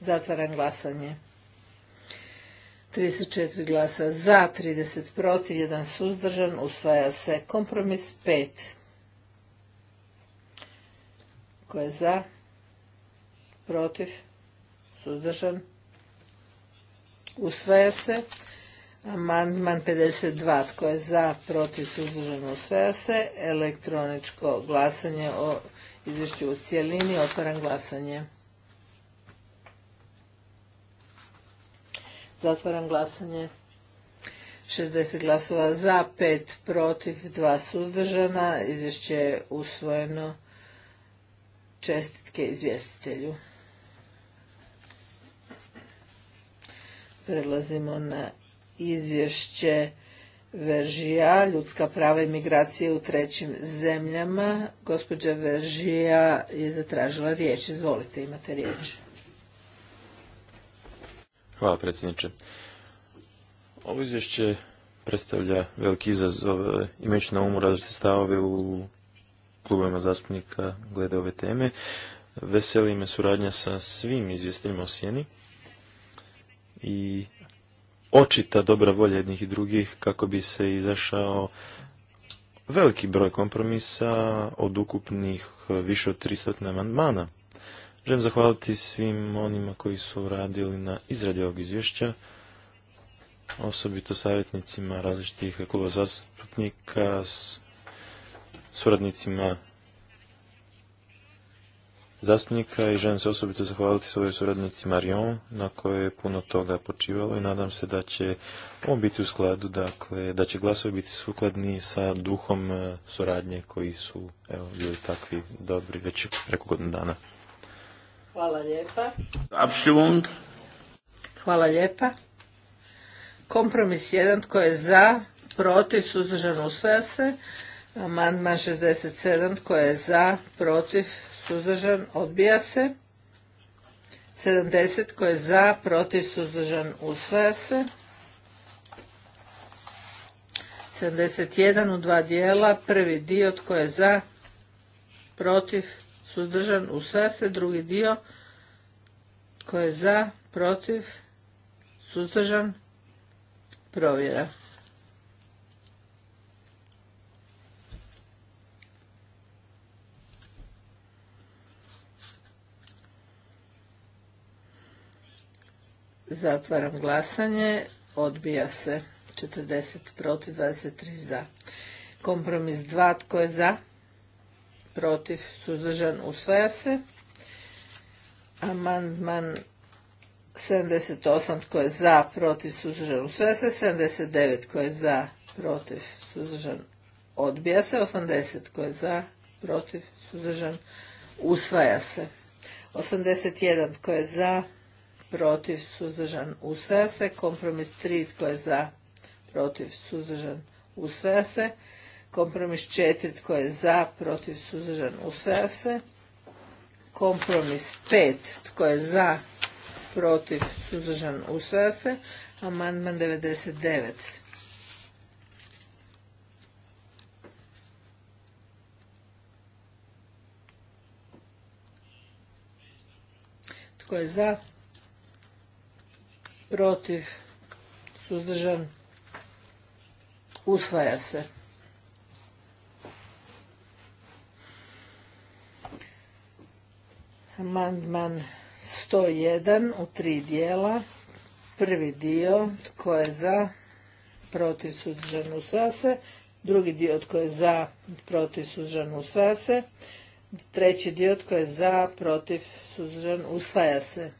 Zatvaram glasanje. 34 glasa za, 30 protiv, 1 suzdržan, usvaja se kompromis 5. Ko je za, protiv, suzdržan, usvaja se. Amandman 52. Tko je za, protiv, suzdržan, usvaja se. Elektroničko glasanje o izvješću u cijelini. Otvaram glasanje. Zatvaram glasanje. 60 glasova za, 5 protiv, 2 suzdržana. Izvješće je usvojeno. Čestitke izvjestitelju. Prelazimo na izvješće Veržija, ljudska prava i migracije u trećim zemljama. Gospođa Veržija je zatražila riječ. Izvolite, imate riječ. Hvala predsjedniče. Ovo izvješće predstavlja veliki izazov e, imajući na umu različite stavove u klubovima zastupnika glede ove teme. Veseli me suradnja sa svim izvjestiteljima o sjeni i očita dobra volja jednih i drugih kako bi se izašao veliki broj kompromisa od ukupnih više od 300 amandmana. Želim zahvaliti svim onima koji su radili na izradi ovog izvješća, osobito savjetnicima različitih kluba zastupnika, suradnicima zastupnika i želim se osobito zahvaliti svojoj suradnici Marion, na kojoj je puno toga počivalo i nadam se da će on biti u skladu, dakle, da će glasovi biti sukladni sa duhom e, suradnje koji su evo, bili takvi dobri već preko godinu dana. Hvala lijepa. Hvala lijepa. Kompromis 1. Tko je za? Protiv? Suzdržan? Usvaja se. Amandman 67. Tko je za? Protiv? Suzdržan? Odbija se. 70. Tko je za? Protiv? Suzdržan? Usvaja se. 71 u dva dijela. Prvi dio tko je za? Protiv? suzdržan, u se. Drugi dio koje je za, protiv, suzdržan, provjera. Zatvaram glasanje. Odbija se. 40 protiv, 23 za. Kompromis 2. Tko je za? protiv, suzdržan, usvaja se. Amandman 78 tko je za, protiv, suzdržan, usvaja se. 79 tko je za, protiv, suzdržan, odbija se. 80 tko je za, protiv, suzdržan, usvaja se. 81 tko je za, protiv, suzdržan, usvaja se. Kompromis 3 tko je za, protiv, suzdržan, usvaja se. Kompromis četiri tko je za, protiv, suzdržan, usvaja se. Kompromis pet tko je za, protiv, suzdržan, usvaja se. Amandman 99. Tko je za? Protiv? Suzdržan? Usvaja se. Amandman 101 u tri dijela. Prvi dio tko je za, protiv suzdržan usvaja se. Drugi dio tko je za, protiv suzdržan usvaja se. Treći dio tko je za, protiv suzdržan usvaja se.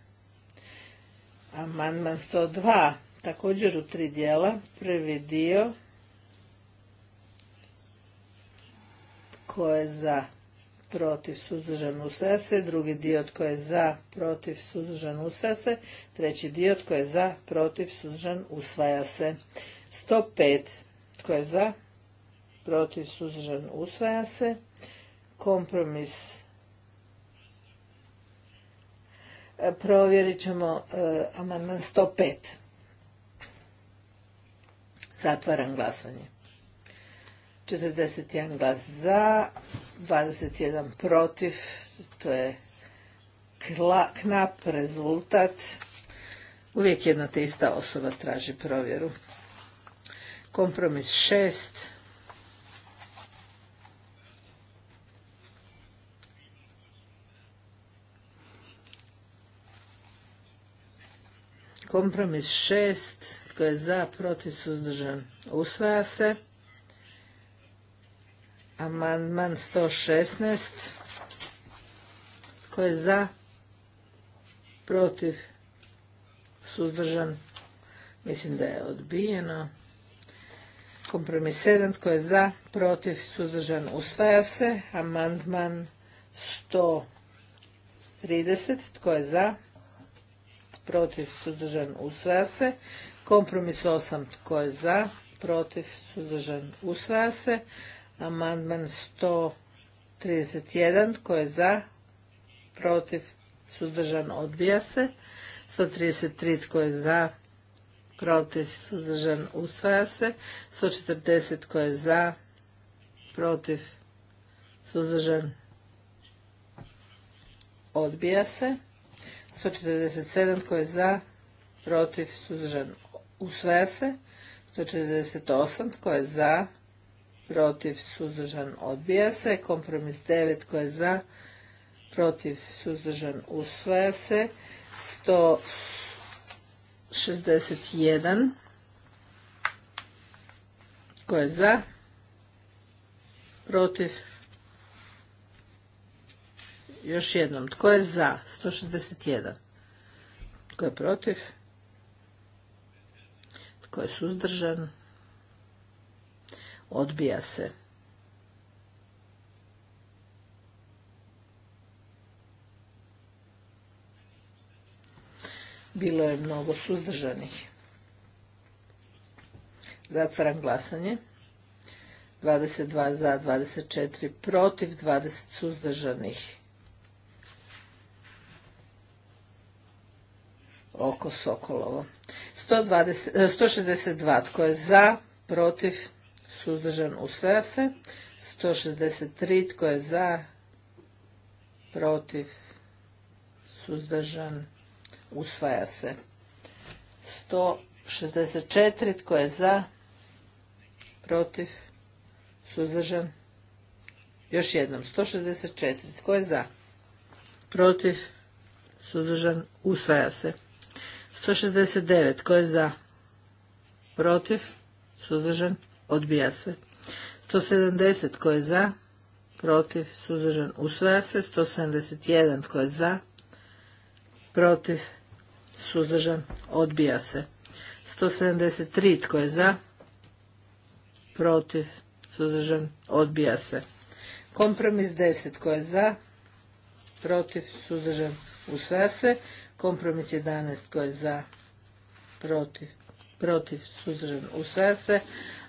Amandman 102 također u tri dijela. Prvi dio tko je za, protiv suzdržan usvaja se, drugi dio tko je za, protiv suzdržan usvaja se, treći dio tko je za, protiv suzdržan usvaja se. 105 tko je za, protiv suzdržan usvaja se, kompromis e, provjerit ćemo e, amandman 105. Zatvaram glasanje. 41 glas za, 21 protiv, to je knap rezultat. Uvijek jedna te ista osoba traži provjeru. Kompromis 6. Kompromis 6, tko je za, protiv, suzdržan, usvaja se. Amandman 116. Tko je za? Protiv? Suzdržan? Mislim da je odbijeno. Kompromis 7. Tko je za? Protiv? Suzdržan? Usvaja se. Amandman 130. Tko je za? Protiv? Suzdržan? Usvaja se. Kompromis 8. Tko je za? Protiv? Suzdržan? Usvaja se. Amandman 131. Tko je za? Protiv? Suzdržan? Odbija se. 133. Tko je za? Protiv? Suzdržan? Usvaja se. 140. Tko je za? Protiv? Suzdržan? Odbija se. 147. Tko je za? Protiv? Suzdržan? Usvaja se. 148. Tko je za? protiv, suzdržan, odbija se. Kompromis 9 tko je za, protiv, suzdržan, usvaja se. 161 tko je za, protiv, još jednom, tko je za? 161. Tko je protiv? Tko je suzdržan? odbija se. Bilo je mnogo suzdržanih. Zatvaram glasanje. 22 za, 24 protiv, 20 suzdržanih. Oko Sokolovo. 120, 162 tko je za, protiv, suzdržan, usvaja se. 163 tko je za, protiv, suzdržan, usvaja se. 164 tko je za, protiv, suzdržan, još jednom, 164. Tko je za? Protiv? Suzdržan? Usvaja se. 169. Tko je za? Protiv? Suzdržan? odbija se. 170 tko je za, protiv, suzdržan, usvaja se. 171 tko je za, protiv, suzdržan, odbija se. 173 tko je za, protiv, suzdržan, odbija se. Kompromis 10 tko je za, protiv, suzdržan, usvaja se. Kompromis 11 tko je za, protiv, protiv, suzdržan, usvaja se.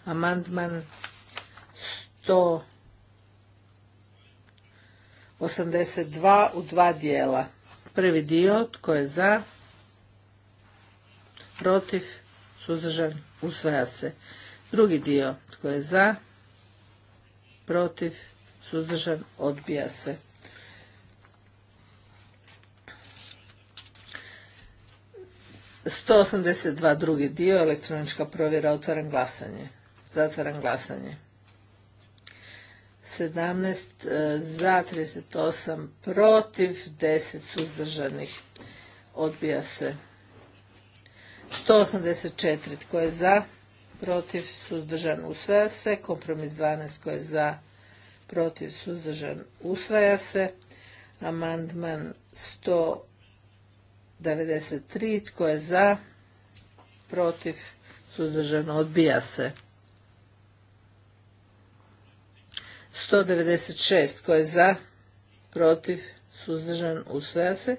Amandman 182 u dva dijela. Prvi dio, tko je za, protiv, suzdržan, usvaja se. Drugi dio, tko je za, protiv, suzdržan, odbija se. Sto osamdeset dva drugi dio, elektronička provjera, otvaram glasanje. Zatvaram glasanje. 17 e, za, 38 protiv, 10 suzdržanih. Odbija se. 184 tko je za, protiv, suzdržan, usvaja se. Kompromis 12 tko je za, protiv, suzdržan, usvaja se. Amandman 193 tko je za, protiv, suzdržan, odbija se. 196 tko je za, protiv, suzdržan, usvaja se.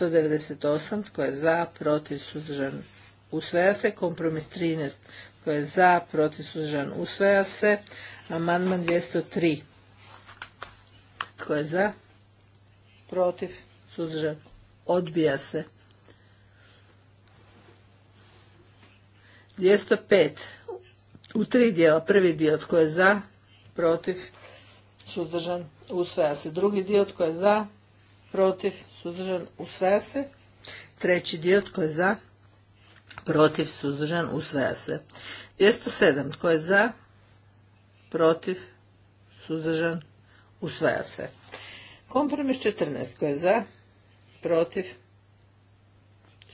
198 tko je za, protiv, suzdržan, usvaja se. Kompromis 13 tko je za, protiv, suzdržan, usvaja se. Amandman 203 tko je za, protiv, suzdržan, odbija se. 205 u tri dijela. Prvi dio tko je za, protiv, suzdržan, usvaja se. Drugi dio tko je za, protiv, suzdržan, usvaja se. Treći dio tko je za, protiv, suzdržan, usvaja se. 207 tko je za, protiv, suzdržan, usvaja se. Kompromis 14 tko je za, protiv,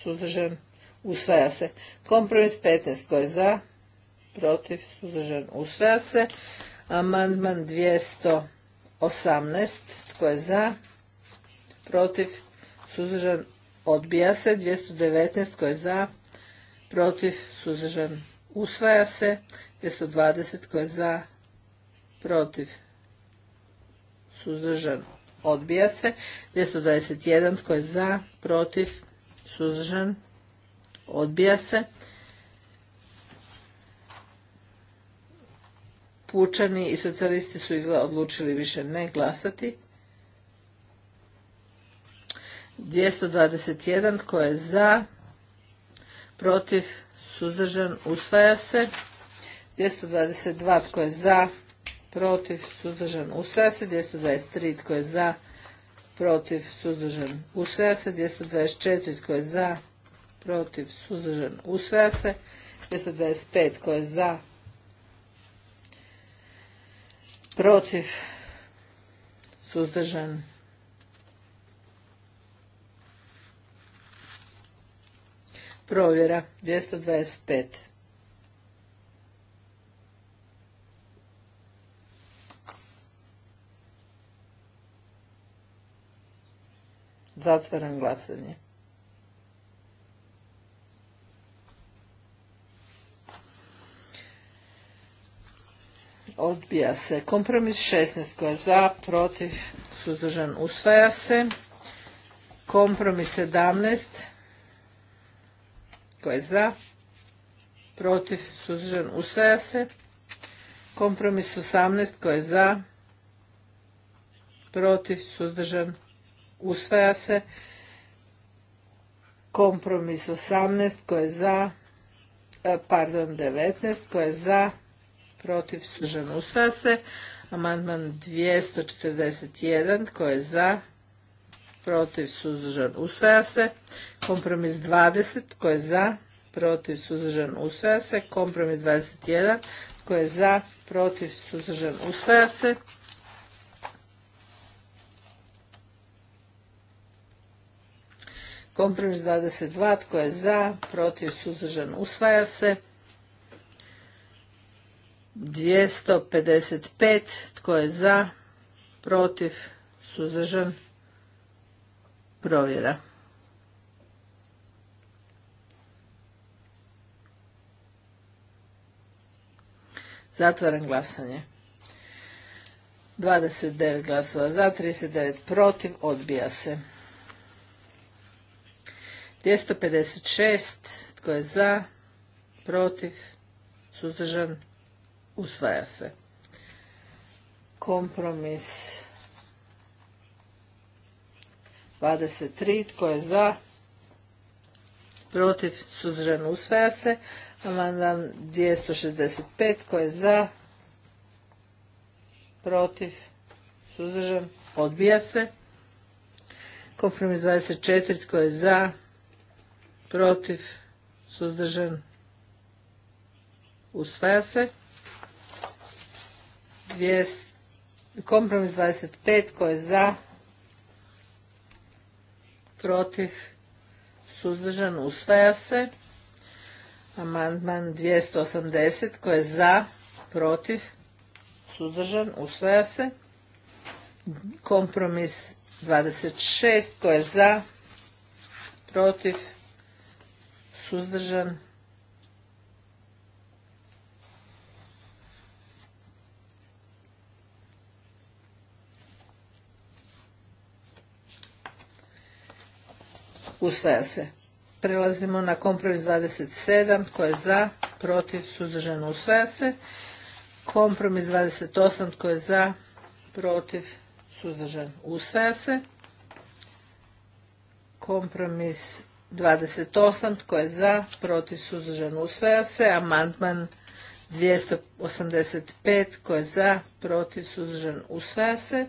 suzdržan, usvaja se. Kompromis 15 tko je za, protiv, suzdržan, usvaja se. Amandman 218. Tko je za? Protiv? Suzdržan? Odbija se. 219. Tko je za? Protiv? Suzdržan? Usvaja se. 220. Tko je za? Protiv? Suzdržan? Odbija se. 221. Tko je za? Protiv? Suzdržan? Odbija se. pučani i socijalisti su odlučili više ne glasati. 221 tko je za, protiv, suzdržan, usvaja se. 222 tko je za, protiv, suzdržan, usvaja se. 223 tko je za, protiv, suzdržan, usvaja se. 224 tko je za, protiv, suzdržan, usvaja se. 225 tko je za, protiv, suzdržan. Provjera 225. Zatvaram glasanje. odbija se. Kompromis 16 koja je za, protiv, suzdržan, usvaja se. Kompromis 17 koja je za, protiv, suzdržan, usvaja se. Kompromis 18 koja je za, protiv, suzdržan, usvaja se. Kompromis 18 koja je za, eh, pardon 19 koja je za, protiv, sužan usvaja Amandman 241, tko je za, protiv, suzdržan, usvaja se. Kompromis 20, tko je za, protiv, suzdržan, usvaja se. Kompromis 21, tko je za, protiv, suzdržan, usvaja se. Kompromis 22, tko je za, protiv, suzdržan, usvaja se. 255. Tko je za? Protiv? Suzdržan? Provjera. Zatvaram glasanje. 29 glasova za, 39 protiv, odbija se. 256, tko je za, protiv, suzdržan, usvaja se. Kompromis 23, tko je za, protiv, suzdržan, usvaja se. Amandman 265, tko je za, protiv, suzdržan, odbija se. Kompromis 24, tko je za, protiv, suzdržan, usvaja se kompromis 25 koji je za, protiv, suzdržan, usvaja se. Amandman 280 koji je za, protiv, suzdržan, usvaja se. Kompromis 26 koji je za, protiv, suzdržan, usvaja se. Prelazimo na kompromis 27 tko je za, protiv, suzdržano usvaja se. Kompromis 28 tko je za, protiv, suzdržan usvaja se. Kompromis 28 tko je za, protiv, suzdržan usvaja se. Amandman 285 tko je za, protiv, suzdržan usvaja se.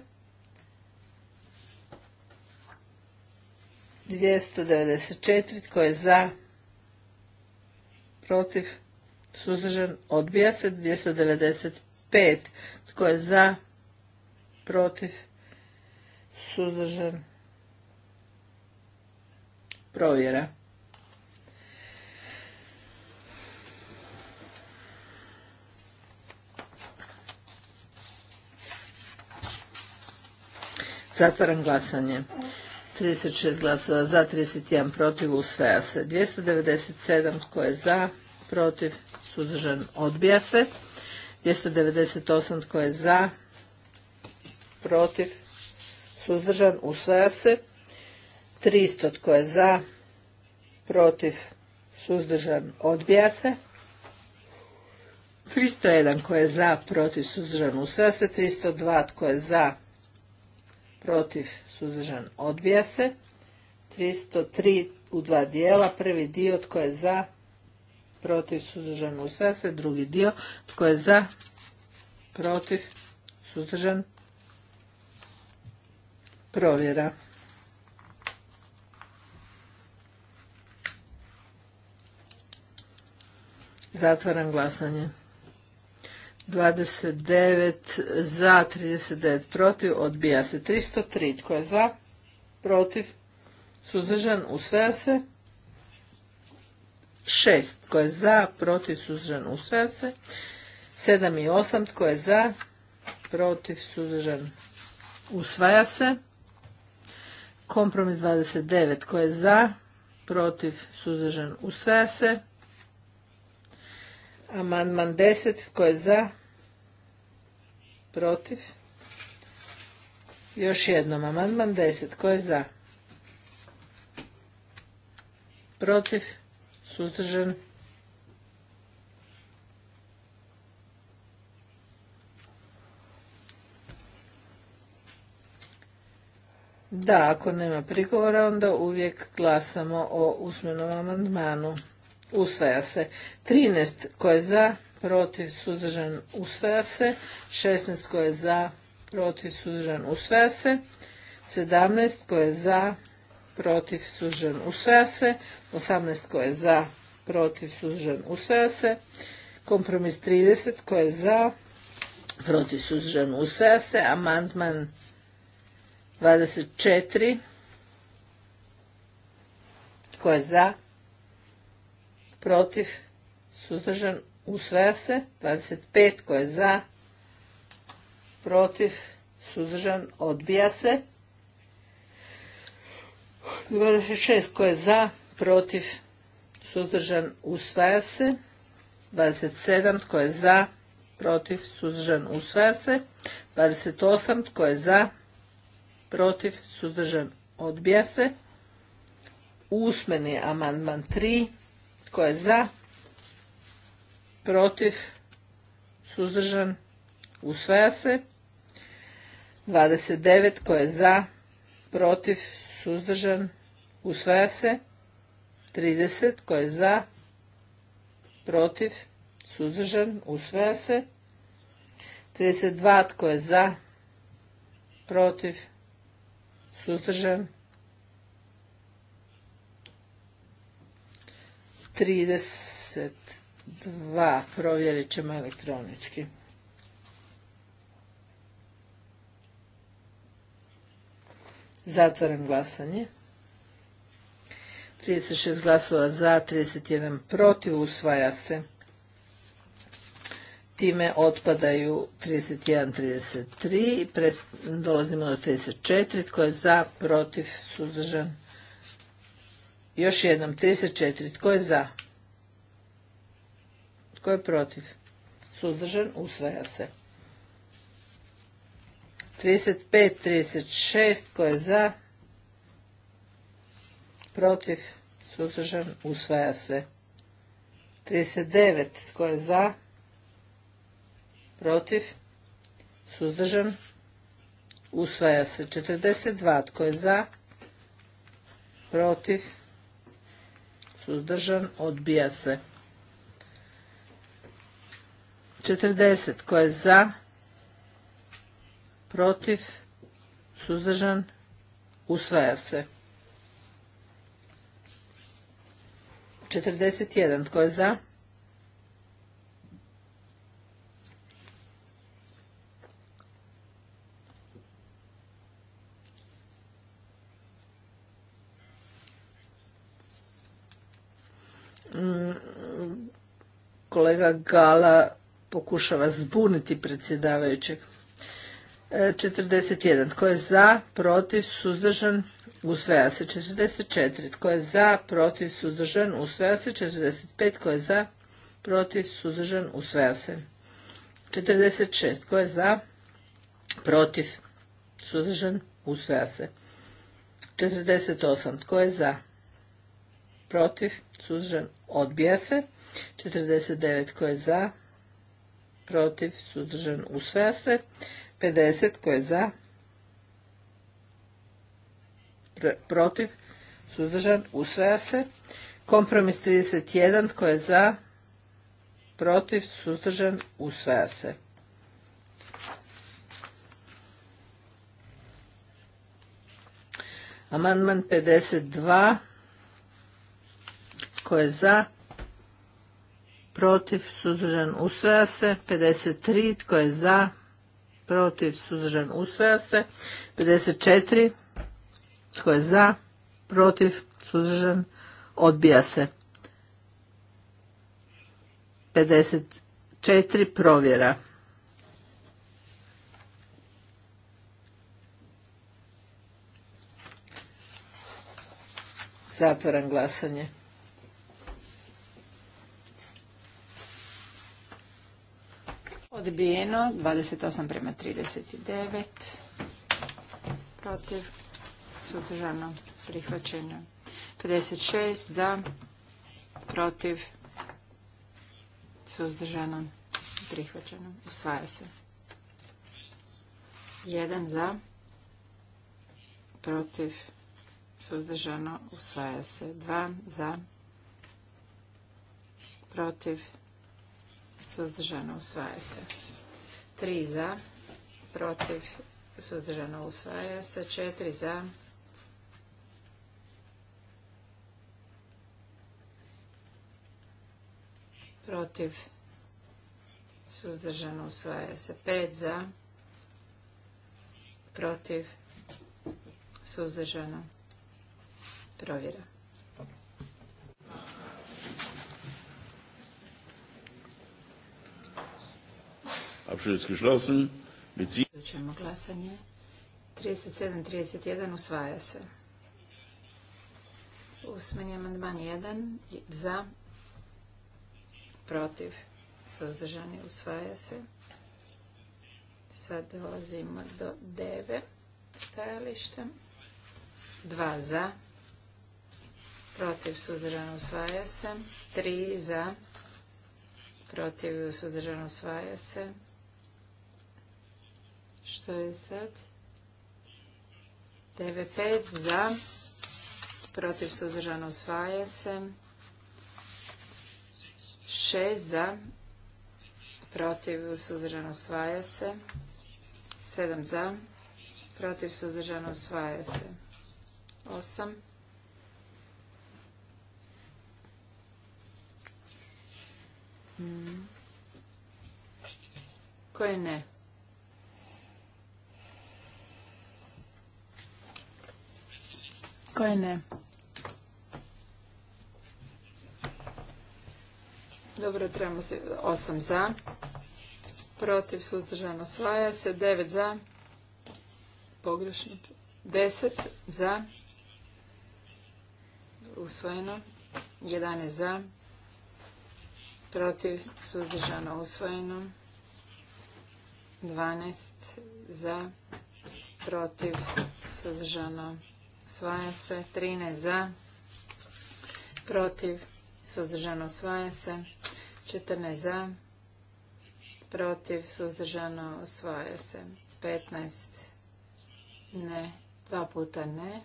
294. Tko je za? Protiv? Suzdržan? Odbija se. 295. Tko je za? Protiv? Suzdržan? Provjera. Zatvaram glasanje. 36 glasova za, 31 protiv, usvaja se. 297 tko je za, protiv, suzdržan, odbija se. 298 tko je za, protiv, suzdržan, usvaja se. 300 tko je za, protiv, suzdržan, odbija se. 301 tko je za, protiv, suzdržan, usvaja se. 302 tko je za, protiv, suzdržan, odbija se. 303 u dva dijela, prvi dio tko je za, protiv, suzdržan, usvaja se, drugi dio tko je za, protiv, suzdržan, provjera. Zatvaram glasanje. 29 za, 39 protiv, odbija se 303. Tko je za? Protiv? Suzdržan? Usvaja se. 6. Tko je za? Protiv? Suzdržan? Usvaja se. 7 i 8. Tko je za? Protiv? Suzdržan? Usvaja se. Kompromis 29. Tko je za? Protiv? Suzdržan? Usvaja se. Amandman 10. Tko je za? protiv. Još jednom, amandman 10. Ko je za? Protiv? Suzdržan? Da, ako nema prigovora, onda uvijek glasamo o usmenom amandmanu. Usvaja se. 13. Ko je za? protiv, suzdržan, usvaja se. 16 tko je za, protiv, suzdržan, usvaja se. 17 tko je za, protiv, suzdržan, usvaja se. 18 tko je za, protiv, suzdržan, usvaja se. Kompromis 30 tko je za, protiv, suzdržan, usvaja se. Amandman 24 tko je za, protiv, suzdržan, usvaja se. 25 tko je za, protiv, suzdržan, odbija se. 26 tko je za, protiv, suzdržan, usvaja se. 27 tko je za, protiv, suzdržan, usvaja se. 28 tko je za, protiv, suzdržan, odbija se. Usmeni amandman 3 tko je za, protiv, suzdržan, usvaja se. 29 tko je za, protiv, suzdržan, usvaja se. 30 tko je za, protiv, suzdržan, usvaja se. 32 tko je za, protiv, suzdržan, 30 dva, provjerit ćemo elektronički. Zatvaram glasanje. 36 glasova za, 31 protiv, usvaja se. Time otpadaju 31, 33, i dolazimo do 34, tko je za, protiv, suzdržan. Još jednom, 34, tko je za, tko je protiv? Suzdržan, usvaja se. 35, 36, tko je za? Protiv, suzdržan, usvaja se. 39, tko je za? Protiv, suzdržan, usvaja se. 42, tko je za? Protiv, suzdržan, odbija se. 40. Ko je za? Protiv? Suzdržan? Usvaja se. 41. Tko je za? Mm, kolega Gala pokušava zbuniti predsjedavajućeg. 41. E, Tko je za, protiv, suzdržan, usvaja se. 44. Tko je za, protiv, suzdržan, usvaja se. 45. Tko je za, protiv, suzdržan, usvaja se. 46. Tko je za, protiv, suzdržan, usvaja se. 48. Tko je za, protiv, suzdržan, odbija se. 49. Tko je za, protiv, suzdržan, usvaja se. 50 koje je za, protiv, suzdržan, usvaja se. Kompromis 31 koje je za, protiv, suzdržan, usvaja se. Amandman 52 koje je za, protiv, suzdržan, usvaja se. 53, tko je za, protiv, suzdržan, usvaja se. 54, tko je za, protiv, suzdržan, odbija se. 54, provjera. Zatvaram glasanje. Odbijeno 28 prema 39. Protiv. Suzdržano. Prihvaćeno. 56 za. Protiv. Suzdržano. Prihvaćeno. Usvaja se. 1 za. Protiv. Suzdržano. Usvaja se. 2 za. Protiv suzdržano usvaja se. 3 za, protiv, suzdržano usvaja se. 4 za, protiv, suzdržano usvaja se. 5 za, protiv, suzdržano provjera. Abschluss geschlossen. Zaključujemo glasanje. 37-31 usvaja se. Usmeni amandman 1 za, protiv, suzdržani usvaja se. Sad dolazimo do 9 stajališta. 2 za, protiv, suzdržano usvaja se. 3 za, protiv, suzdržano usvaja se. Što je sad? 9.5 za. Protiv suzdržano osvaja se. 6 za. Protiv suzdržano osvaja se. 7 za. Protiv suzdržano osvaja se. 8. Hmm. Koje ne? Koje ne? Dobro, trebamo se 8 za. Protiv suzdržano svaja se. 9 za. Pogrešno. 10 za. Usvojeno. 11 za. Protiv suzdržano usvojeno. 12 za. Protiv suzdržano svaja se. 13 za, protiv, suzdržano, usvaja se. 14 za, protiv, suzdržano, usvaja se. 15 ne, dva puta ne.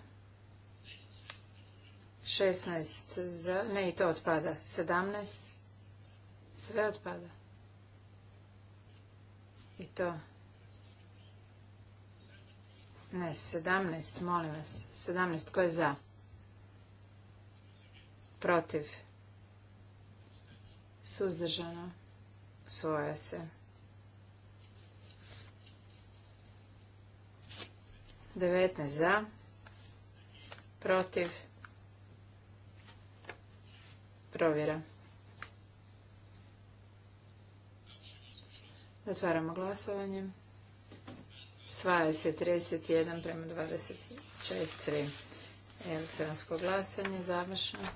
16 za, ne i to otpada. 17, sve otpada. I to ne, 17, molim vas. 17, ko je za? Protiv. Suzdržano. Svoja se. 19 za. Protiv. Provjera. Zatvaramo glasovanje. Svaja se 31 prema 24. Elektronsko glasanje završeno.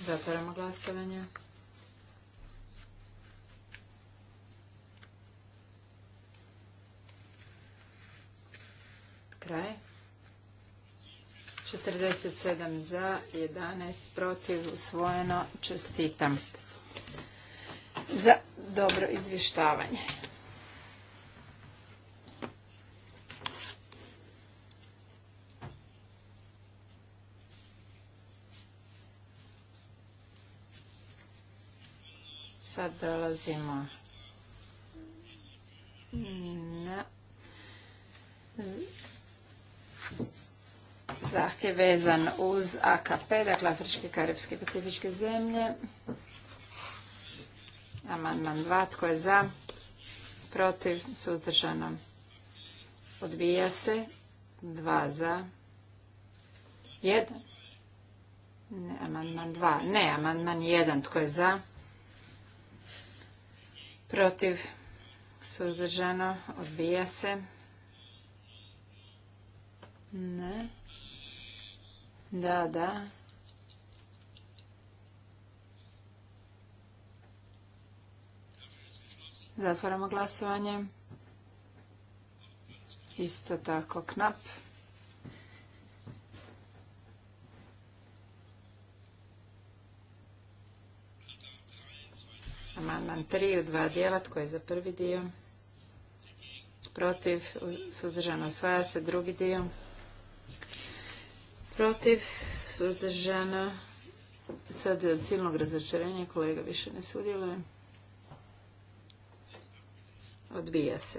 Zatvoramo glasovanje. Kraj. 47 za, 11 protiv, usvojeno, čestitam za dobro izvještavanje. Sad dolazimo na zahtjev vezan uz AKP, dakle Afričke, Karibske i Pacifičke zemlje. Amandman 2. Tko je za? Protiv? Suzdržano? Odbija se. 2 za. 1. Ne, amandman 2. Ne, amandman 1. Tko je za? Protiv? Suzdržano? Odbija se. Ne. Da, da. Zatvaramo glasovanje. Isto tako knap. Amandman tri u dva dijela, tko je za prvi dio? Protiv, suzdržano osvaja se, drugi dio. Protiv, suzdržano, sad od silnog razočarenja kolega više ne sudjeluje. Odbija se.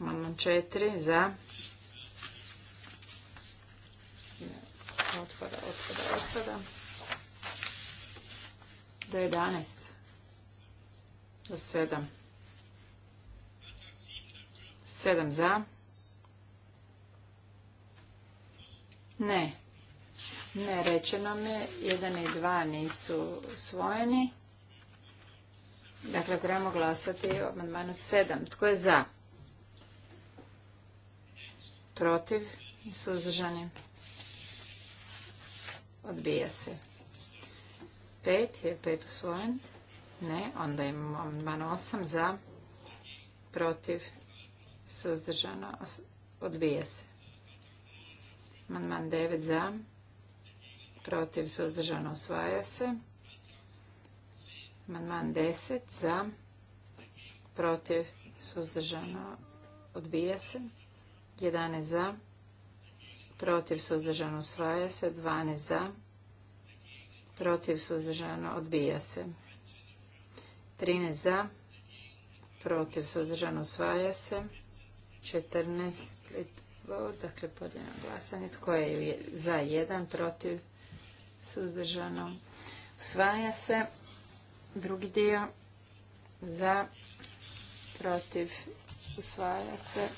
Amandman četiri za. Otpada, otpada, otpada. Do jedanest. Do sedam. Sedam za. Ne. Ne, rečeno mi je i dva nisu svojeni. Dakle, trebamo glasati o amandmanu 7. Tko je za? Protiv? Suzdržani? Odbija se. 5. Je 5 usvojen? Ne. Onda imamo amandman 8. Za? Protiv? Suzdržano? Odbija se. Amandman 9. Za? Protiv? Suzdržano? Osvaja se. Amandman 10 za, protiv, suzdržano, odbija se. 11 za, protiv, suzdržano, usvaja se. 12 za, protiv, suzdržano, odbija se. 13 za, protiv, suzdržano, usvaja se. 14, dakle podljeno glasanje, tko je za 1, protiv, suzdržano, usvaja se. Drugi dio za, protiv, usvaja se.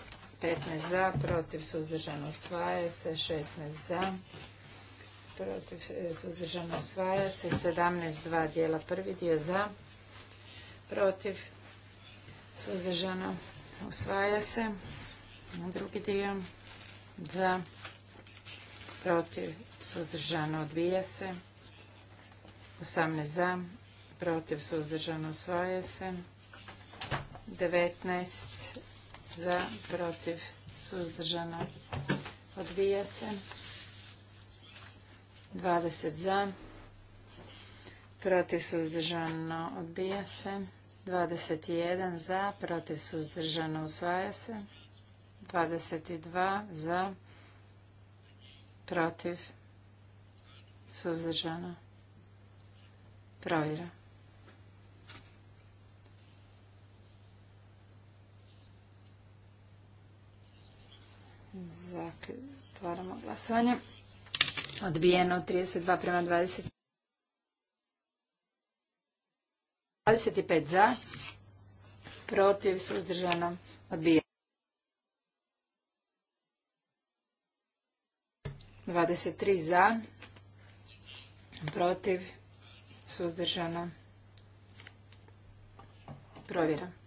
15 za, protiv, suzdržano usvaja se. 16 za, protiv, suzdržano usvaja se. 17 dva dijela, prvi dio za, protiv, suzdržano usvaja se. Drugi dio za, protiv, suzdržano odbija se. 18 za, protiv suzdržano osvaja se. 19 za protiv suzdržano odbija se. 20 za protiv suzdržano odbija se. 21 za protiv suzdržano osvaja se. 22 za protiv suzdržano provjera. Zatvaramo glasovanje. Odbijeno 32 prema 20. 25 za. Protiv suzdržano odbijeno. 23 za. Protiv suzdržano. Provjeram.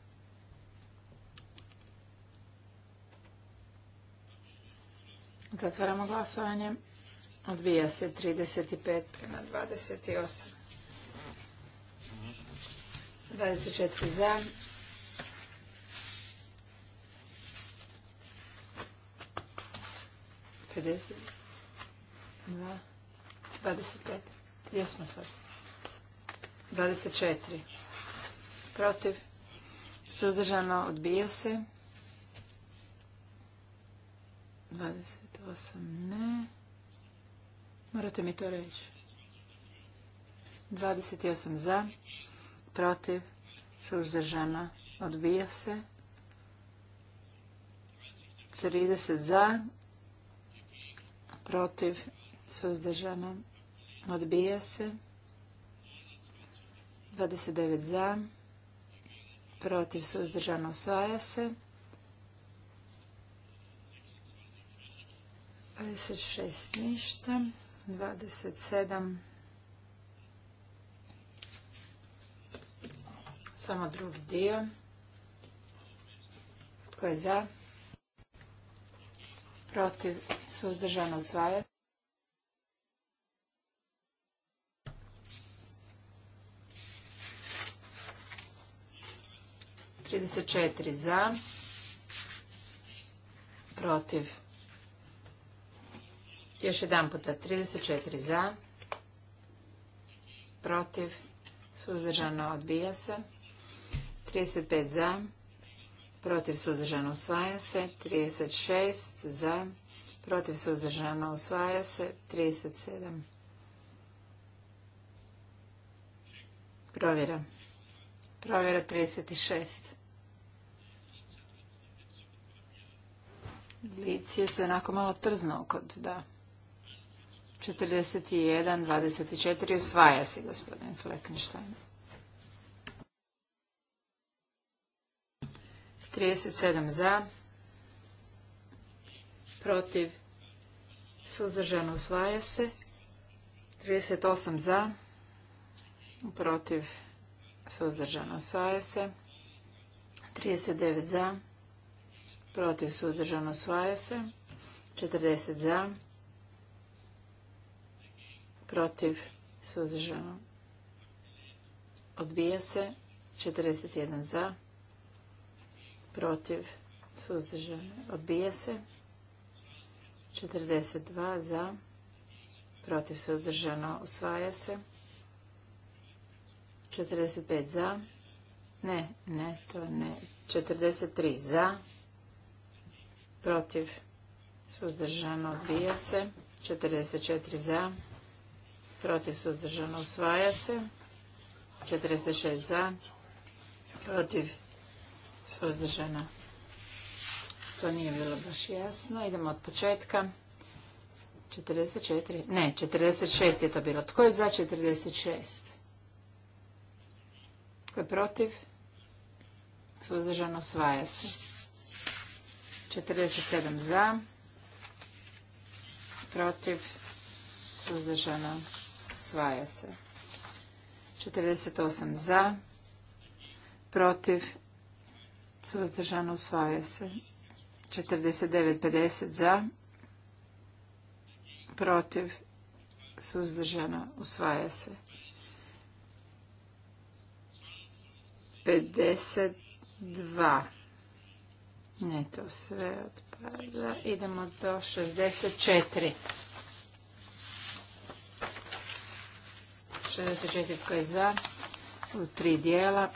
Zatvaramo glasovanje. Odbija se 35 prema 28. 24 za. Pedeset. Dva. Dvadeset pet. Gdje sad? Dvadeset Protiv. Suzdržano odbija se. Dvadeset sam ne. Morate mi to reći. 28 za, protiv, suzdržana, odbija se. 30 za, protiv, suzdržana, odbija se. 29 za, protiv, suzdržano, osvaja se. 26 ništa, 27 samo drugi dio. Tko je za? Protiv suzdržano usvaja. Trideset četiri za, protiv još jedan puta 34 za, protiv, suzdržano odbija se, 35 za, protiv suzdržano usvaja se, 36 za, protiv suzdržano usvaja se, 37. Provjera. Provjera 36. Lici je se onako malo trznuo kod da. 41, 24, osvaja se gospodin Fleckenstein. 37 za, protiv, suzdržano osvaja se. 38 za, protiv, suzdržano osvaja se. 39 za, protiv, suzdržano osvaja se. 40 za, protiv, suzdržano, odbija se, 41 za, protiv, suzdržano, odbija se, 42 za, protiv, suzdržano, usvaja se, 45 za, ne, ne, to ne, 43 za, protiv, suzdržano, odbija se, 44 za, protiv suzdržano usvaja se. 46 za, protiv suzdržano. To nije bilo baš jasno. Idemo od početka. 44, ne, 46 je to bilo. Tko je za 46? Tko je protiv? Suzdržano osvaja se. 47 za. Protiv. Suzdržano usvaja se. 48 za, protiv, suzdržano usvaja se. 49, 50 za, protiv, suzdržano usvaja se. 52. Ne, to sve odpada. Idemo do 64. 64 tko je za, u tri dijela.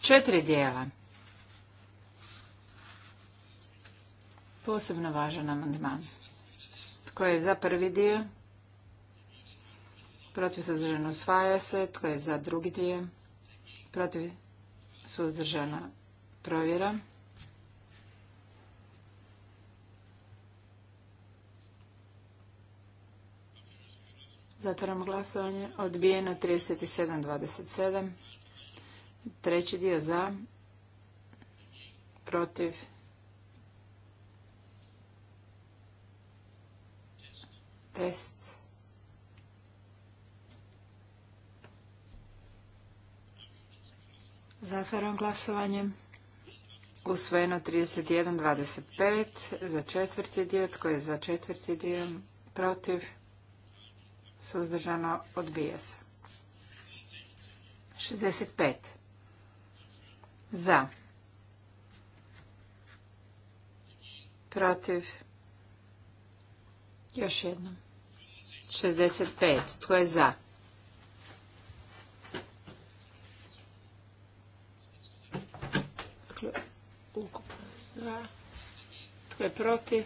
Četiri dijela. Posebno važan amandman. Tko je za prvi dio? Protiv suzdržano usvaja se. Tko je za drugi dio? Protiv suzdržana provjera. Zatvaram glasovanje. Odbijeno 37.27. Treći dio za. Protiv. Test. Zatvaram glasovanje. Usvojeno 31.25. Za četvrti dio. Tko je za četvrti dio? Protiv suzdržano, odbija se. 65. Za. Protiv. Još jednom. 65. Tko je za? Dakle, za. Tko je protiv?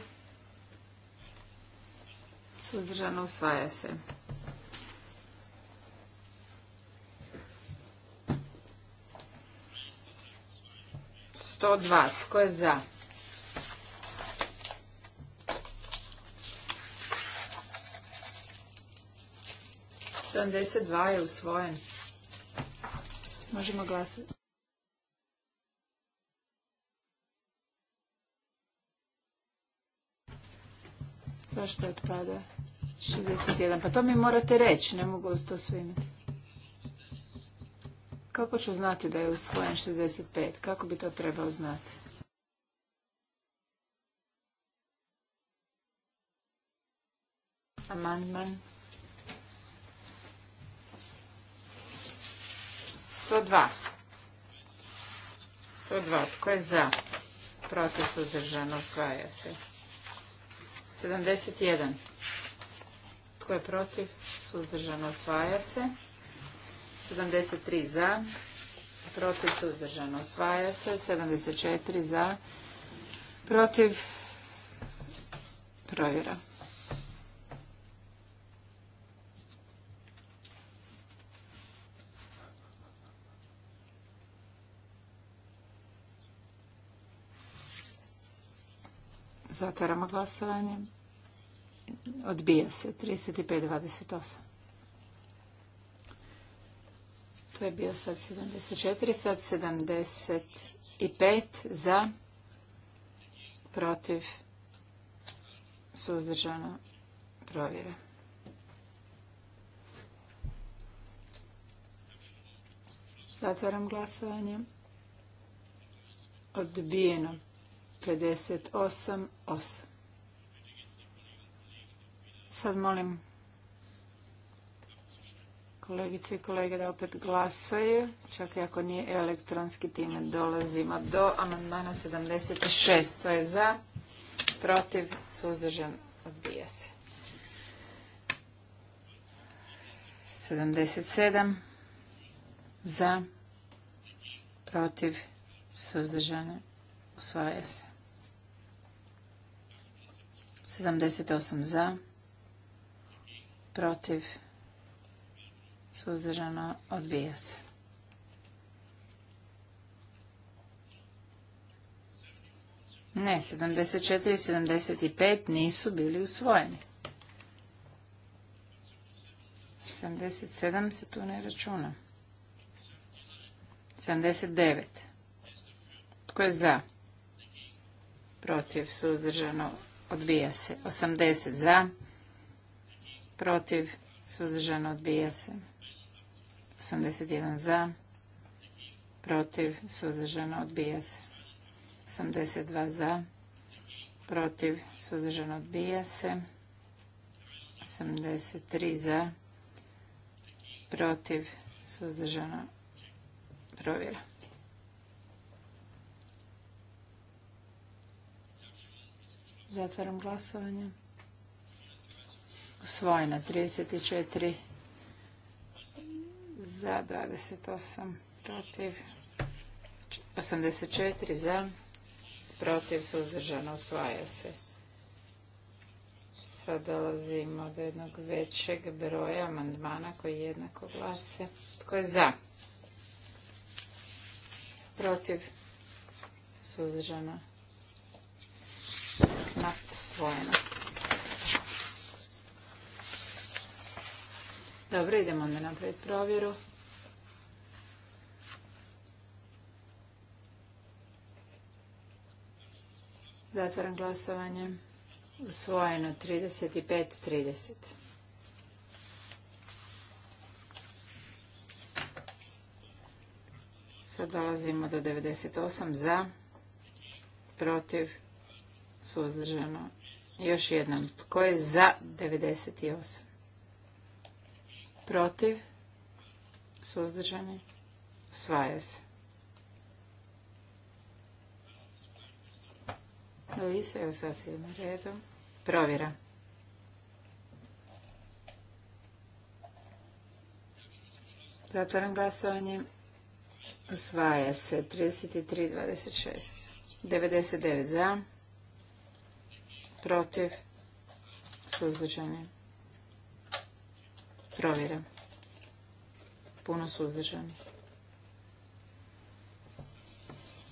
Suzdržano usvaja se. 102. Tko je za? je usvojen. Možemo glasiti. Zašto otpada? 61. Pa to mi morate reći, ne mogu to imati. Kako ću znati da je usvojen 65? Kako bi to trebao znati? Amandman 102. 102. Tko je za? Protiv suzdržano osvaja se. 71. Tko je protiv? Suzdržano osvaja se. 73 za, protiv suzdržano osvaja se, 74 za, protiv provjera. Zatvaramo glasovanje. Odbija se. 35.28. To je bio sad 74, sad 75 za, protiv, suzdržano, provjera. Zatvaram glasovanje. Odbijeno 58, 8. Sad molim kolegice i kolege da opet glasaju, čak i ako nije elektronski time dolazimo do amandmana 76. To je za, protiv, suzdržan, odbija se. 77 za, protiv, suzdržan usvaja se. 78 za, protiv, suzdržano, odbija se. Ne, 74 i 75 nisu bili usvojeni. 77 se tu ne računa. 79. Tko je za? Protiv, suzdržano, odbija se. 80 za, protiv, suzdržano, odbija se. 81 za, protiv, suzdržano, odbija se. 82 za, protiv, suzdržano, odbija se. 83 za, protiv, suzdržano, provjera. Zatvaram glasovanje. Usvojena 34 za, 28 protiv, 84 za, protiv, suzdržano, usvaja se. Sad dolazimo do jednog većeg broja amandmana koji jednako glase. Tko je za? Protiv, suzdržano, osvojeno Dobro, idemo onda napraviti provjeru. Zatvaram glasovanje. Usvojeno 35, 30. Sad dolazimo do 98 za, protiv, suzdržano. Još jednom, tko je za 98? Protiv, suzdržani, usvaja se. Luisa, evo sad si na redu. Provjera. Zatvoram glasovanje. Usvaja se 33.26. 99 za. Protiv. Suzdržanje. Provjera. Puno suzdržanje.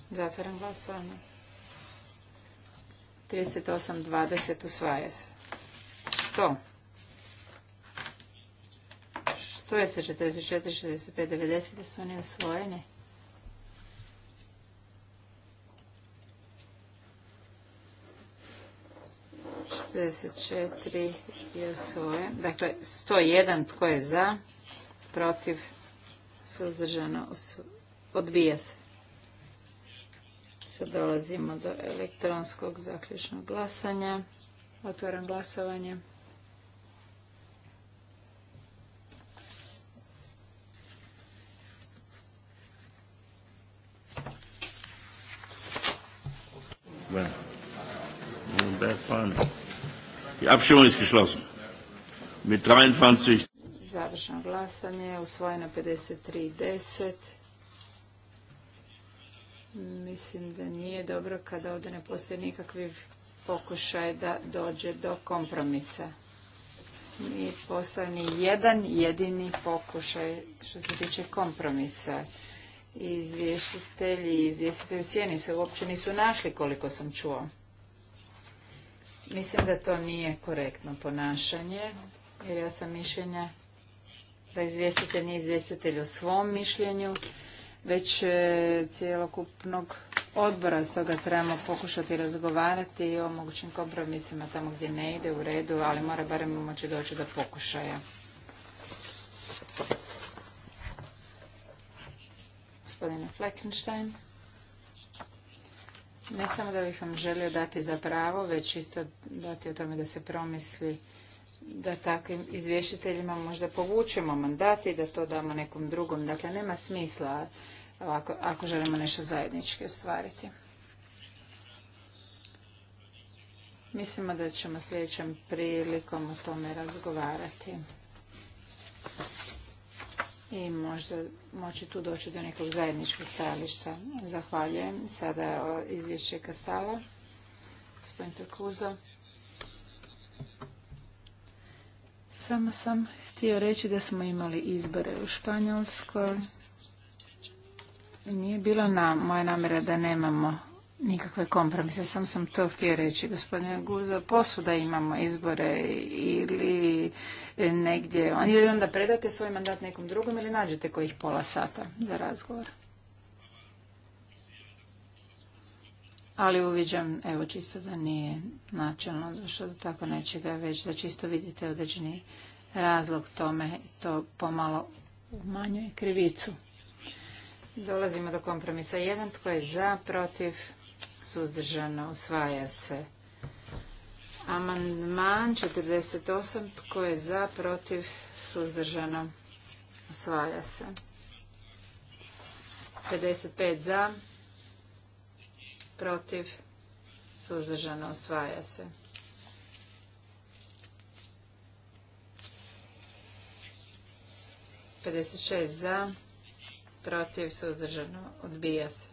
Zatvaram glasovanje. 20, usvaja se. 100. Što je sa 44, 65, 90 da su oni usvojeni? četiri je usvojen. Dakle, 101 tko je za, protiv, suzdržano, odbija se. Sad dolazimo do elektronskog zaključnog glasanja. Otvaram glasovanje. Završeno glasanje, usvojeno 53.10. Mislim da nije dobro kada ovdje ne postoji nikakvi pokušaj da dođe do kompromisa. Nije postao ni jedan jedini pokušaj što se tiče kompromisa. Izvještitelji i izvjestitelji u sjeni se uopće nisu našli koliko sam čuo. Mislim da to nije korektno ponašanje, jer ja sam mišljenja da izvjestitelj nije izvjestitelj o svom mišljenju, već e, cijelokupnog odbora, stoga trebamo pokušati razgovarati o mogućim kompromisima tamo gdje ne ide u redu, ali mora barem moći doći do pokušaja. Gospodine Fleckenstein. Ne samo da bih vam želio dati za pravo, već isto dati o tome da se promisli da takvim izvješiteljima možda povučemo mandat i da to damo nekom drugom. Dakle, nema smisla ovako, ako želimo nešto zajednički ostvariti. Mislimo da ćemo sljedećom prilikom o tome razgovarati. I možda moći tu doći do nekog zajedničkog stajališta. Zahvaljujem. Sada izvješće Kastala. Gospodin Turkuzo. Samo sam htio reći da smo imali izbore u Španjolskoj. Nije bilo na, moja namjera da nemamo nikakve kompromise. Sam sam to htio reći, gospodine Guza. posuda imamo izbore ili negdje. Ili onda predate svoj mandat nekom drugom ili nađete kojih pola sata za razgovor. ali uviđam, evo čisto da nije načelno zašto do tako nečega, već da čisto vidite određeni razlog tome to pomalo umanjuje krivicu. Dolazimo do kompromisa Jedan tko je za, protiv, suzdržano, usvaja se. Amandman 48, tko je za, protiv, suzdržano, usvaja se. 55 za, protiv, suzdržano osvaja se. 56 za, protiv, suzdržano, odbija se.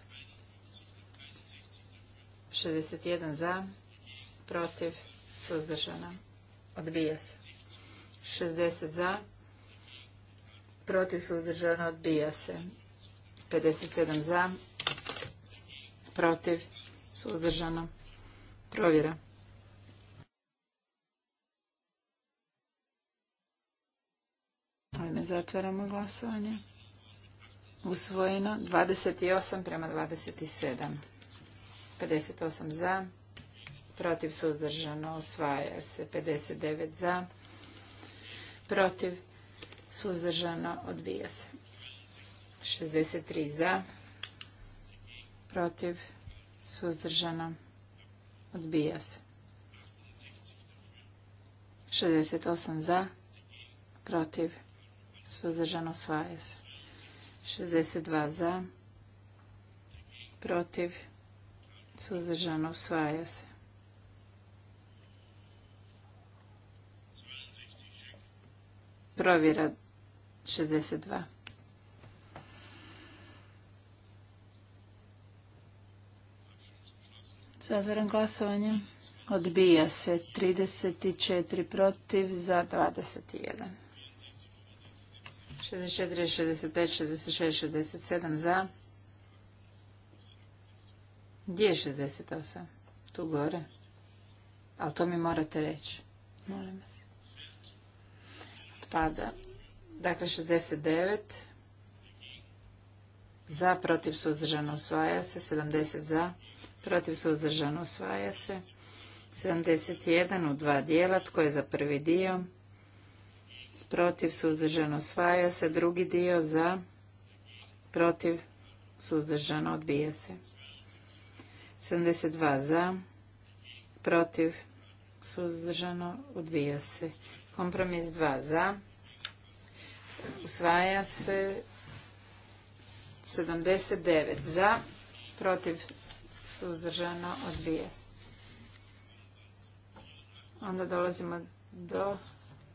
61 za, protiv, suzdržano, odbija se. 60 za, protiv, suzdržano, odbija se. 57 za, protiv, suzdržano, provjera. Ovime zatvaramo glasovanje. Usvojeno 28 prema 27. 58 za, protiv suzdržano usvaja se 59 za, protiv suzdržano odbija se. 63 za, protiv, suzdržano, odbija se. 68 za, protiv, suzdržano, osvaja se. 62 za, protiv, suzdržano, osvaja se. 62. 62. Zatvaram glasovanje. Odbija se 34 protiv za 21. 64, 65, 66, 67 za. Gdje je 68? Tu gore. Ali to mi morate reći. Molim vas. Otpada. Dakle, 69 za, protiv suzdržano osvaja se, 70 za, protiv suzdržano usvaja se. 71 u dva dijela, tko je za prvi dio, protiv suzdržano usvaja se, drugi dio za, protiv suzdržano odbija se. 72 za, protiv suzdržano odbija se. Kompromis 2 za, usvaja se 79 za, protiv suzdržano, odbija se. Onda dolazimo do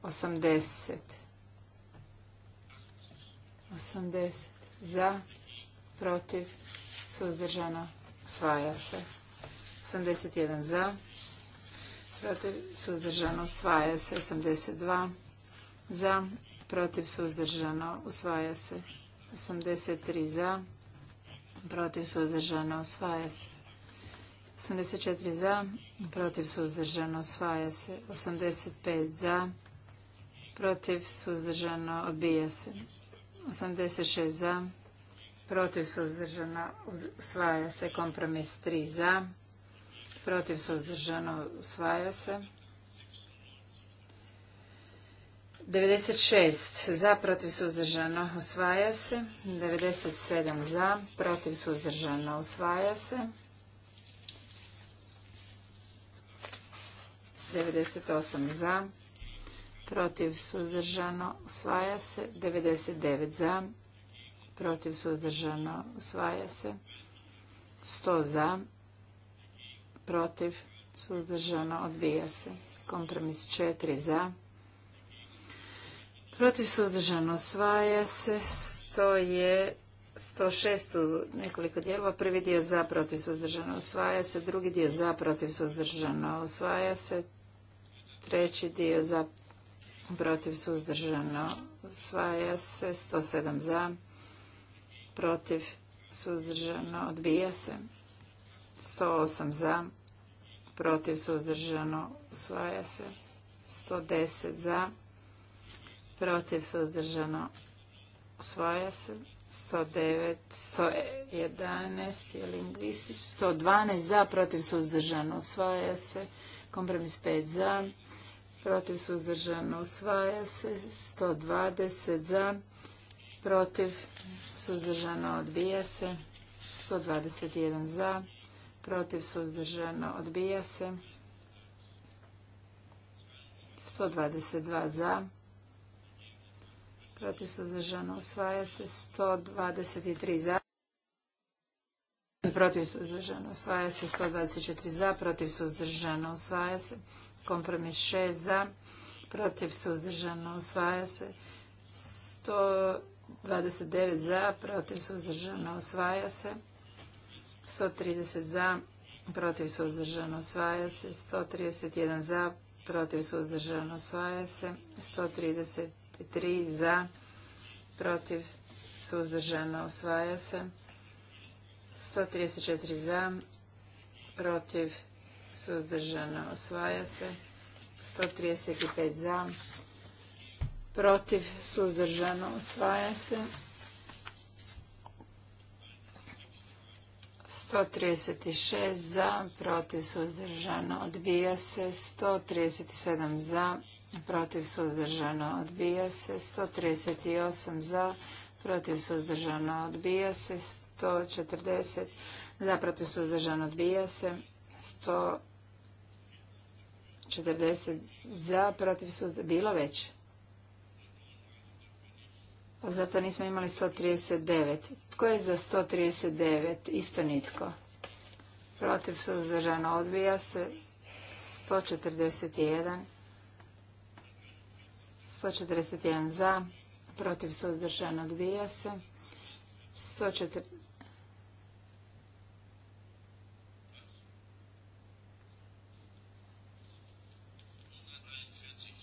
80. 80 za, protiv, suzdržano, usvaja se. 81 za, protiv, suzdržano, usvaja se. 82 za, protiv, suzdržano, usvaja se. 83 za, protiv, suzdržano, usvaja se. 84 za, protiv suzdržano osvaja se. 85 za, protiv suzdržano odbija se. 86 za, protiv suzdržano osvaja se. Kompromis 3 za, protiv suzdržano osvaja se. 96 za, protiv suzdržano osvaja se. 97 za, protiv suzdržano osvaja se. 98 za, protiv suzdržano usvaja se, 99 za, protiv suzdržano osvaja se, 100 za, protiv suzdržano odbija se, kompromis 4 za, protiv suzdržano osvaja se, 100 je 106 u nekoliko dijelova. Prvi dio za protiv suzdržano osvaja se, drugi dio za protiv suzdržano osvaja se, Treći dio za protiv suzdržano usvaja se. 107 za protiv suzdržano odbija se. 108 za protiv suzdržano usvaja se. 110 za protiv suzdržano usvaja se. 109, 111 je lingvistič, 112 za, protiv suzdržano usvaja se, Kompromis 5 za, protiv suzdržano usvaja se. 120 za, protiv suzdržano odbija se. 121 za, protiv suzdržano odbija se. 122 za, protiv suzdržano usvaja se. 123 za, protiv suzdržano, usvaja se 124 za, protiv suzdržano, usvaja se kompromis 6 za, protiv suzdržano, usvaja se 129 za, protiv suzdržano, usvaja se 130 za, protiv suzdržano, usvaja se 131 za, protiv suzdržano, usvaja se 133 za, protiv suzdržano, usvaja se 134 za, protiv, suzdržano, osvaja se. 135 za, protiv, suzdržano, osvaja se. 136 za, protiv, suzdržano, odbija se. 137 za, protiv, suzdržano, odbija se. 138 za, protiv, suzdržano, odbija se. 140 za protiv suzdržan odbija se 140 za protiv suzdržan bilo već pa zato nismo imali 139 tko je za 139 isto nitko protiv suzdržano odbija se 141 141 za protiv suzdržan odbija se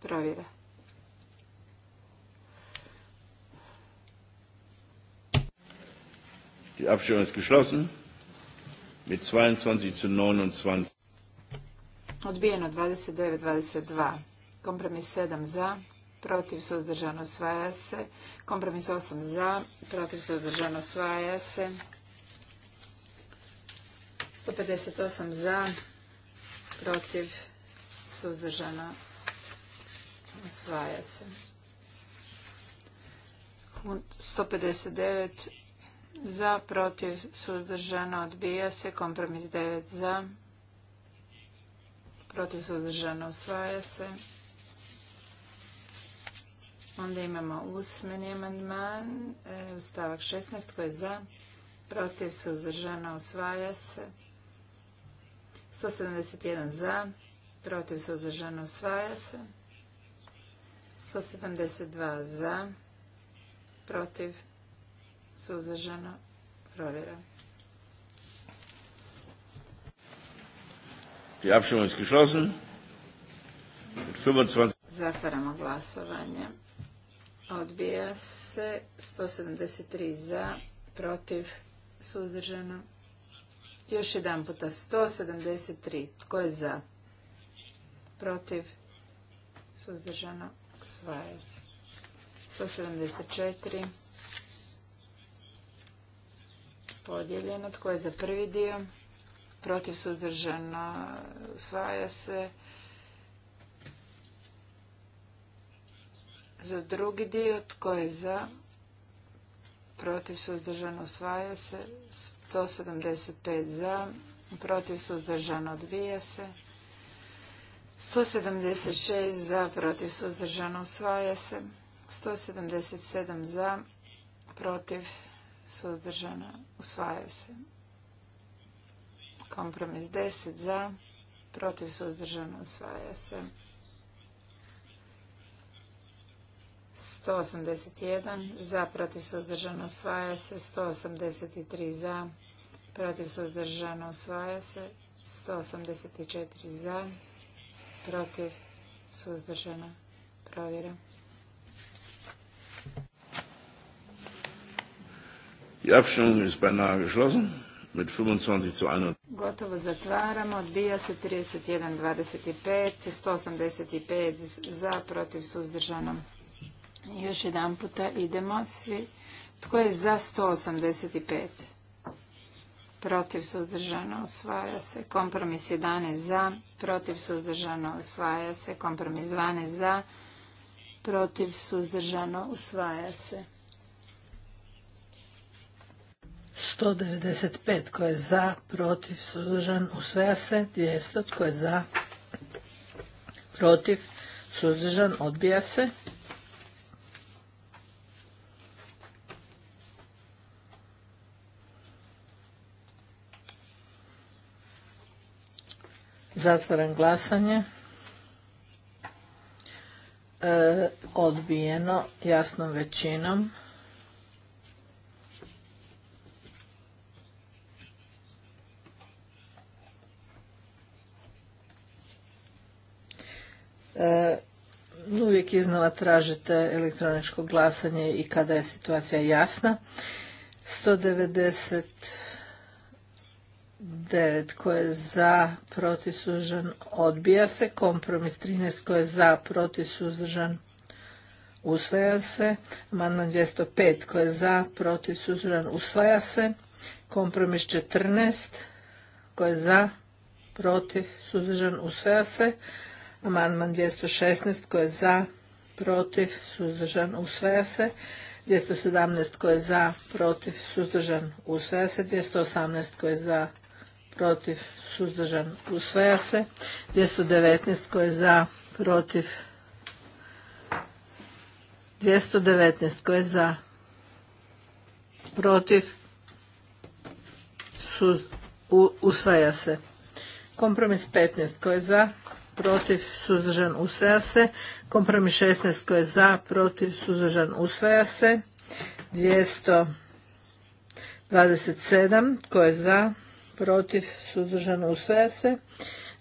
Provjera. Die Abstimmung ist geschlossen. Mit 22 zu 29. Odbijeno 29-22. Kompromis 7 za, protiv suzdržano osvaja se. Kompromis 8 za, protiv suzdržano osvaja se. 158 za, protiv suzdržano Usvaja se. 159 za, protiv, suzdržano, odbija se. Kompromis 9 za, protiv, suzdržano, usvaja se. Onda imamo usmeni amandman, e, stavak 16 koji je za, protiv, suzdržano, osvaja se. 171 za, protiv, suzdržano, usvaja se. 172 za, protiv, suzdržano, provjera. Die Abstimmung ist geschlossen. 25 Zatvaramo glasovanje. Odbija se 173 za, protiv, suzdržano. Još jedan puta 173. Tko je za? Protiv, suzdržano. Usvaja se. 174. Podijeljeno. Tko je za prvi dio? Protiv suzdržano. Usvaja se. Za drugi dio. Tko je za? Protiv suzdržano. Usvaja se. 175 za. Protiv suzdržano. Odvija se. 176 za, protiv, suzdržano, usvaja se. 177 za, protiv, suzdržano, usvaja se. Kompromis 10 za, protiv, suzdržano, usvaja se. 181 za, protiv, suzdržano, usvaja se. 183 za, protiv, suzdržano, usvaja se. 184 za, protiv, suzdržana, provjera. Die Abstimmung ist beinahe geschlossen mit 25 zu 1. Gotovo zatvaramo, odbija se 31-25, 185 za, protiv suzdržanom. Još jedan puta idemo svi. Tko je za 185? protiv suzdržano usvaja se, kompromis 11 za, protiv suzdržano usvaja se, kompromis 12 za, protiv suzdržano usvaja se. 195 tko je za, protiv, suzdržan, usvaja se. 200 tko je za, protiv, suzdržan, odbija se. Zatvaram glasanje. E, odbijeno jasnom većinom. E, uvijek iznova tražite elektroničko glasanje i kada je situacija jasna. 190 9 ko je za, protiv, suzdržan, odbija se. Kompromis 13 ko je za, protiv, suzdržan, usvaja se. Amandman 205 ko je za, protiv, suzdržan, usvaja se. Kompromis 14 ko je za, protiv, suzdržan, usvaja se. Amandman 216 ko je za, protiv, suzdržan, usvaja se. 217 ko je za, protiv, suzdržan, usvaja se. 218 ko je za, protiv, suzdržan, usvaja se. 219 koje za, protiv, 219 koje za, protiv, usvaja se. Kompromis 15 koje za, protiv, suzdržan, usvaja se. Kompromis 16 koje za, protiv, suzdržan, usvaja se. 227 tko je za, protiv, suzdržan usvaja se.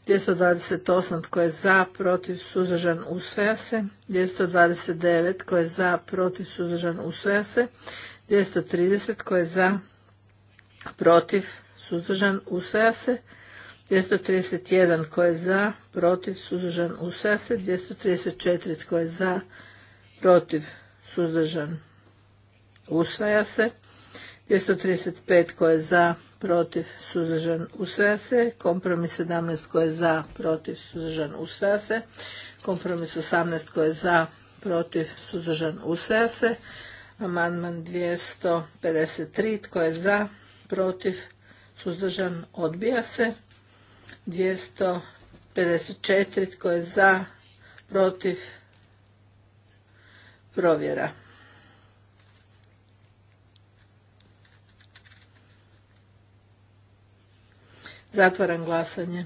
228 tko je za, protiv, suzdržan, usvaja se. 229 tko je za, protiv, suzdržan, usvaja se. 230 tko je za, protiv, suzdržan, usvaja se. 231 tko je za, protiv, suzdržan, usvaja se. 234 tko je za, protiv, suzdržan, usvaja se. 235 tko je za, protiv, suzdržan, usvaja se. Kompromis 17 koje je za, protiv, suzdržan, usvaja se. Kompromis 18 koje je za, protiv, suzdržan, usvaja se. Amandman 253 tko je za, protiv, suzdržan, odbija se. 254 tko je za, protiv, provjera. Zatvaram glasanje.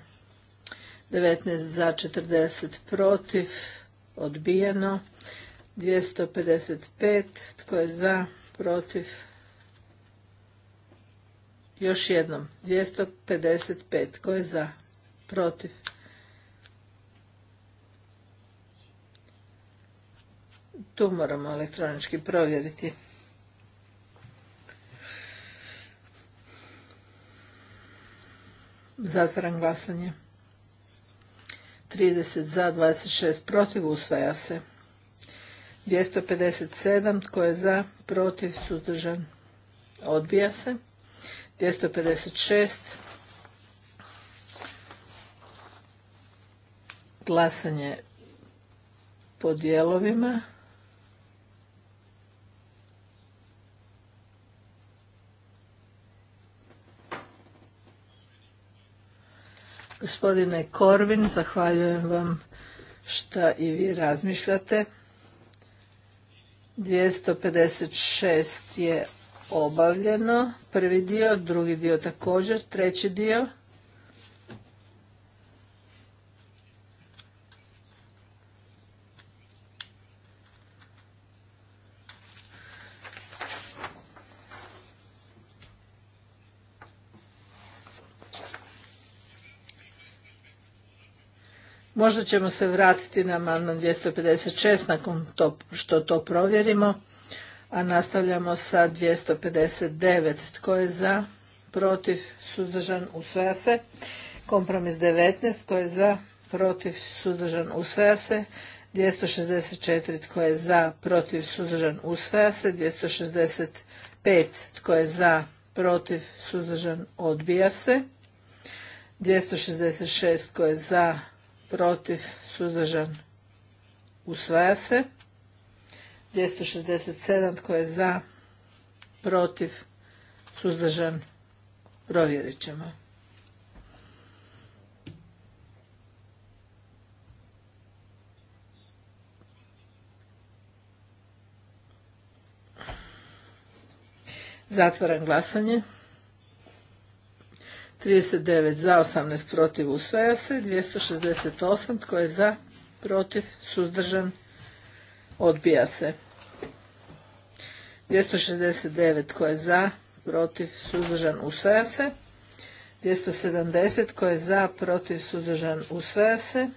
19 za 40 protiv. Odbijeno. 255. Tko je za? Protiv. Još jednom. 255. Tko je za? Protiv. Tu moramo elektronički provjeriti. Zatvaram glasanje. 30 za, 26 protiv, usvaja se. 257, tko je za, protiv, suzdržan, odbija se. 256, glasanje po dijelovima. Gospodine Korvin, zahvaljujem vam što i vi razmišljate. 256 je obavljeno, prvi dio, drugi dio također, treći dio. Možda ćemo se vratiti na amandman 256 nakon to, što to provjerimo. A nastavljamo sa 259. Tko je za? Protiv? Suzdržan? Usvaja se. Kompromis 19. Tko je za? Protiv? Suzdržan? Usvaja se. 264. Tko je za? Protiv? Suzdržan? Usvaja se. 265. Tko je za? Protiv? Suzdržan? Odbija se. 266. Tko je za? protiv, suzdržan, usvaja se. 267 tko je za, protiv, suzdržan, provjerit ćemo. Zatvaram glasanje. 39 za, 18 protiv usvaja se, 268 tko je za, protiv, suzdržan, odbija se. 269 tko je za, protiv, suzdržan, usvaja se. 270 tko je za, protiv, suzdržan, usvaja se.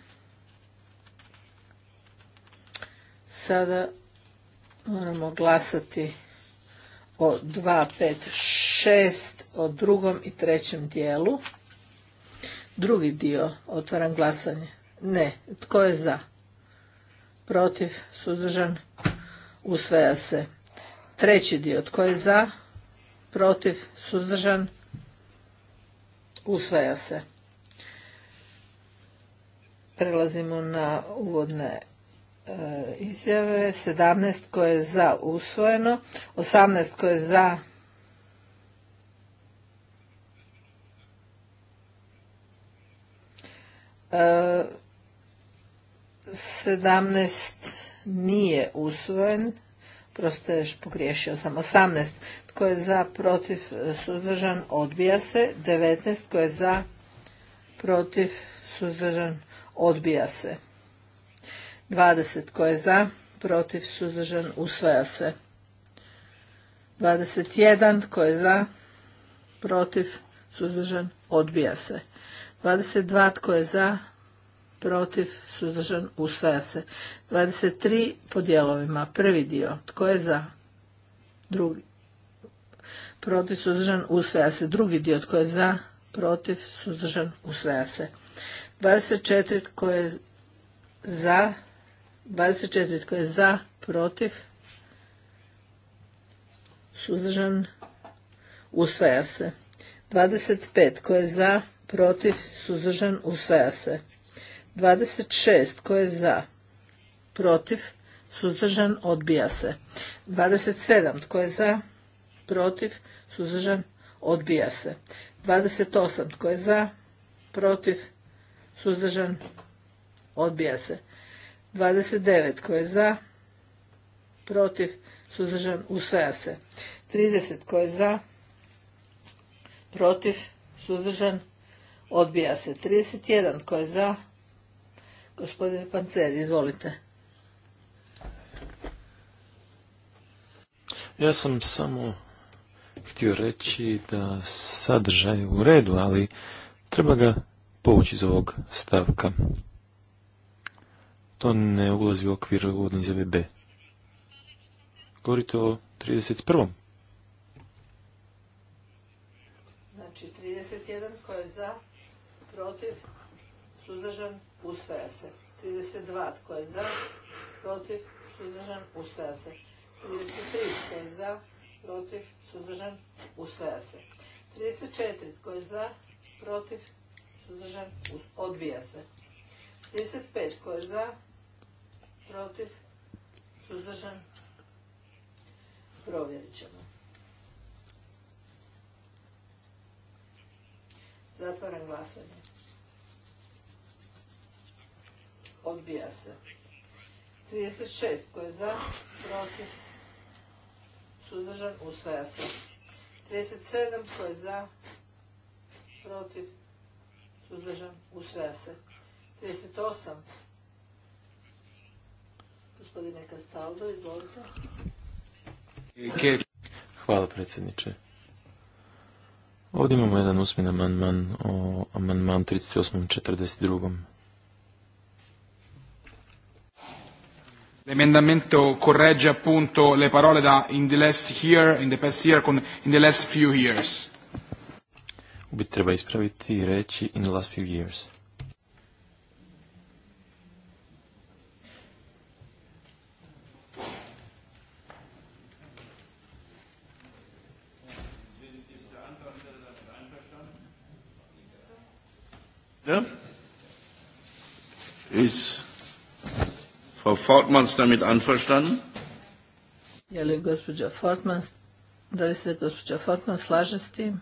Sada moramo glasati o 2, 5, 6 o drugom i trećem dijelu. Drugi dio, otvaram glasanje. Ne, tko je za? Protiv, suzdržan, usvaja se. Treći dio, tko je za? Protiv, suzdržan, usvaja se. Prelazimo na uvodne e, izjave. 17 koje je za usvojeno, 18 koje je za 17 nije usvojen. Prosto je pogriješio sam 18. Tko je za, protiv, suzdržan, odbija se. 19. Tko je za, protiv, suzdržan, odbija se. 20. Tko je za, protiv, suzdržan, usvaja se. 21. Tko je za, protiv, suzdržan, odbija se. 22 tko je za, protiv, suzdržan, usvaja se. 23 po dijelovima, prvi dio, tko je za, drugi, protiv, suzdržan, usvaja se. Drugi dio, tko je za, protiv, suzdržan, usvaja se. 24 tko je za, 24 tko je za, protiv, suzdržan, usvaja se. 25 tko je za, protiv, suzdržan, usvaja se. 26. Tko je za? Protiv, suzdržan, odbija se. 27. Tko je za? Protiv, suzdržan, odbija se. 28. Tko je za? Protiv, suzdržan, odbija se. 29. Tko je za? Protiv, suzdržan, usvaja se. 30. Tko je za? Protiv, suzdržan, Odbija se 31. Tko je za? Gospodine Pancer, izvolite. Ja sam samo htio reći da sadržaj u redu, ali treba ga povući iz ovog stavka. To ne ulazi u okvir uvodne Govorite o 31. suzdržan, usvaja se. 32. Tko je za? Protiv? Suzdržan? Usvaja se. 33. Tko je za? Protiv? Suzdržan? Usvaja se. 34. Tko je za? Protiv? Suzdržan? Odbija se. 35. Tko je za? Protiv? Suzdržan? Provjerit ćemo. Zatvaram glasanje. odbija se. 36 koje je za, protiv, suzdržan, usvaja se. 37 koje je za, protiv, suzdržan, usvaja se. 38 gospodine Kastaldo, izvolite. Hvala predsjedniče. Ovdje imamo jedan usmjen amandman o amandmanu 38. 42. L'emendamento corregge appunto le parole da in the last year, in the past year con in the last few years. bi treba ispraviti i reći in the last few years. Ja? Is Frau ist damit einverstanden? Ja, li gospođa Fortmann, da li se gospođa Fortman slaže s tim?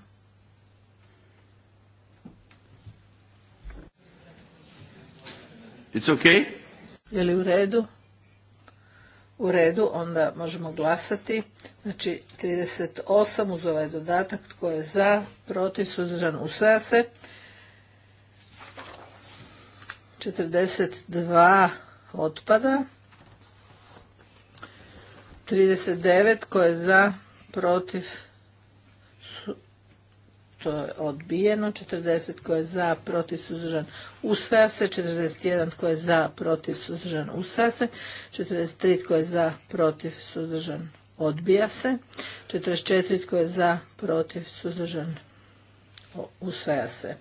It's okay? Je li u redu? U redu, onda možemo glasati. Znači, 38 uz ovaj dodatak, tko je za, protiv, suzdržan, usvaja se. 42 otpada. 39 koje je za, protiv, to je odbijeno. 40 koje je za, protiv, suzdržan, usvaja se. 41 koje je za, protiv, suzdržan, usvaja se. 43 koje je za, protiv, suzdržan, odbija se. 44 koje je za, protiv, suzdržan, usvaja se.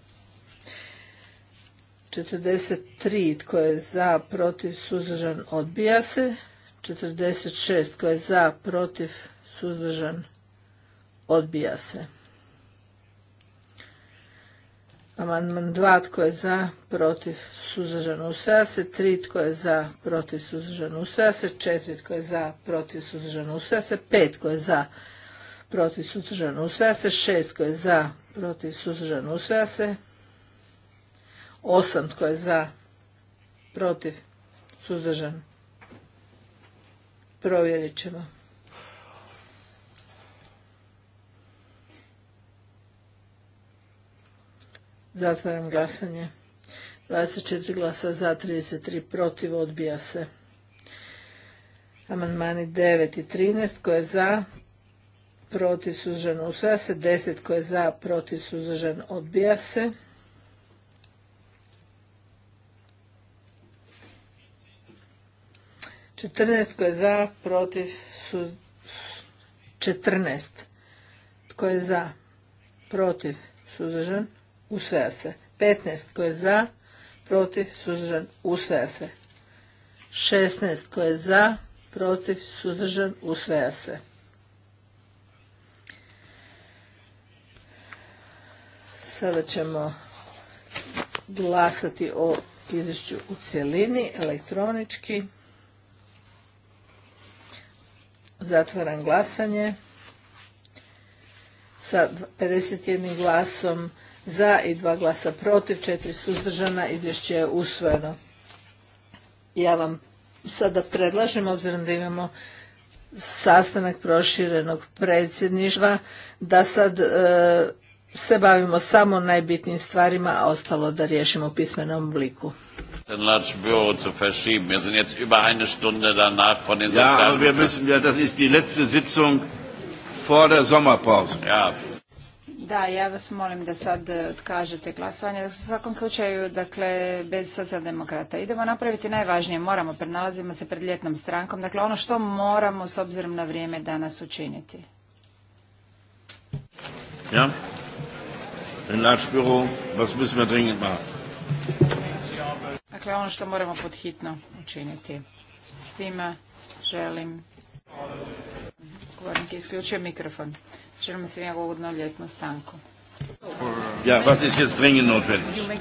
43 tko je za, protiv, suzdržan, odbija se. 46 tko je za, protiv, suzdržan, odbija se. Amandman 2 tko je za, protiv, suzdržan, usvaja se. 3 tko je za, protiv, suzdržan, usvaja se. 4 tko je za, protiv, suzdržan, usvaja se. 5 tko je za, protiv, suzdržan, usvaja se. 6 tko je za, protiv, suzdržan, usvaja se. Osam tko je za, protiv, suzdržan. Provjerit ćemo. Zatvaram glasanje. 24 glasa za, 33 protiv, odbija se. Amandmani 9 i 13 koje za, protiv, suzdržan, usvaja se. 10 koje za, protiv, suzdržan, odbija se. 14 tko je za, protiv, su 14. Tko je za, protiv, suzdržan, usvaja se. 15 tko je za, protiv, suzdržan, usvaja se. 16 tko je za, protiv, suzdržan, usvaja se. Sada ćemo glasati o izvješću u cjelini elektronički. Zatvaram glasanje. Sa 51 glasom za i dva glasa protiv, četiri suzdržana, izvješće je usvojeno. Ja vam sada predlažem, obzirom da imamo sastanak proširenog predsjedništva, da sad e, se bavimo samo najbitnijim stvarima, a ostalo da riješimo u pismenom obliku. Den Büro zu verschieben. Wir sind jetzt über eine Stunde danach von den Ja, aber wir müssen ja, das ist die letzte Sitzung vor der Sommerpause. Ja. Da, ja vas molim da sad eh, odkažete glasovanje. U svakom slučaju, dakle, bez socijaldemokrata. Idemo napraviti najvažnije. Moramo, prenalazimo se pred ljetnom strankom. Dakle, ono što moramo s obzirom na vrijeme danas učiniti. Ja, im Lagebüro, was müssen wir dringend machen? Dakle, ono što moramo podhitno učiniti. Svima eh, želim... Govornik isključio mikrofon. Želim svima ugodno ljetnu stanku. Ja, was ist jetzt dringend